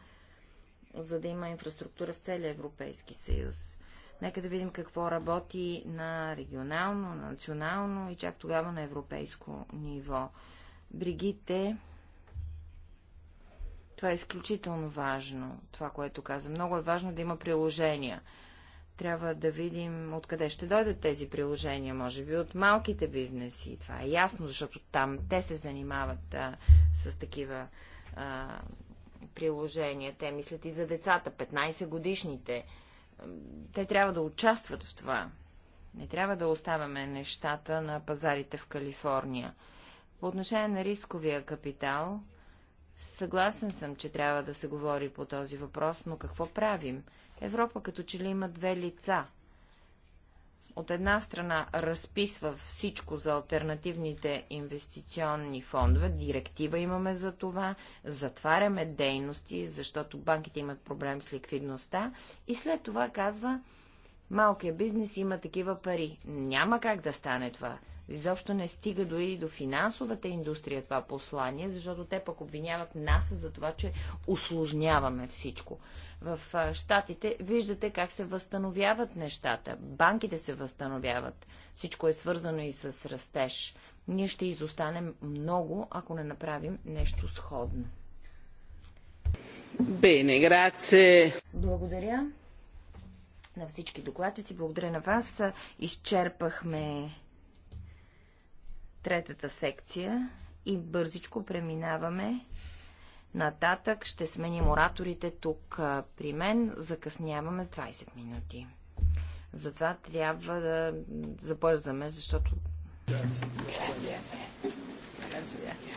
за да има инфраструктура в целия Европейски съюз. Нека да видим какво работи на регионално, на национално и чак тогава на европейско ниво. Бригите, това е изключително важно, това, което каза. Много е важно да има приложения. Трябва да видим откъде ще дойдат тези приложения, може би от малките бизнеси. Това е ясно, защото там те се занимават а, с такива а, приложения. Те мислят и за децата, 15 годишните те трябва да участват в това. Не трябва да оставяме нещата на пазарите в Калифорния. По отношение на рисковия капитал, съгласен съм, че трябва да се говори по този въпрос, но какво правим? Европа като че ли има две лица – от една страна разписва всичко за альтернативните инвестиционни фондове, директива имаме за това, затваряме дейности, защото банките имат проблем с ликвидността и след това казва, малкият бизнес има такива пари. Няма как да стане това. Изобщо не стига дори до финансовата индустрия това послание, защото те пък обвиняват нас за това, че усложняваме всичко в Штатите, виждате как се възстановяват нещата. Банките се възстановяват. Всичко е свързано и с растеж. Ние ще изостанем много, ако не направим нещо сходно. Бене, грация. Благодаря на всички докладчици. Благодаря на вас. Изчерпахме третата секция и бързичко преминаваме Нататък ще сменим ораторите тук при мен. Закъсняваме с 20 минути. Затова трябва да забързаме, защото... Gracias. Gracias. Gracias.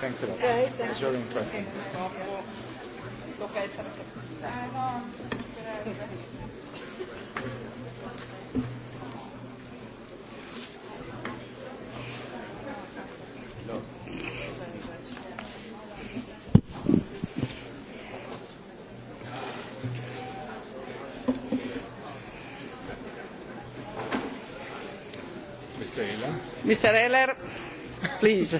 Thanks a lot. Okay, thank you. It's very interesting. Mr. Ehler, please.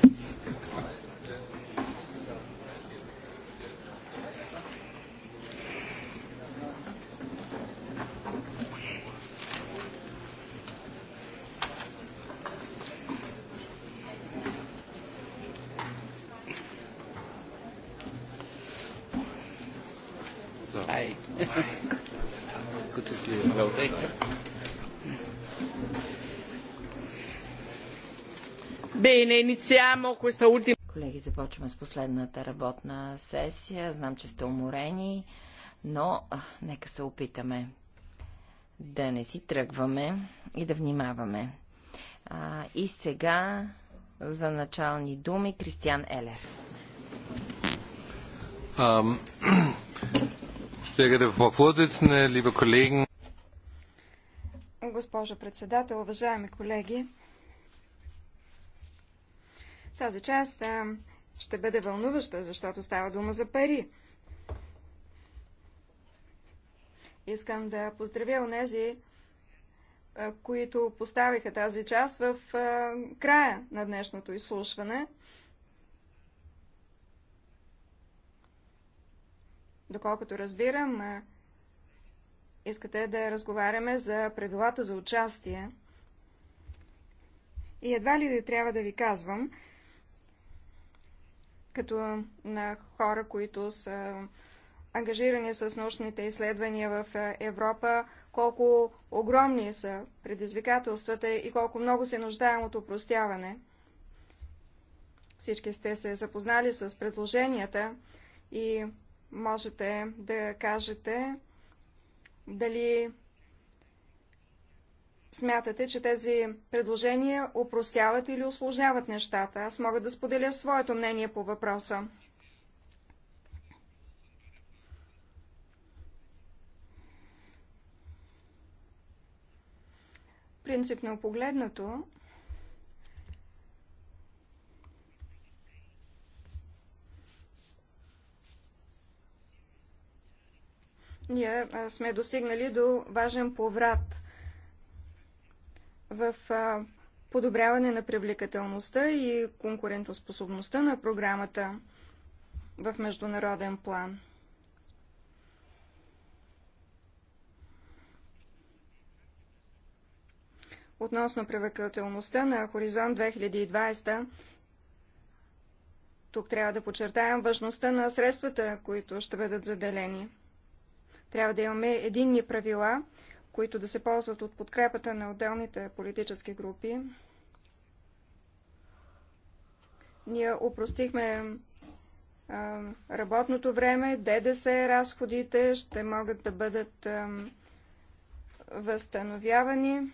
Колеги, започваме с последната работна сесия. Знам, че сте уморени, но а, нека се опитаме да не си тръгваме и да внимаваме. А, и сега за начални думи Кристиан Елер. Госпожа Госпожо председател, уважаеми колеги, тази част а, ще бъде вълнуваща, защото става дума за пари. Искам да поздравя онези, които поставиха тази част в края на днешното изслушване. Доколкото разбирам, искате да разговаряме за правилата за участие. И едва ли трябва да ви казвам, като на хора, които са ангажирани с научните изследвания в Европа, колко огромни са предизвикателствата и колко много се нуждаем от упростяване. Всички сте се запознали с предложенията и можете да кажете дали смятате, че тези предложения упростяват или осложняват нещата. Аз мога да споделя своето мнение по въпроса. Принципно погледнато, ние сме достигнали до важен поврат – в подобряване на привлекателността и конкурентоспособността на програмата в международен план. Относно привлекателността на Хоризонт 2020, тук трябва да подчертаем важността на средствата, които ще бъдат заделени. Трябва да имаме единни правила, които да се ползват от подкрепата на отделните политически групи. Ние упростихме работното време, ДДС, разходите ще могат да бъдат възстановявани.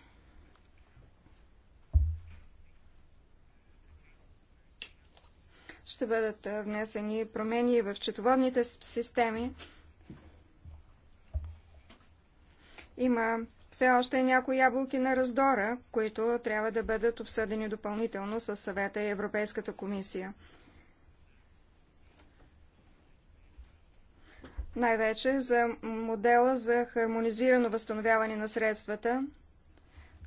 Ще бъдат внесени промени в четоводните системи. Има все още някои ябълки на раздора, които трябва да бъдат обсъдени допълнително с съвета и Европейската комисия. Най-вече за модела за хармонизирано възстановяване на средствата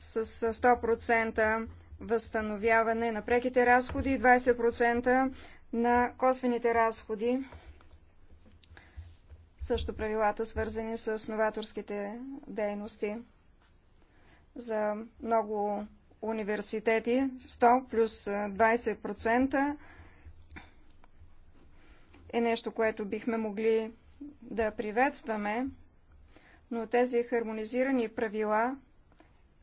с 100% възстановяване на преките разходи и 20% на косвените разходи също правилата, свързани с новаторските дейности. За много университети 100 плюс 20% е нещо, което бихме могли да приветстваме, но тези хармонизирани правила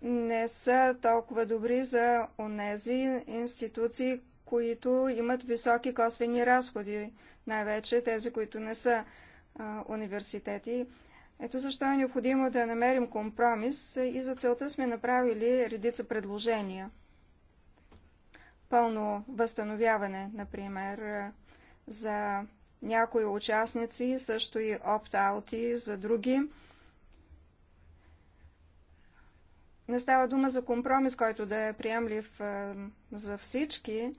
не са толкова добри за онези институции, които имат високи косвени разходи, най-вече тези, които не са университети. Ето защо е необходимо да намерим компромис и за целта сме направили редица предложения. Пълно възстановяване, например, за някои участници, също и опт-аути за други. Не става дума за компромис, който да е приемлив за всички,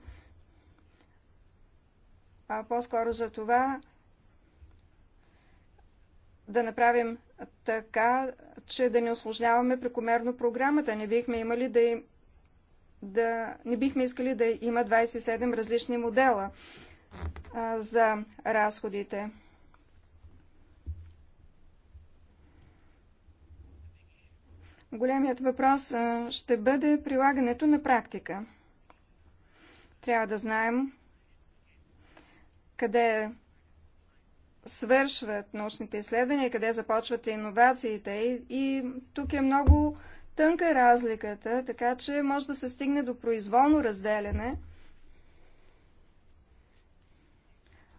а по-скоро за това да направим така, че да не осложняваме прекомерно програмата. Не бихме имали да, им, да не бихме искали да има 27 различни модела а, за разходите. Големият въпрос ще бъде прилагането на практика. Трябва да знаем къде е свършват научните изследвания, къде започват иновациите. И, и тук е много тънка разликата, така че може да се стигне до произволно разделяне.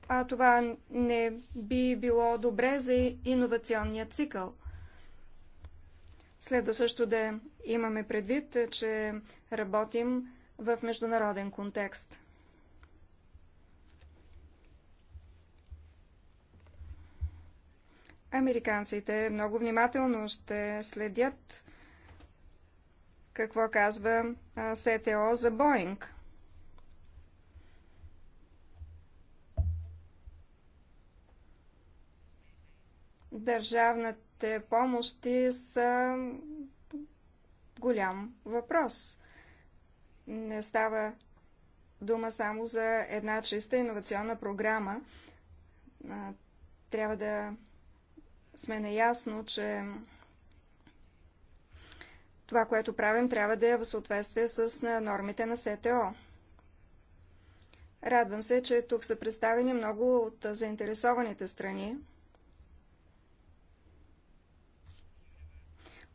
А това не би било добре за иновационния цикъл. Следва също да имаме предвид, че работим в международен контекст. Американците много внимателно ще следят какво казва СТО за Боинг. Държавните помощи са голям въпрос. Не става дума само за една чиста иновационна програма. Трябва да сме наясно, че това, което правим, трябва да е в съответствие с нормите на СТО. Радвам се, че тук са представени много от заинтересованите страни.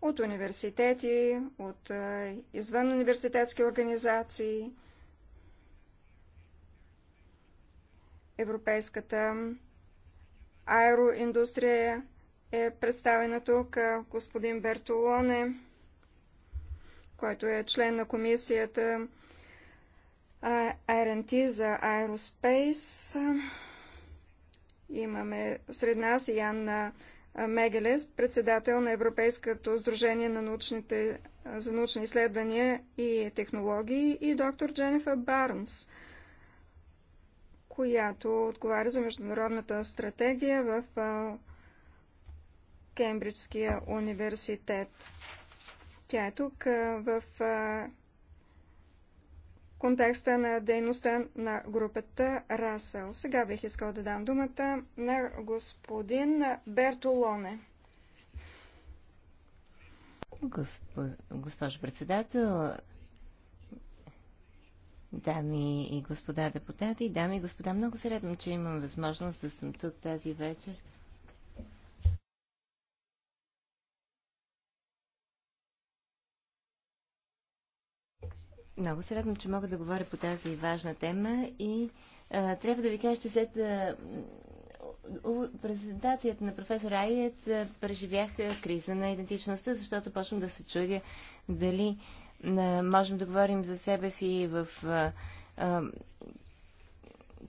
От университети, от извън университетски организации, Европейската аероиндустрия, е представена тук господин Бертолоне, който е член на комисията R&T за Aerospace. Имаме сред нас Ян Мегелес, председател на Европейското сдружение на научните, за научни изследвания и технологии и доктор Дженефа Барнс, която отговаря за международната стратегия в Кембриджския университет. Тя е тук в контекста на дейността на групата Расъл. Сега бих искал да дам думата на господин Бертолоне. Госпо... Госпожо председател, дами и господа депутати, дами и господа, много се радвам, че имам възможност да съм тук тази вечер Много се радвам, че мога да говоря по тази важна тема и а, трябва да ви кажа, че след а, презентацията на професор Айет а, преживях криза на идентичността, защото почвам да се чудя дали а, можем да говорим за себе си в, а, а,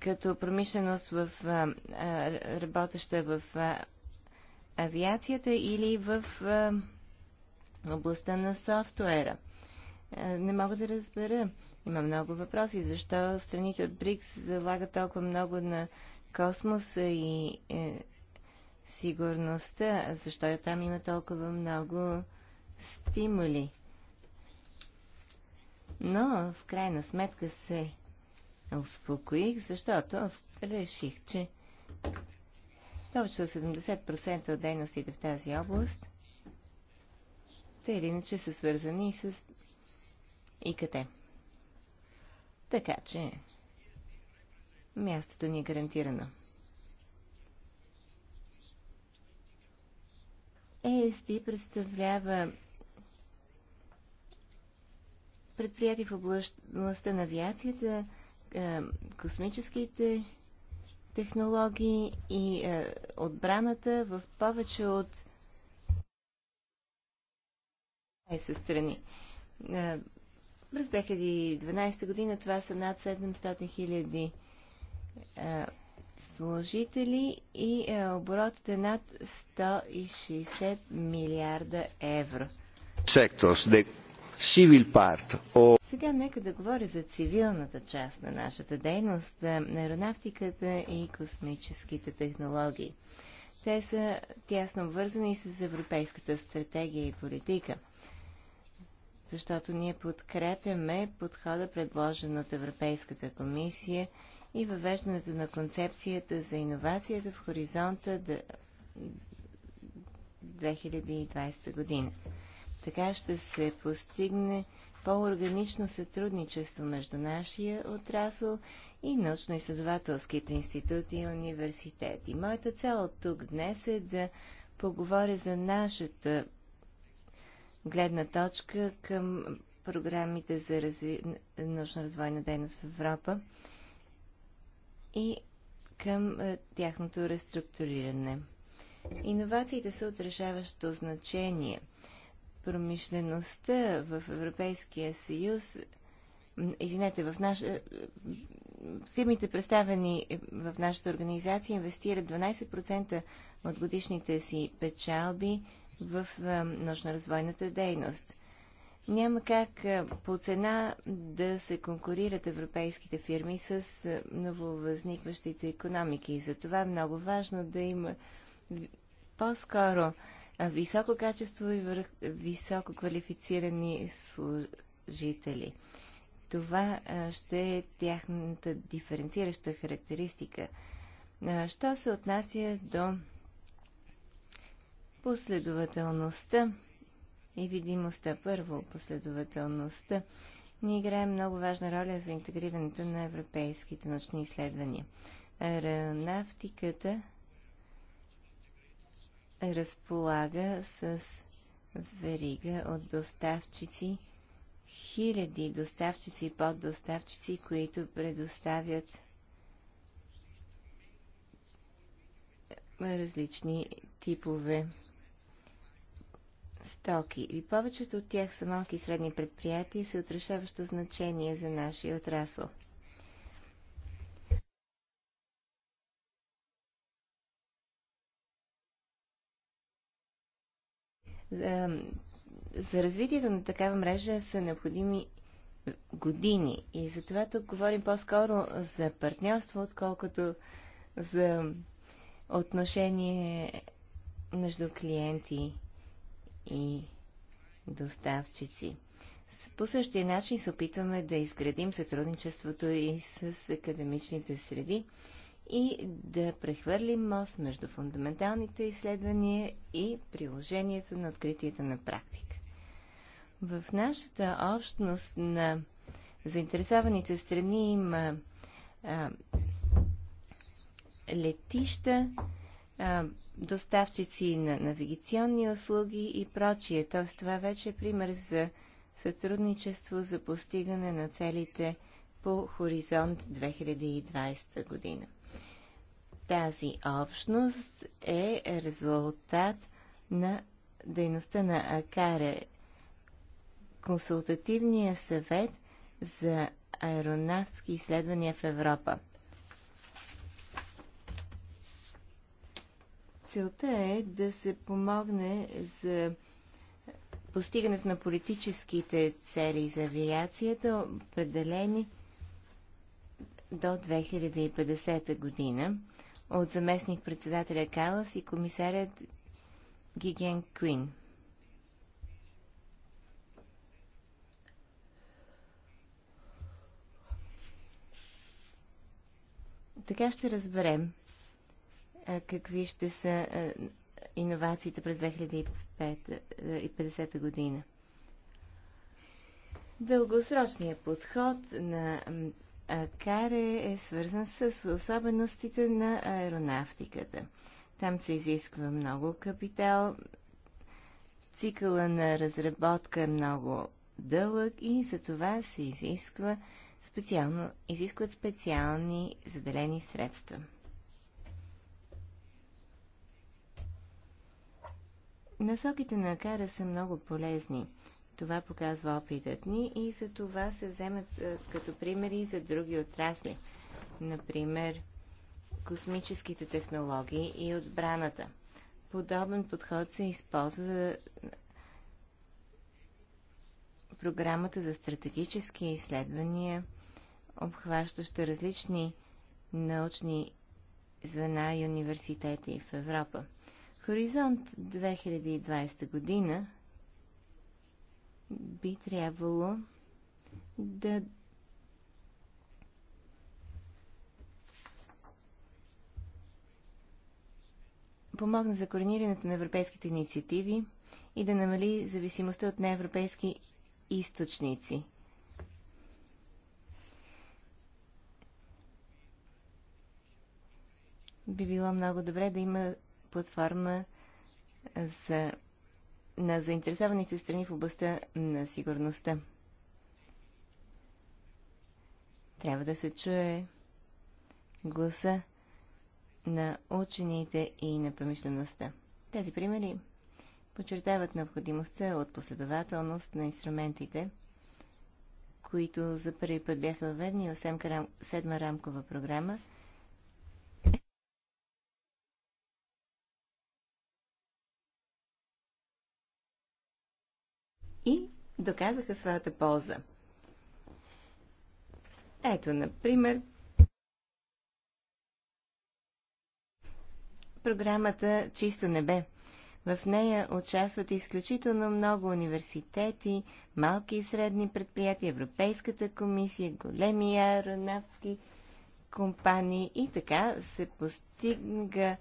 като промишленост в а, а, работеща в а, авиацията или в а, областта на софтуера. Е, не мога да разбера. Има много въпроси. Защо страните от БРИКС залагат толкова много на космоса и е, сигурността? Защо там има толкова много стимули? Но в крайна сметка се успокоих, защото реших, че повече от 70% от дейностите в тази област те или иначе са свързани с къде. Така че мястото ни е гарантирано. ЕСТ представлява предприятие в областта на авиацията, космическите технологии и отбраната в повече от 20 страни. През 2012 година това са над 700 хиляди е, служители и е, оборотът е над 160 милиарда евро. Секторс, де civil part. О... Сега нека да говоря за цивилната част на нашата дейност, на е, аеронавтиката и космическите технологии. Те са тясно вързани с европейската стратегия и политика защото ние подкрепяме подхода, предложен от Европейската комисия и въвеждането на концепцията за иновацията в хоризонта 2020 година. Така ще се постигне по-органично сътрудничество между нашия отрасъл и научно-изследователските институти и университети. Моята цел тук днес е да поговоря за нашата гледна точка към програмите за разви... научно-развойна дейност в Европа и към е, тяхното реструктуриране. Иновациите са отрешаващо значение. Промишлеността в Европейския съюз, извинете, в наша, е, фирмите представени в нашата организация инвестират 12% от годишните си печалби в научно-развойната дейност. Няма как по цена да се конкурират европейските фирми с нововъзникващите економики. И това е много важно да има по-скоро високо качество и високо квалифицирани служители. Това ще е тяхната диференцираща характеристика. Що се отнася до Последователността и видимостта. Първо, последователността. ни играе много важна роля за интегрирането на европейските научни изследвания. Аеронавтиката разполага с верига от доставчици, хиляди доставчици и поддоставчици, които предоставят различни типове стоки и повечето от тях са малки и средни предприятия и са отрешаващо значение за нашия отрасъл. За, за развитието на такава мрежа са необходими години и затова тук говорим по-скоро за партньорство, отколкото за отношение между клиенти и доставчици. По същия начин се опитваме да изградим сътрудничеството и с академичните среди и да прехвърлим мост между фундаменталните изследвания и приложението на откритията на практика. В нашата общност на заинтересованите страни има а, летища, доставчици на навигационни услуги и прочие. Т.е. това вече е пример за сътрудничество за постигане на целите по Хоризонт 2020 година. Тази общност е резултат на дейността на АКАРЕ, консултативния съвет за аеронавски изследвания в Европа – целта е да се помогне за постигането на политическите цели за авиацията, определени до 2050 година от заместник председателя Калас и комисарят Гиген Куин. Така ще разберем какви ще са иновациите през 2050 година. Дългосрочният подход на Каре е свързан с особеностите на аеронавтиката. Там се изисква много капитал, цикъла на разработка е много дълъг и за това се изисква специално, изискват специални заделени средства. Насоките на Акара са много полезни. Това показва опитът ни и за това се вземат като примери за други отрасли. Например, космическите технологии и отбраната. Подобен подход се използва за програмата за стратегически изследвания, обхващаща различни научни звена и университети в Европа. Хоризонт 2020 година би трябвало да помогне за коренирането на европейските инициативи и да намали зависимостта от неевропейски източници. Би било много добре да има платформа за, на заинтересованите страни в областта на сигурността. Трябва да се чуе гласа на учените и на промишлеността. Тези примери подчертават необходимостта от последователност на инструментите, които за първи път бяха въведени в седма рамкова програма – доказаха своята полза. Ето, например, програмата Чисто небе. В нея участват изключително много университети, малки и средни предприятия, Европейската комисия, големи аеронавтски компании и така се постига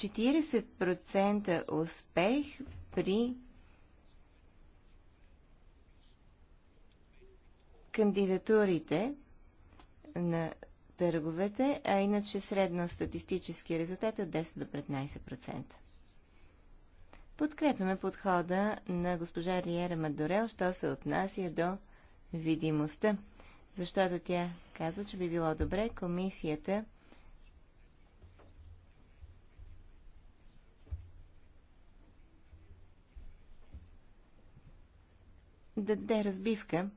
40% успех при кандидатурите на търговете, а иначе средно статистически резултат е от 10 до 15%. Подкрепяме подхода на госпожа Риера Мадорел, що се отнася до видимостта, защото тя казва, че би било добре комисията даде разбивка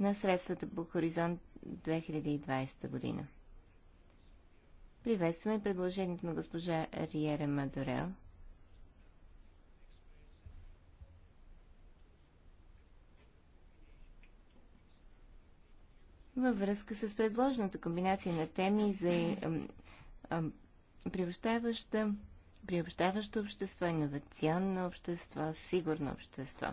на средствата по хоризонт 2020 година. Приветстваме предложението на госпожа Риера Мадорел. Във връзка с предложената комбинация на теми за приобщаващо общество, иновационно общество, сигурно общество.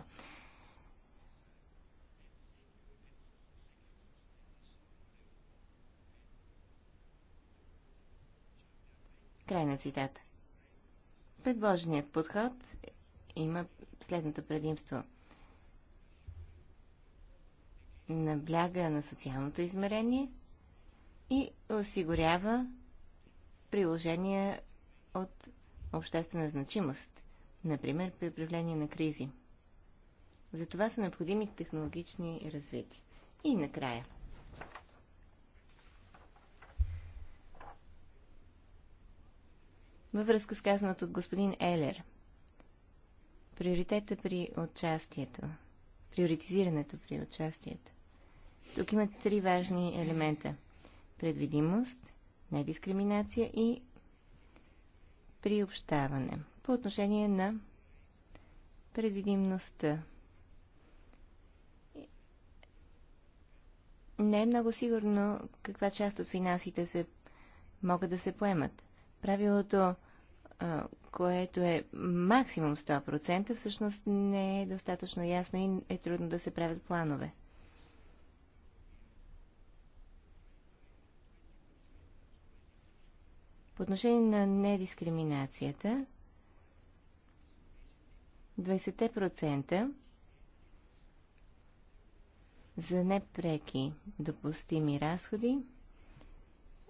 Край на цитата. Предложеният подход има следното предимство. Набляга на социалното измерение и осигурява приложения от обществена значимост, например при управление на кризи. За това са необходими технологични развития. И накрая – Във връзка с казаното от господин Елер, приоритета при участието, приоритизирането при участието. Тук има три важни елемента. Предвидимост, недискриминация и приобщаване. По отношение на предвидимостта. Не е много сигурно каква част от финансите се могат да се поемат. Правилото което е максимум 100%, всъщност не е достатъчно ясно и е трудно да се правят планове. По отношение на недискриминацията, 20% за непреки допустими разходи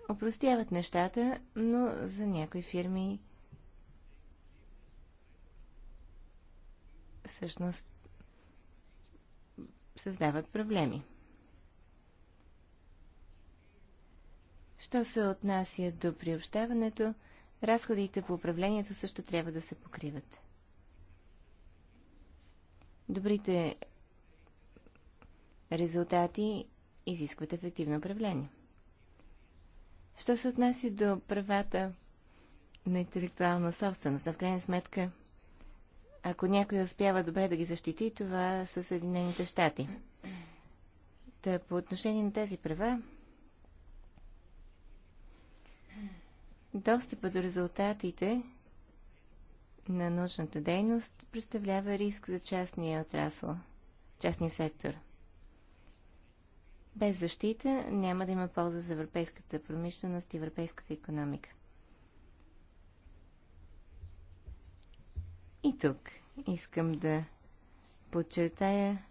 опростяват нещата, но за някои фирми всъщност създават проблеми. Що се отнася до приобщаването, разходите по управлението също трябва да се покриват. Добрите резултати изискват ефективно управление. Що се отнася до правата на интелектуална собственост, в крайна сметка – ако някой успява добре да ги защити, това са Съединените щати. Та по отношение на тези права, достъпа до резултатите на научната дейност представлява риск за частния отрасъл, частния сектор. Без защита няма да има полза за европейската промишленост и европейската економика. И тук искам да подчертая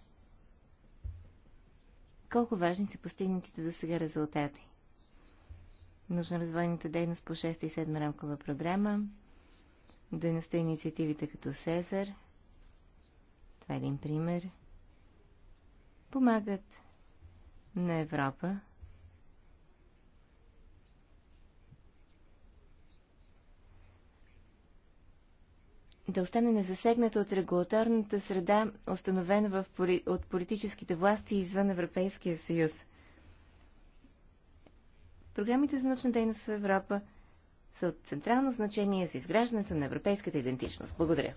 колко важни са постигнатите до сега резултати. Нужно-развойната дейност по 6 и 7 рамкова програма, дейността и инициативите като Сезар, това е един пример, помагат на Европа да остане незасегната от регулаторната среда, установена в, от политическите власти извън Европейския съюз. Програмите за научна дейност в Европа са от централно значение за изграждането на европейската идентичност. Благодаря.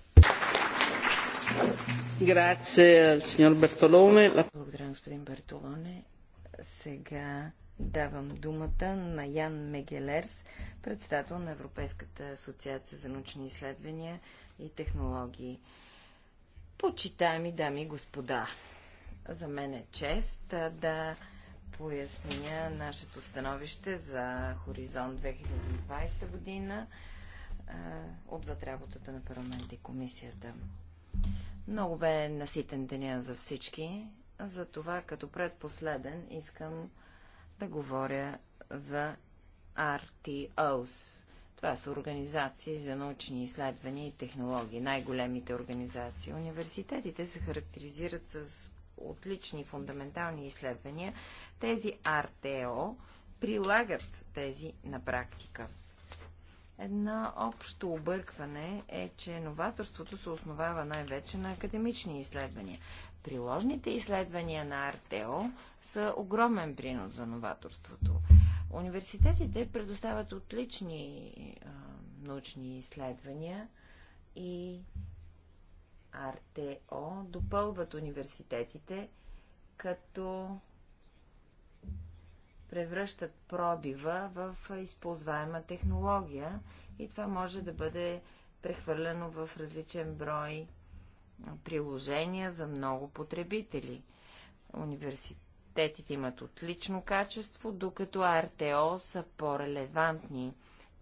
Благодаря, господин Бертолоне. Сега давам думата на Ян Мегелерс, председател на Европейската асоциация за научни изследвания, и технологии. Почитаеми дами и господа, за мен е чест да поясня нашето становище за Хоризонт 2020 година отвъд работата на парламент и комисията. Много бе наситен деня за всички, за това като предпоследен искам да говоря за RTOs, това са организации за научни изследвания и технологии, най-големите организации. Университетите се характеризират с отлични фундаментални изследвания. Тези РТО прилагат тези на практика. Една общо объркване е, че новаторството се основава най-вече на академични изследвания. Приложните изследвания на РТО са огромен принос за новаторството. Университетите предоставят отлични а, научни изследвания и АРТО допълват университетите, като превръщат пробива в използваема технология и това може да бъде прехвърлено в различен брой приложения за много потребители. Университет Приоритетите имат отлично качество, докато РТО са по-релевантни.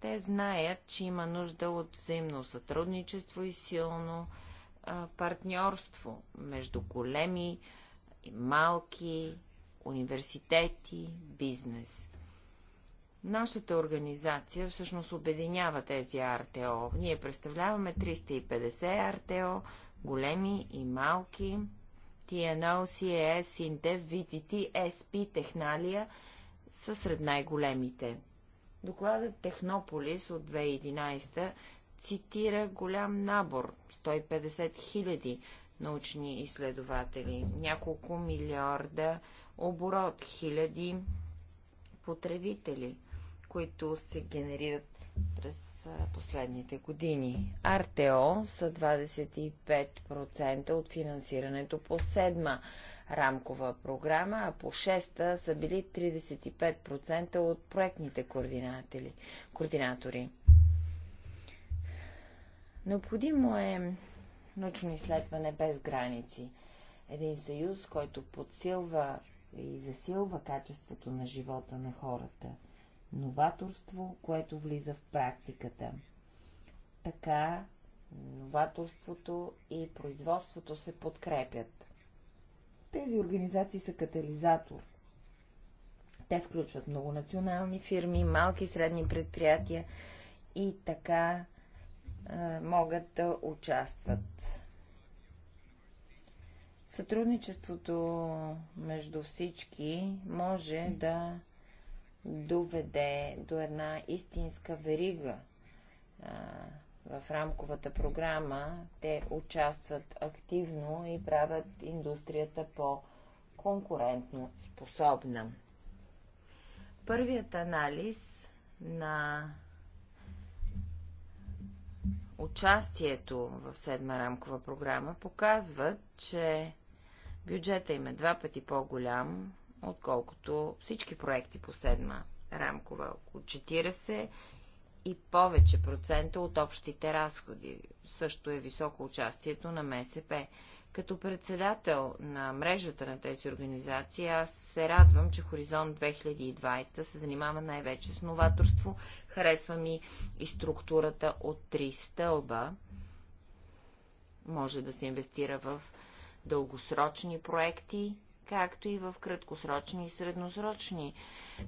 Те знаят, че има нужда от взаимно сътрудничество и силно партньорство между големи и малки университети, бизнес. Нашата организация всъщност обединява тези РТО. Ние представляваме 350 РТО, големи и малки, TNO, CES, Синтев, VTT, SP, Техналия са сред най-големите. Докладът Технополис от 2011 цитира голям набор 150 хиляди научни изследователи, няколко милиарда оборот, хиляди потребители, които се генерират през последните години. РТО са 25% от финансирането по седма рамкова програма, а по шеста са били 35% от проектните координатори. Необходимо е научно изследване без граници. Един съюз, който подсилва и засилва качеството на живота на хората – новаторство, което влиза в практиката. Така новаторството и производството се подкрепят. Тези организации са катализатор. Те включват многонационални фирми, малки и средни предприятия и така а, могат да участват. Сътрудничеството между всички може да доведе до една истинска верига. В рамковата програма те участват активно и правят индустрията по-конкурентно способна. Първият анализ на участието в седма рамкова програма показва, че бюджета им е два пъти по-голям отколкото всички проекти по седма рамкова. Около 40 и повече процента от общите разходи. Също е високо участието на МСП. Като председател на мрежата на тези организации, аз се радвам, че Хоризонт 2020 се занимава най-вече с новаторство. Харесва ми и структурата от три стълба. Може да се инвестира в дългосрочни проекти, както и в краткосрочни и средносрочни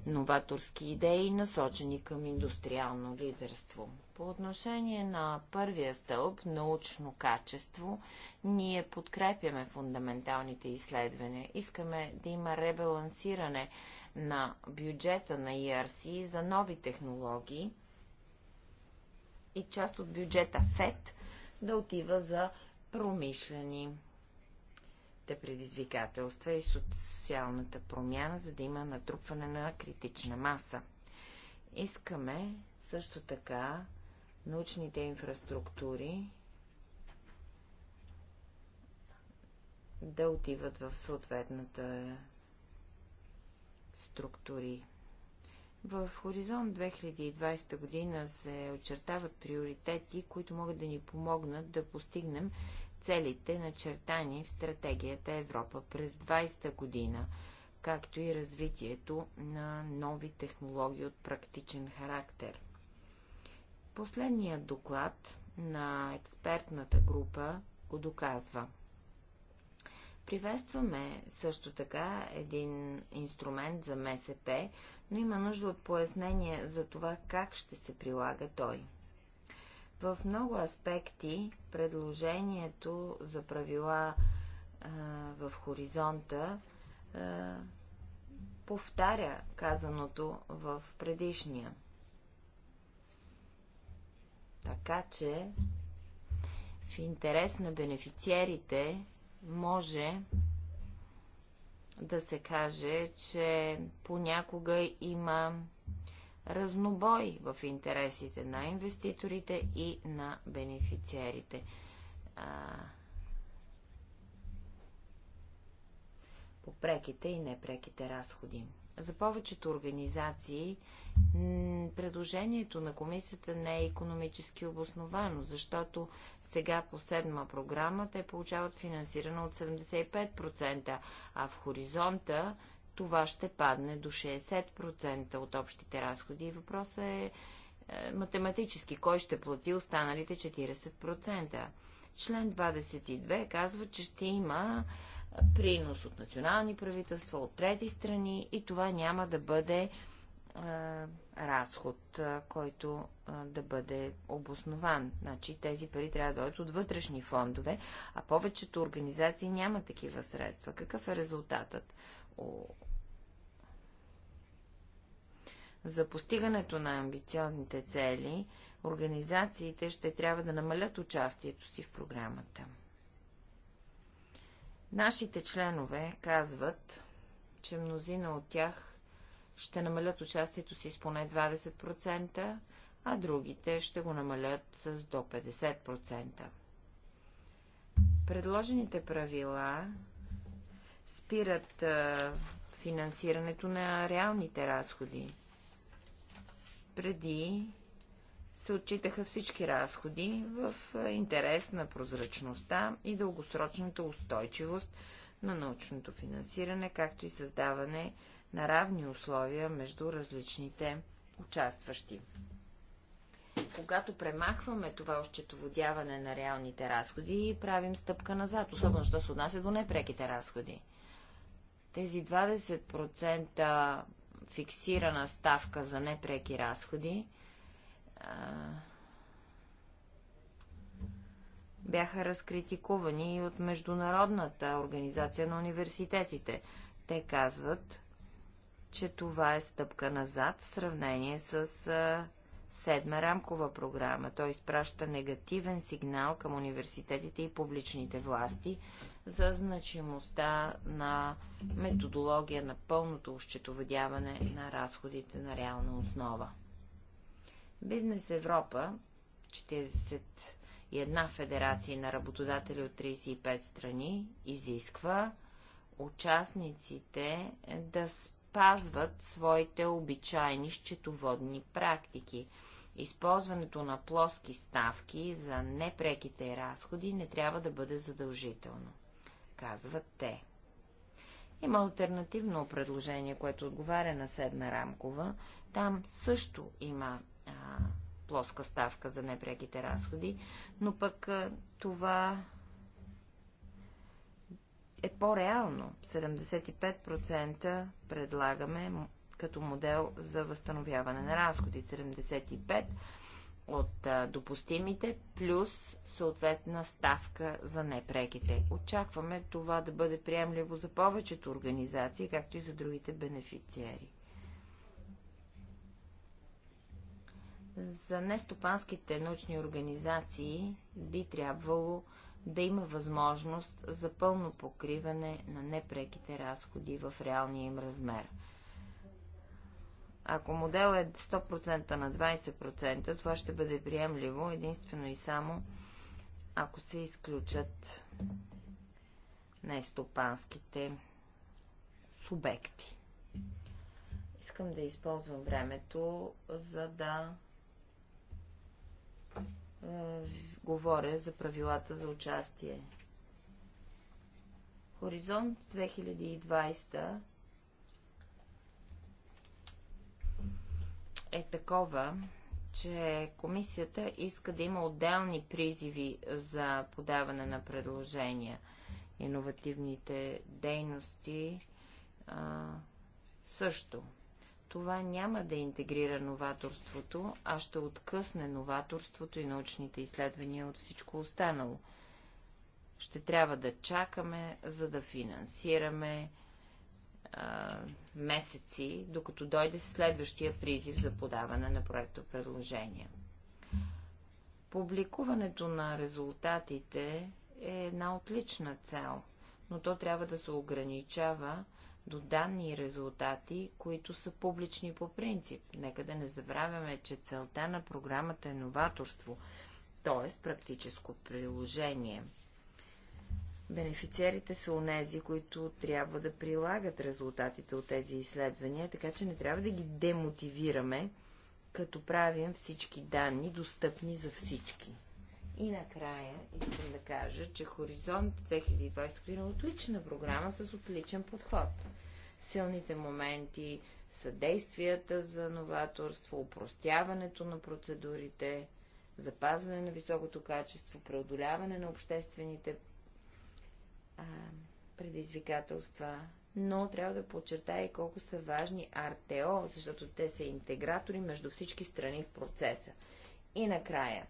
новаторски идеи, насочени към индустриално лидерство. По отношение на първия стълб – научно качество, ние подкрепяме фундаменталните изследвания. Искаме да има ребалансиране на бюджета на ERC за нови технологии и част от бюджета ФЕД да отива за промишлени новите предизвикателства и социалната промяна, за да има натрупване на критична маса. Искаме също така научните инфраструктури да отиват в съответната структури. В Хоризонт 2020 година се очертават приоритети, които могат да ни помогнат да постигнем целите, начертани в стратегията Европа през 20-та година, както и развитието на нови технологии от практичен характер. Последният доклад на експертната група го доказва. Приветстваме също така един инструмент за МСП, но има нужда от пояснение за това как ще се прилага той. В много аспекти предложението за правила а, в хоризонта а, повтаря казаното в предишния. Така че в интерес на бенефициерите може да се каже, че понякога има разнобой в интересите на инвеститорите и на бенефициерите. По преките и непреките разходи. За повечето организации предложението на комисията не е економически обосновано, защото сега по седма програма те получават финансиране от 75%, а в хоризонта това ще падне до 60% от общите разходи. И въпросът е, е математически. Кой ще плати останалите 40%? Член 22 казва, че ще има е, принос от национални правителства, от трети страни и това няма да бъде е, разход, който да бъде обоснован. Значи тези пари трябва да дойдат от вътрешни фондове, а повечето организации няма такива средства. Какъв е резултатът? За постигането на амбициозните цели, организациите ще трябва да намалят участието си в програмата. Нашите членове казват, че мнозина от тях ще намалят участието си с поне 20%, а другите ще го намалят с до 50%. Предложените правила спират финансирането на реалните разходи преди се отчитаха всички разходи в интерес на прозрачността и дългосрочната устойчивост на научното финансиране, както и създаване на равни условия между различните участващи. Когато премахваме това ощетоводяване на реалните разходи, правим стъпка назад, особено що се отнася до непреките разходи. Тези 20% фиксирана ставка за непреки разходи, бяха разкритикувани и от Международната организация на университетите. Те казват, че това е стъпка назад в сравнение с седма рамкова програма. Той изпраща негативен сигнал към университетите и публичните власти, за значимостта на методология на пълното ощетоводяване на разходите на реална основа. Бизнес Европа, 41 федерации на работодатели от 35 страни, изисква участниците да спазват своите обичайни счетоводни практики. Използването на плоски ставки за непреките разходи не трябва да бъде задължително казват те. Има альтернативно предложение, което отговаря на седма рамкова. Там също има а, плоска ставка за непреките разходи, но пък а, това е по-реално. 75% предлагаме като модел за възстановяване на разходи, 75% от допустимите, плюс съответна ставка за непреките. Очакваме това да бъде приемливо за повечето организации, както и за другите бенефициери. За нестопанските научни организации би трябвало да има възможност за пълно покриване на непреките разходи в реалния им размер – ако модел е 100% на 20%, това ще бъде приемливо единствено и само ако се изключат най-стопанските субекти. Искам да използвам времето, за да е, говоря за правилата за участие. Хоризонт 2020 е такова, че комисията иска да има отделни призиви за подаване на предложения. Иновативните дейности а, също. Това няма да интегрира новаторството, а ще откъсне новаторството и научните изследвания от всичко останало. Ще трябва да чакаме, за да финансираме месеци, докато дойде следващия призив за подаване на проекто предложения. Публикуването на резултатите е една отлична цел, но то трябва да се ограничава до данни и резултати, които са публични по принцип. Нека да не забравяме, че целта на програмата е новаторство, т.е. практическо приложение – Бенефициарите са онези, които трябва да прилагат резултатите от тези изследвания, така че не трябва да ги демотивираме, като правим всички данни достъпни за всички. И накрая искам да кажа, че Хоризонт 2020 година е отлична програма с отличен подход. Силните моменти са действията за новаторство, упростяването на процедурите, запазване на високото качество, преодоляване на обществените а, предизвикателства, но трябва да подчертая и колко са важни РТО, защото те са интегратори между всички страни в процеса. И накрая,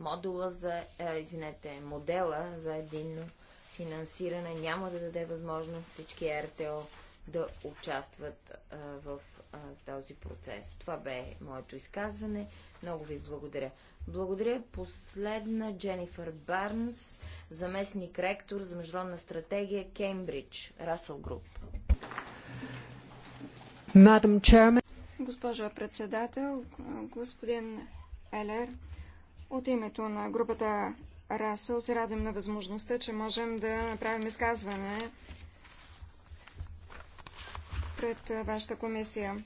модула за, а, извинете, модела за единно финансиране няма да даде възможност всички РТО да участват а, в а, този процес. Това бе моето изказване. Много ви благодаря. Благодаря. Последна Дженифър Барнс, заместник ректор за международна стратегия Кембридж, Расъл Груп. Госпожо председател, господин Елер, от името на групата Расъл се радвам на възможността, че можем да направим изказване пред вашата комисия.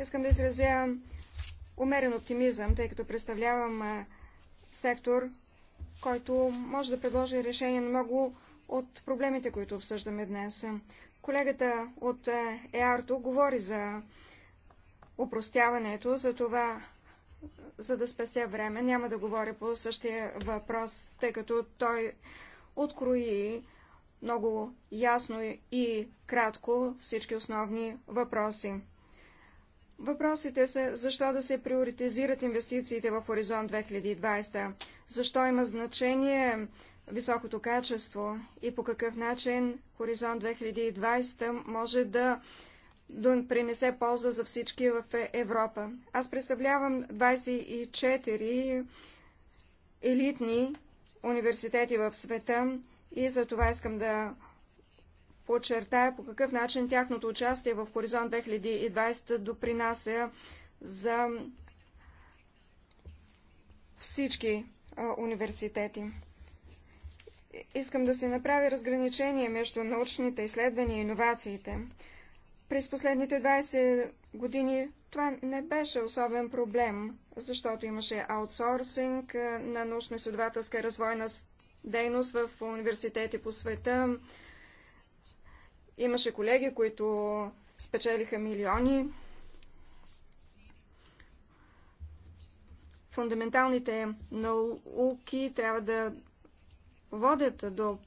Искам да изразя умерен оптимизъм, тъй като представлявам сектор, който може да предложи решение на много от проблемите, които обсъждаме днес. Колегата от ЕАРТО говори за упростяването, за това, за да спестя време. Няма да говоря по същия въпрос, тъй като той открои много ясно и кратко всички основни въпроси. Въпросите са защо да се приоритизират инвестициите в Хоризонт 2020, защо има значение високото качество и по какъв начин Хоризонт 2020 може да принесе полза за всички в Европа. Аз представлявам 24 елитни университети в света и за това искам да подчертая по какъв начин тяхното участие в Хоризонт 2020 допринася за всички а, университети. Искам да се направи разграничение между научните изследвания и иновациите. През последните 20 години това не беше особен проблем, защото имаше аутсорсинг на научно-изследователска развойна дейност в университети по света, Имаше колеги, които спечелиха милиони. Фундаменталните науки трябва да водят до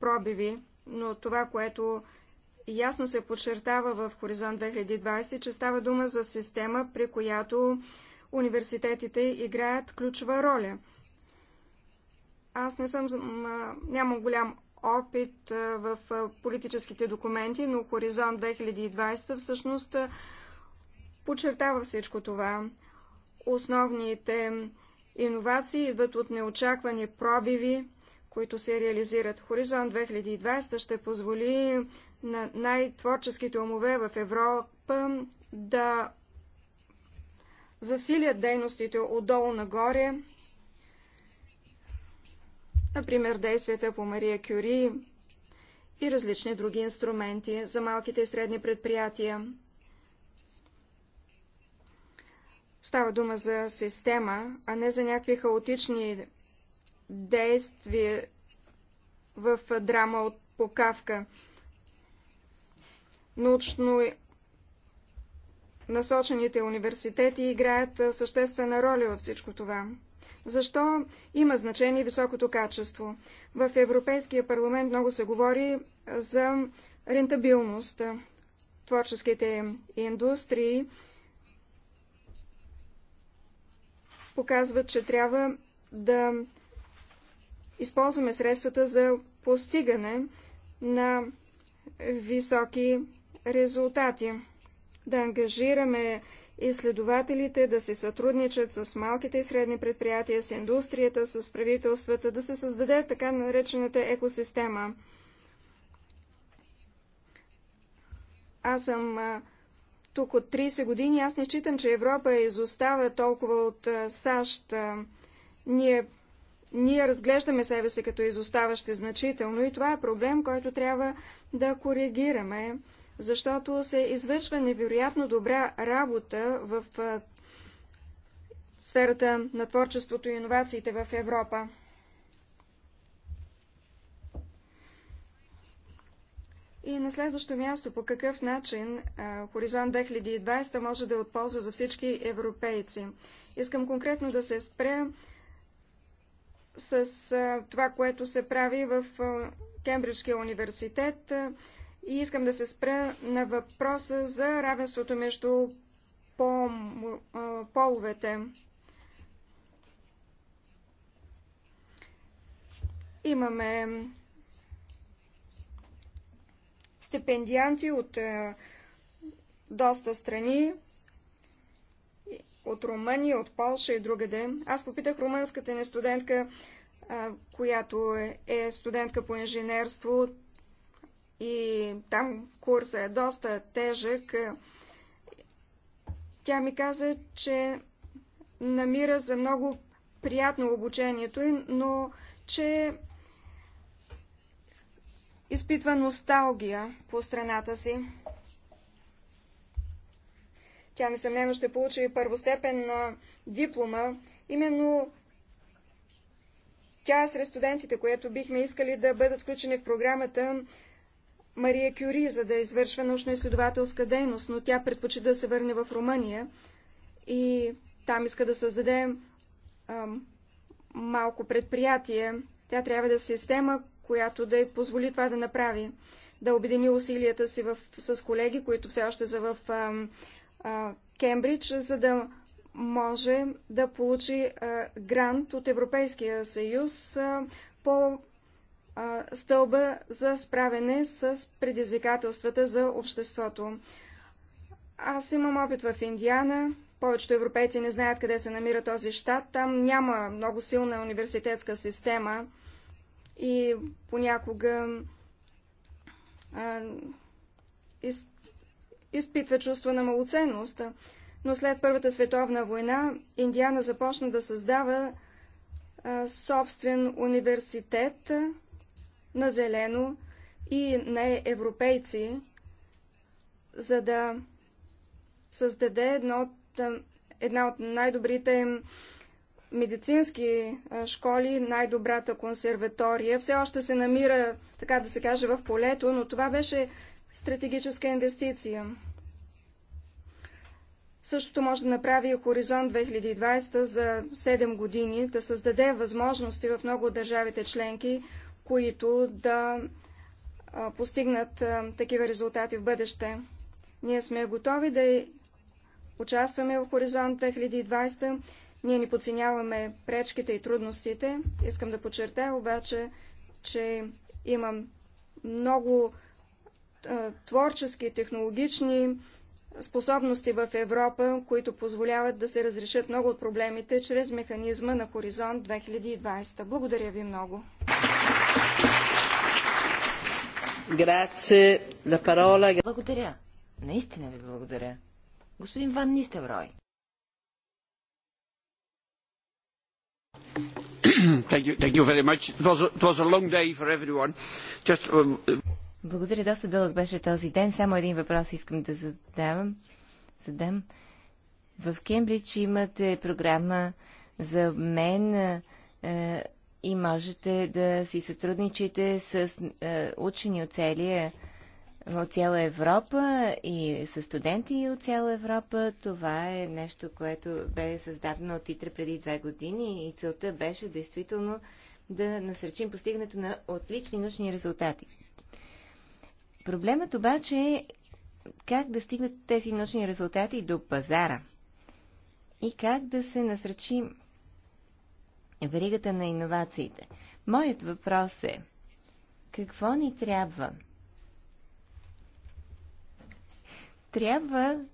пробиви, но това, което ясно се подчертава в Хоризонт 2020, че става дума за система, при която университетите играят ключова роля. Аз не съм, нямам голям опит в политическите документи, но Хоризонт 2020 всъщност подчертава всичко това. Основните иновации идват от неочаквани пробиви, които се реализират. Хоризонт 2020 ще позволи на най-творческите умове в Европа да засилят дейностите отдолу нагоре, например действията по Мария Кюри и различни други инструменти за малките и средни предприятия. Става дума за система, а не за някакви хаотични действия в драма от покавка. Научно насочените университети играят съществена роля във всичко това. Защо има значение високото качество? В Европейския парламент много се говори за рентабилност. Творческите индустрии показват, че трябва да използваме средствата за постигане на високи резултати, да ангажираме изследователите да се сътрудничат с малките и средни предприятия, с индустрията, с правителствата, да се създаде така наречената екосистема. Аз съм тук от 30 години. Аз не считам, че Европа изостава толкова от САЩ. Ние, ние разглеждаме себе си като изоставащи значително и това е проблем, който трябва да коригираме защото се извършва невероятно добра работа в сферата на творчеството и иновациите в Европа. И на следващо място, по какъв начин Хоризонт 2020 може да е от полза за всички европейци. Искам конкретно да се спря с това, което се прави в Кембриджския университет. И искам да се спра на въпроса за равенството между по половете. Имаме стипендианти от доста страни, от Румъния, от Полша и другаде. Аз попитах румънската ни студентка, която е, е студентка по инженерство, и там курса е доста тежък, тя ми каза, че намира за много приятно обучението им, но че изпитва носталгия по страната си. Тя несъмнено ще получи първостепенна диплома. Именно тя е сред студентите, което бихме искали да бъдат включени в програмата Мария Кюри, за да извършва научно-изследователска дейност, но тя предпочи да се върне в Румъния и там иска да създаде а, малко предприятие. Тя трябва да е система, която да й позволи това да направи, да обедини усилията си в, с колеги, които все още са в а, а, Кембридж, за да може да получи а, грант от Европейския съюз а, по стълба за справяне с предизвикателствата за обществото. Аз имам опит в Индиана. Повечето европейци не знаят къде се намира този щат. Там няма много силна университетска система и понякога а, из, изпитва чувство на малоценност. Но след Първата световна война Индиана започна да създава а, собствен университет, на зелено и на европейци, за да създаде едно от, една от най-добрите медицински школи, най-добрата консерватория. Все още се намира, така да се каже, в полето, но това беше стратегическа инвестиция. Същото може да направи и Хоризонт 2020 за 7 години, да създаде възможности в много от държавите членки които да постигнат такива резултати в бъдеще. Ние сме готови да участваме в Хоризонт 2020. Ние не подценяваме пречките и трудностите. Искам да подчертая обаче, че имам много творчески, технологични способности в Европа, които позволяват да се разрешат много от проблемите чрез механизма на Хоризонт 2020. Благодаря ви много. Благодаря. Наистина ви благодаря. Господин Ван Нистеврой. Thank you, thank you very much. It was, it was a long day for everyone. Just, uh... Благодаря, доста дълъг беше този ден. Само един въпрос искам да задавам. задам. В Кембридж имате програма за обмен е, и можете да си сътрудничите с е, учени от целия от цяла Европа и с студенти от цяла Европа. Това е нещо, което бе създадено от ИТРА преди две години и целта беше действително да насречим постигането на отлични научни резултати. Проблемът обаче е как да стигнат тези научни резултати до пазара и как да се насръчи веригата на иновациите. Моят въпрос е, какво ни трябва? Трябва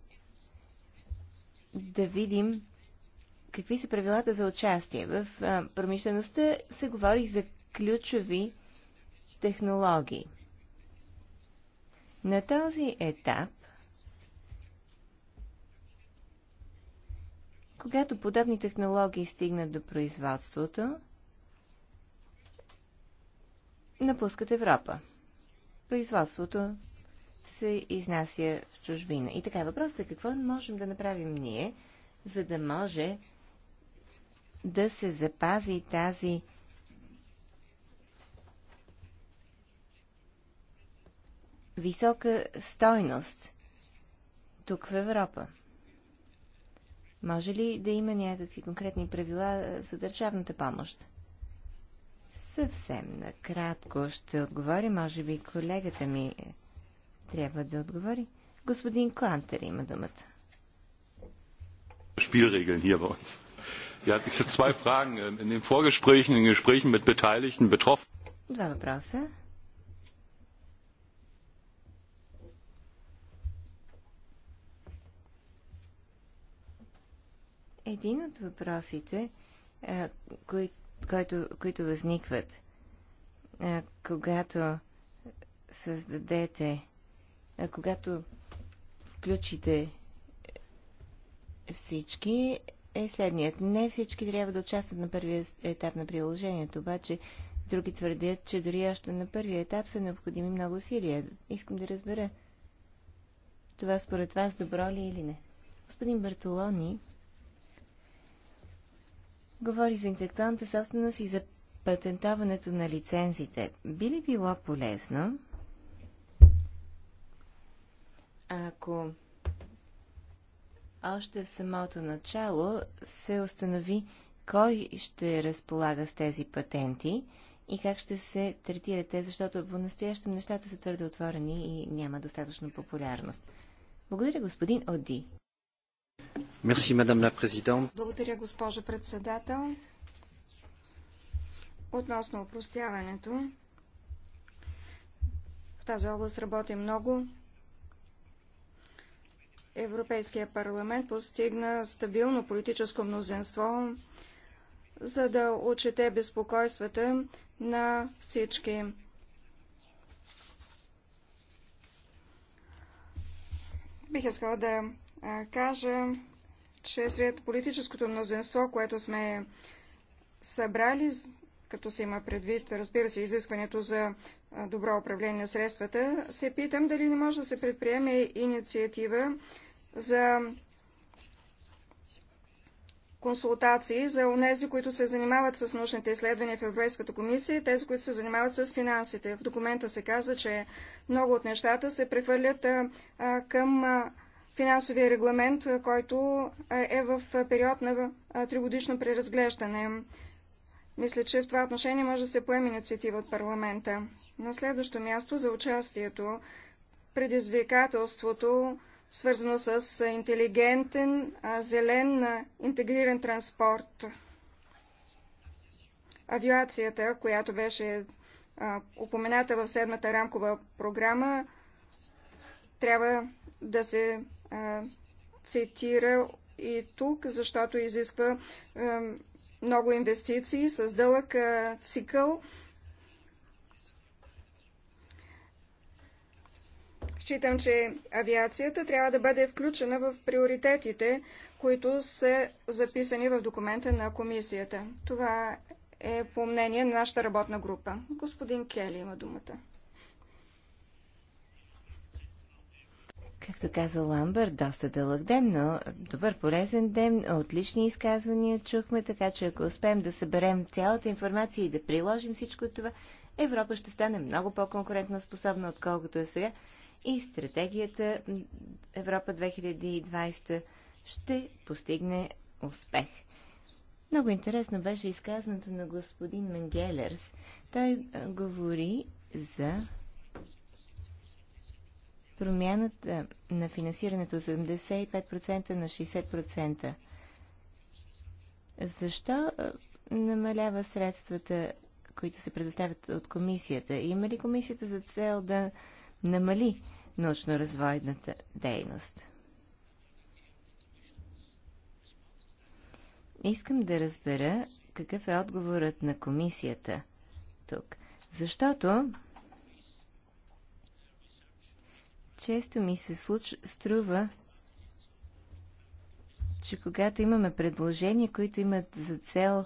да видим какви са правилата за участие. В промишлеността се говори за ключови технологии. На този етап Когато подобни технологии стигнат до производството, напускат Европа. Производството се изнася в чужбина. И така, въпросът е какво можем да направим ние, за да може да се запази тази висока стойност тук в Европа. Може ли да има някакви конкретни правила за държавната помощ? Съвсем накратко ще отговори, може би колегата ми е, трябва да отговори. Господин Клантер има думата. Spielregeln hier bei uns. Ja, ich habe zwei Fragen. Ähm, in den Vorgesprächen, in den Gesprächen mit Beteiligten, Betroffenen. Два въпроса. един от въпросите, кои, който, които възникват, когато създадете, когато включите всички, е следният. Не всички трябва да участват на първия етап на приложението, обаче други твърдят, че дори още на първия етап са необходими много усилия. Искам да разбера. Това според вас добро ли е или не? Господин Бартолони говори за интелектуалната собственост и за патентоването на лицензите. Би ли било полезно, ако още в самото начало се установи кой ще разполага с тези патенти и как ще се третират те, защото по-настоящем нещата са твърде отворени и няма достатъчно популярност. Благодаря, господин Оди. Благодаря, госпожо председател. Относно опростяването, в тази област работи много. Европейския парламент постигна стабилно политическо мнозинство, за да отчете безпокойствата на всички. Бих искала да кажа, че сред политическото мнозинство, което сме събрали, като се има предвид, разбира се, изискването за добро управление на средствата, се питам дали не може да се предприеме инициатива за консултации за унези, които се занимават с научните изследвания в Европейската комисия и тези, които се занимават с финансите. В документа се казва, че много от нещата се прехвърлят към а, финансовия регламент, който е в период на тригодишно преразглеждане. Мисля, че в това отношение може да се поеме инициатива от парламента. На следващо място за участието, предизвикателството, свързано с интелигентен, зелен, интегриран транспорт. Авиацията, която беше упомената в седмата рамкова програма, трябва да се цитира и тук, защото изисква много инвестиции с дълъг цикъл. Считам, че авиацията трябва да бъде включена в приоритетите, които са записани в документа на комисията. Това е по мнение на нашата работна група. Господин Кели има думата. както каза Ламбър, доста дълъг ден, но добър, полезен ден, отлични изказвания чухме, така че ако успеем да съберем цялата информация и да приложим всичко това, Европа ще стане много по-конкурентно способна, отколкото е сега и стратегията Европа 2020 ще постигне успех. Много интересно беше изказването на господин Менгелерс. Той говори за промяната на финансирането от 75% на 60%. Защо намалява средствата, които се предоставят от комисията? Има ли комисията за цел да намали научно-развойната дейност? Искам да разбера какъв е отговорът на комисията тук. Защото Често ми се случ... струва, че когато имаме предложения, които имат за цел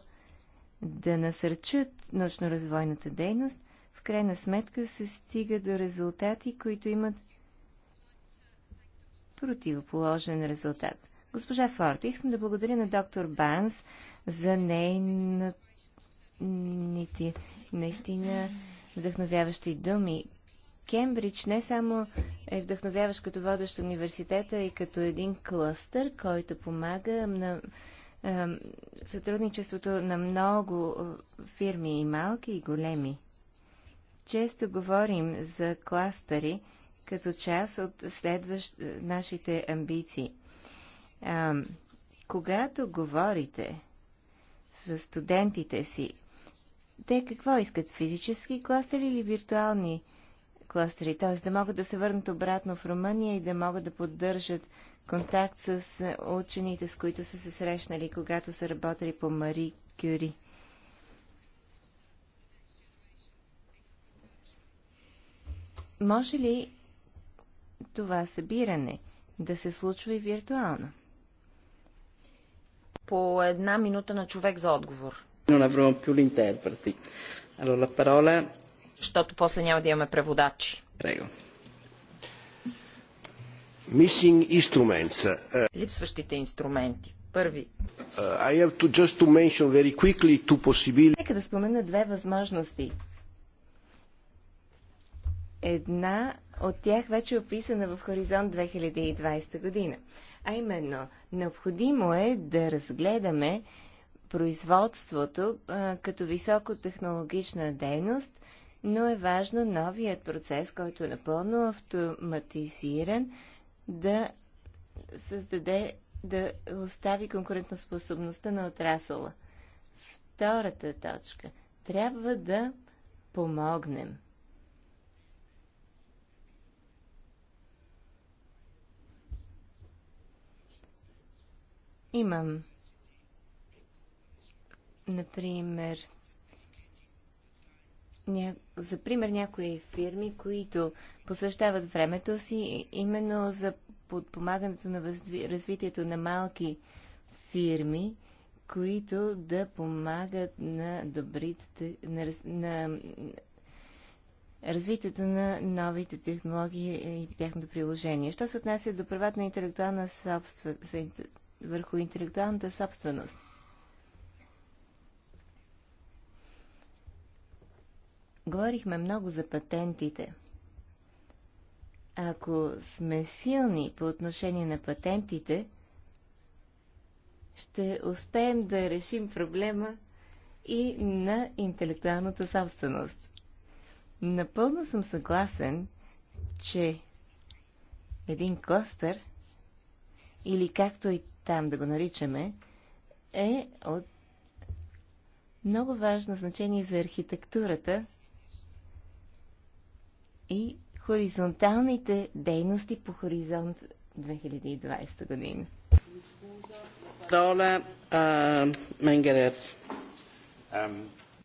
да насърчат научно-развойната дейност, в крайна сметка се стига до резултати, които имат противоположен резултат. Госпожа Форд, искам да благодаря на доктор Барнс за нейните наистина вдъхновяващи думи. Кембридж не само е вдъхновяващ като водещ университета и като един клъстър, който помага на е, сътрудничеството на много фирми и малки и големи. Често говорим за кластъри като част от следващ нашите амбиции. Е, когато говорите с студентите си, те какво искат? Физически кластери или виртуални кластери, т.е. да могат да се върнат обратно в Румъния и да могат да поддържат контакт с е, учените, с които са се срещнали, когато са работили по Мари Кюри. Може ли това събиране да се случва и виртуално? По една минута на човек за отговор. Non avremo più l'interpreti. Allora, la parola защото после няма да имаме преводачи. Missing instruments. Uh, Липсващите инструменти. Първи. Uh, I have to just to mention very quickly two possibilities. Нека да спомена две възможности. Една от тях вече е описана в Хоризонт 2020 година. А именно, необходимо е да разгледаме производството а, като високотехнологична дейност но е важно новият процес, който е напълно автоматизиран, да създаде, да остави конкурентоспособността на отрасъла. Втората точка. Трябва да помогнем. Имам, например, ня... за пример някои фирми, които посвещават времето си именно за подпомагането на развитието на малки фирми, които да помагат на добрите, на, на развитието на новите технологии и тяхното приложение. Що се отнася до правата на интелектуална собствен... върху интелектуалната собственост? Говорихме много за патентите. Ако сме силни по отношение на патентите, ще успеем да решим проблема и на интелектуалната собственост. Напълно съм съгласен, че един кластър, или както и там да го наричаме, е от много важно значение за архитектурата и хоризонталните дейности по хоризонт 2020 година. Роля Менгелерс.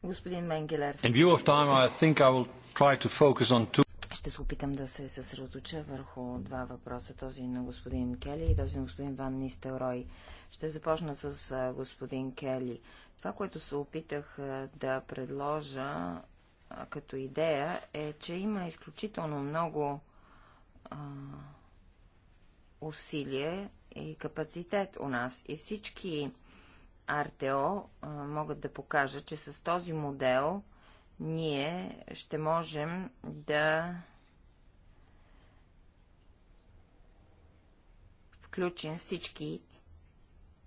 Господин Менгелерс. Ще се опитам да се съсредоточа върху два въпроса. Този на господин Кели и този на господин Ван Нистелрой. Ще започна с господин Кели. Това, което се опитах да предложа като идея е, че има изключително много а, усилие и капацитет у нас. И всички РТО а, могат да покажат, че с този модел ние ще можем да включим всички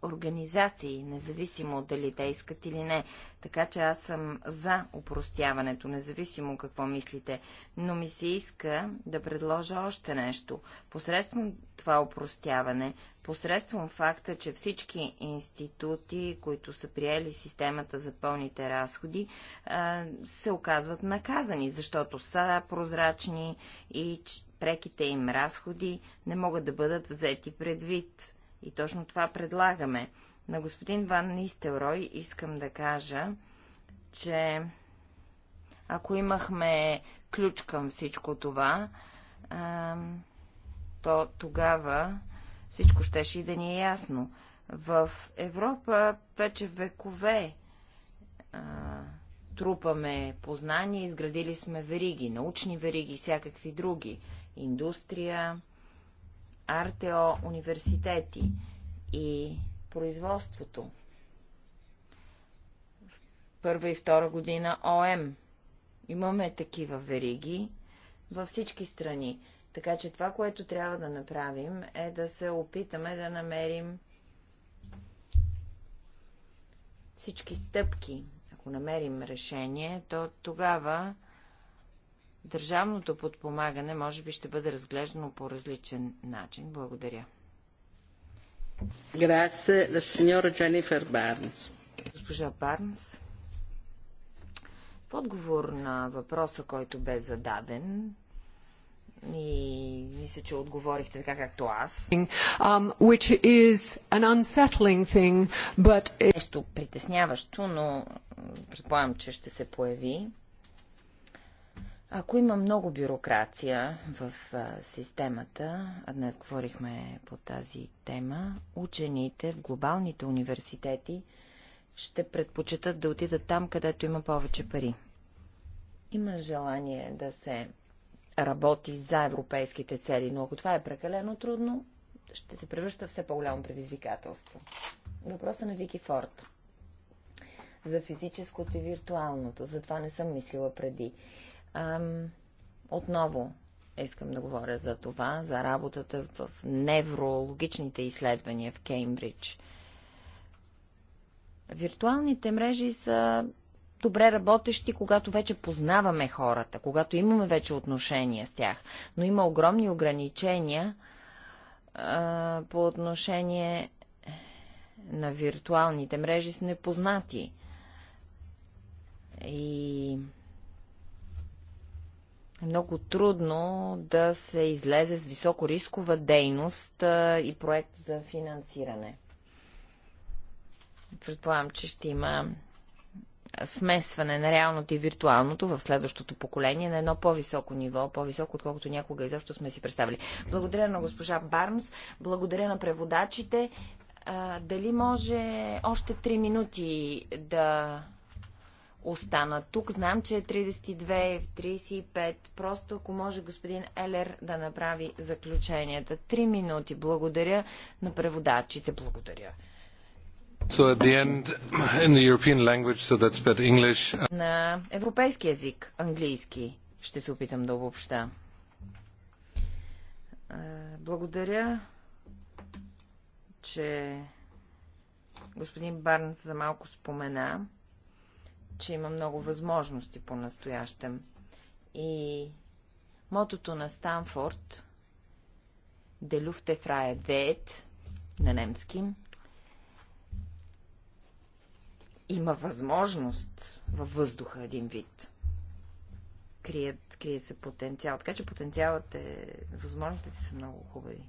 организации, независимо дали те искат или не. Така че аз съм за упростяването, независимо какво мислите. Но ми се иска да предложа още нещо. Посредством това упростяване, посредством факта, че всички институти, които са приели системата за пълните разходи, се оказват наказани, защото са прозрачни и преките им разходи не могат да бъдат взети предвид и точно това предлагаме. На господин Ван Нистелрой искам да кажа, че ако имахме ключ към всичко това, то тогава всичко щеше и да ни е ясно. В Европа вече векове трупаме познания, изградили сме вериги, научни вериги, всякакви други, индустрия, Артео университети и производството. В първа и втора година ОМ. Имаме такива вериги във всички страни. Така че това, което трябва да направим, е да се опитаме да намерим всички стъпки. Ако намерим решение, то тогава държавното подпомагане може би ще бъде разглеждано по различен начин. Благодаря. Госпожа Барнс, в отговор на въпроса, който бе зададен, и мисля, че отговорихте така както аз. Um, which is an unsettling thing, but... Нещо притесняващо, но предполагам, че ще се появи. Ако има много бюрокрация в системата, а днес говорихме по тази тема, учените в глобалните университети ще предпочитат да отидат там, където има повече пари. Има желание да се работи за европейските цели, но ако това е прекалено трудно, ще се превръща все по-голямо предизвикателство. Въпроса на Вики Форд. За физическото и виртуалното. За това не съм мислила преди. Ам, отново искам да говоря за това, за работата в неврологичните изследвания в Кеймбридж. Виртуалните мрежи са добре работещи, когато вече познаваме хората, когато имаме вече отношения с тях. Но има огромни ограничения а, по отношение на виртуалните мрежи с непознати. И е много трудно да се излезе с високо рискова дейност и проект за финансиране. Предполагам, че ще има смесване на реалното и виртуалното в следващото поколение на едно по-високо ниво, по-високо, отколкото някога изобщо сме си представили. Благодаря на госпожа Бармс, благодаря на преводачите. А, дали може още 3 минути да остана тук. Знам, че е 32, 35. Просто, ако може господин Елер да направи заключенията. Три минути. Благодаря на преводачите. Благодаря. So at the end, in the European language, so that's but English. На европейски язик, английски, ще се опитам да обобща. Благодаря, че господин Барнс за малко спомена че има много възможности по-настоящем. И мотото на Станфорд Der Luft freie Welt на немски има възможност във въздуха един вид. крие се потенциал. Така че потенциалът е... Възможностите са много хубави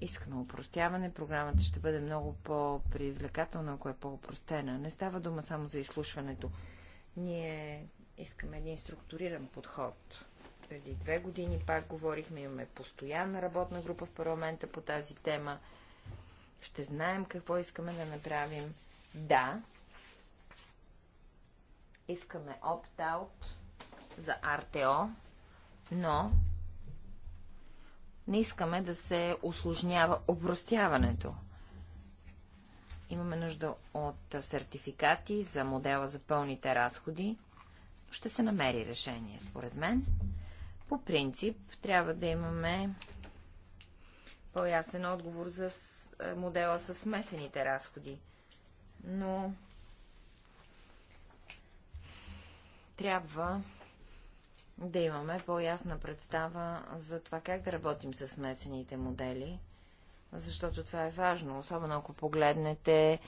искаме упростяване, програмата ще бъде много по-привлекателна, ако е по-упростена. Не става дума само за изслушването. Ние искаме един структуриран подход. Преди две години пак говорихме, имаме постоянна работна група в парламента по тази тема. Ще знаем какво искаме да направим. Да, искаме опт-аут за РТО, но не искаме да се осложнява обростяването. Имаме нужда от сертификати за модела за пълните разходи. Ще се намери решение, според мен. По принцип, трябва да имаме по-ясен отговор за е, модела с смесените разходи. Но трябва да имаме по-ясна представа за това как да работим с смесените модели, защото това е важно, особено ако погледнете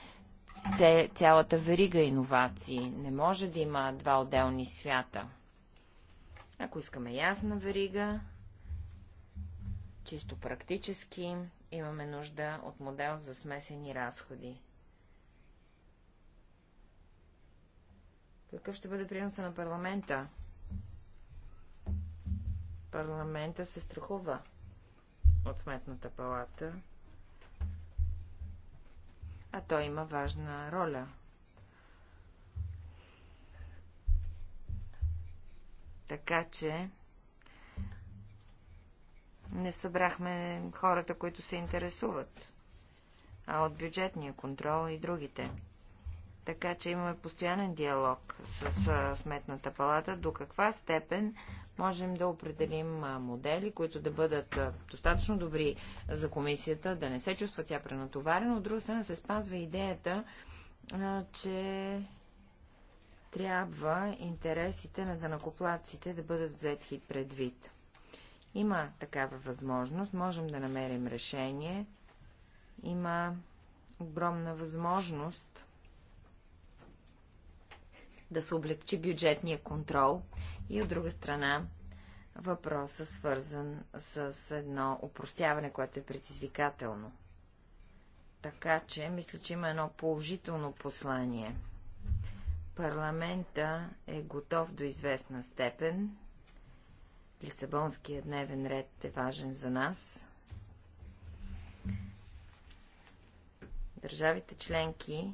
цялата верига иновации. Не може да има два отделни свята. Ако искаме ясна верига, чисто практически, имаме нужда от модел за смесени разходи. Какъв ще бъде приноса на парламента? парламента се страхува от сметната палата, а той има важна роля. Така че не събрахме хората, които се интересуват, а от бюджетния контрол и другите. Така че имаме постоянен диалог с Сметната палата, до каква степен можем да определим модели, които да бъдат достатъчно добри за комисията, да не се чувства тя пренатоварена, от друга страна се спазва идеята, че трябва интересите на данакоплаците да бъдат взети предвид. Има такава възможност, можем да намерим решение. Има огромна възможност да се облегчи бюджетния контрол и от друга страна въпросът свързан с едно упростяване, което е предизвикателно. Така че, мисля, че има едно положително послание. Парламента е готов до известна степен. Лисабонският дневен ред е важен за нас. Държавите членки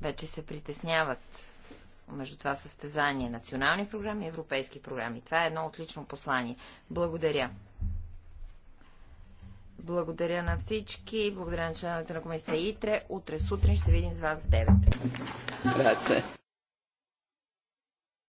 вече се притесняват между това състезание национални програми и европейски програми. Това е едно отлично послание. Благодаря. Благодаря на всички, благодаря на членовете на комисията ИТРЕ. Утре сутрин ще видим с вас в 9. Грация.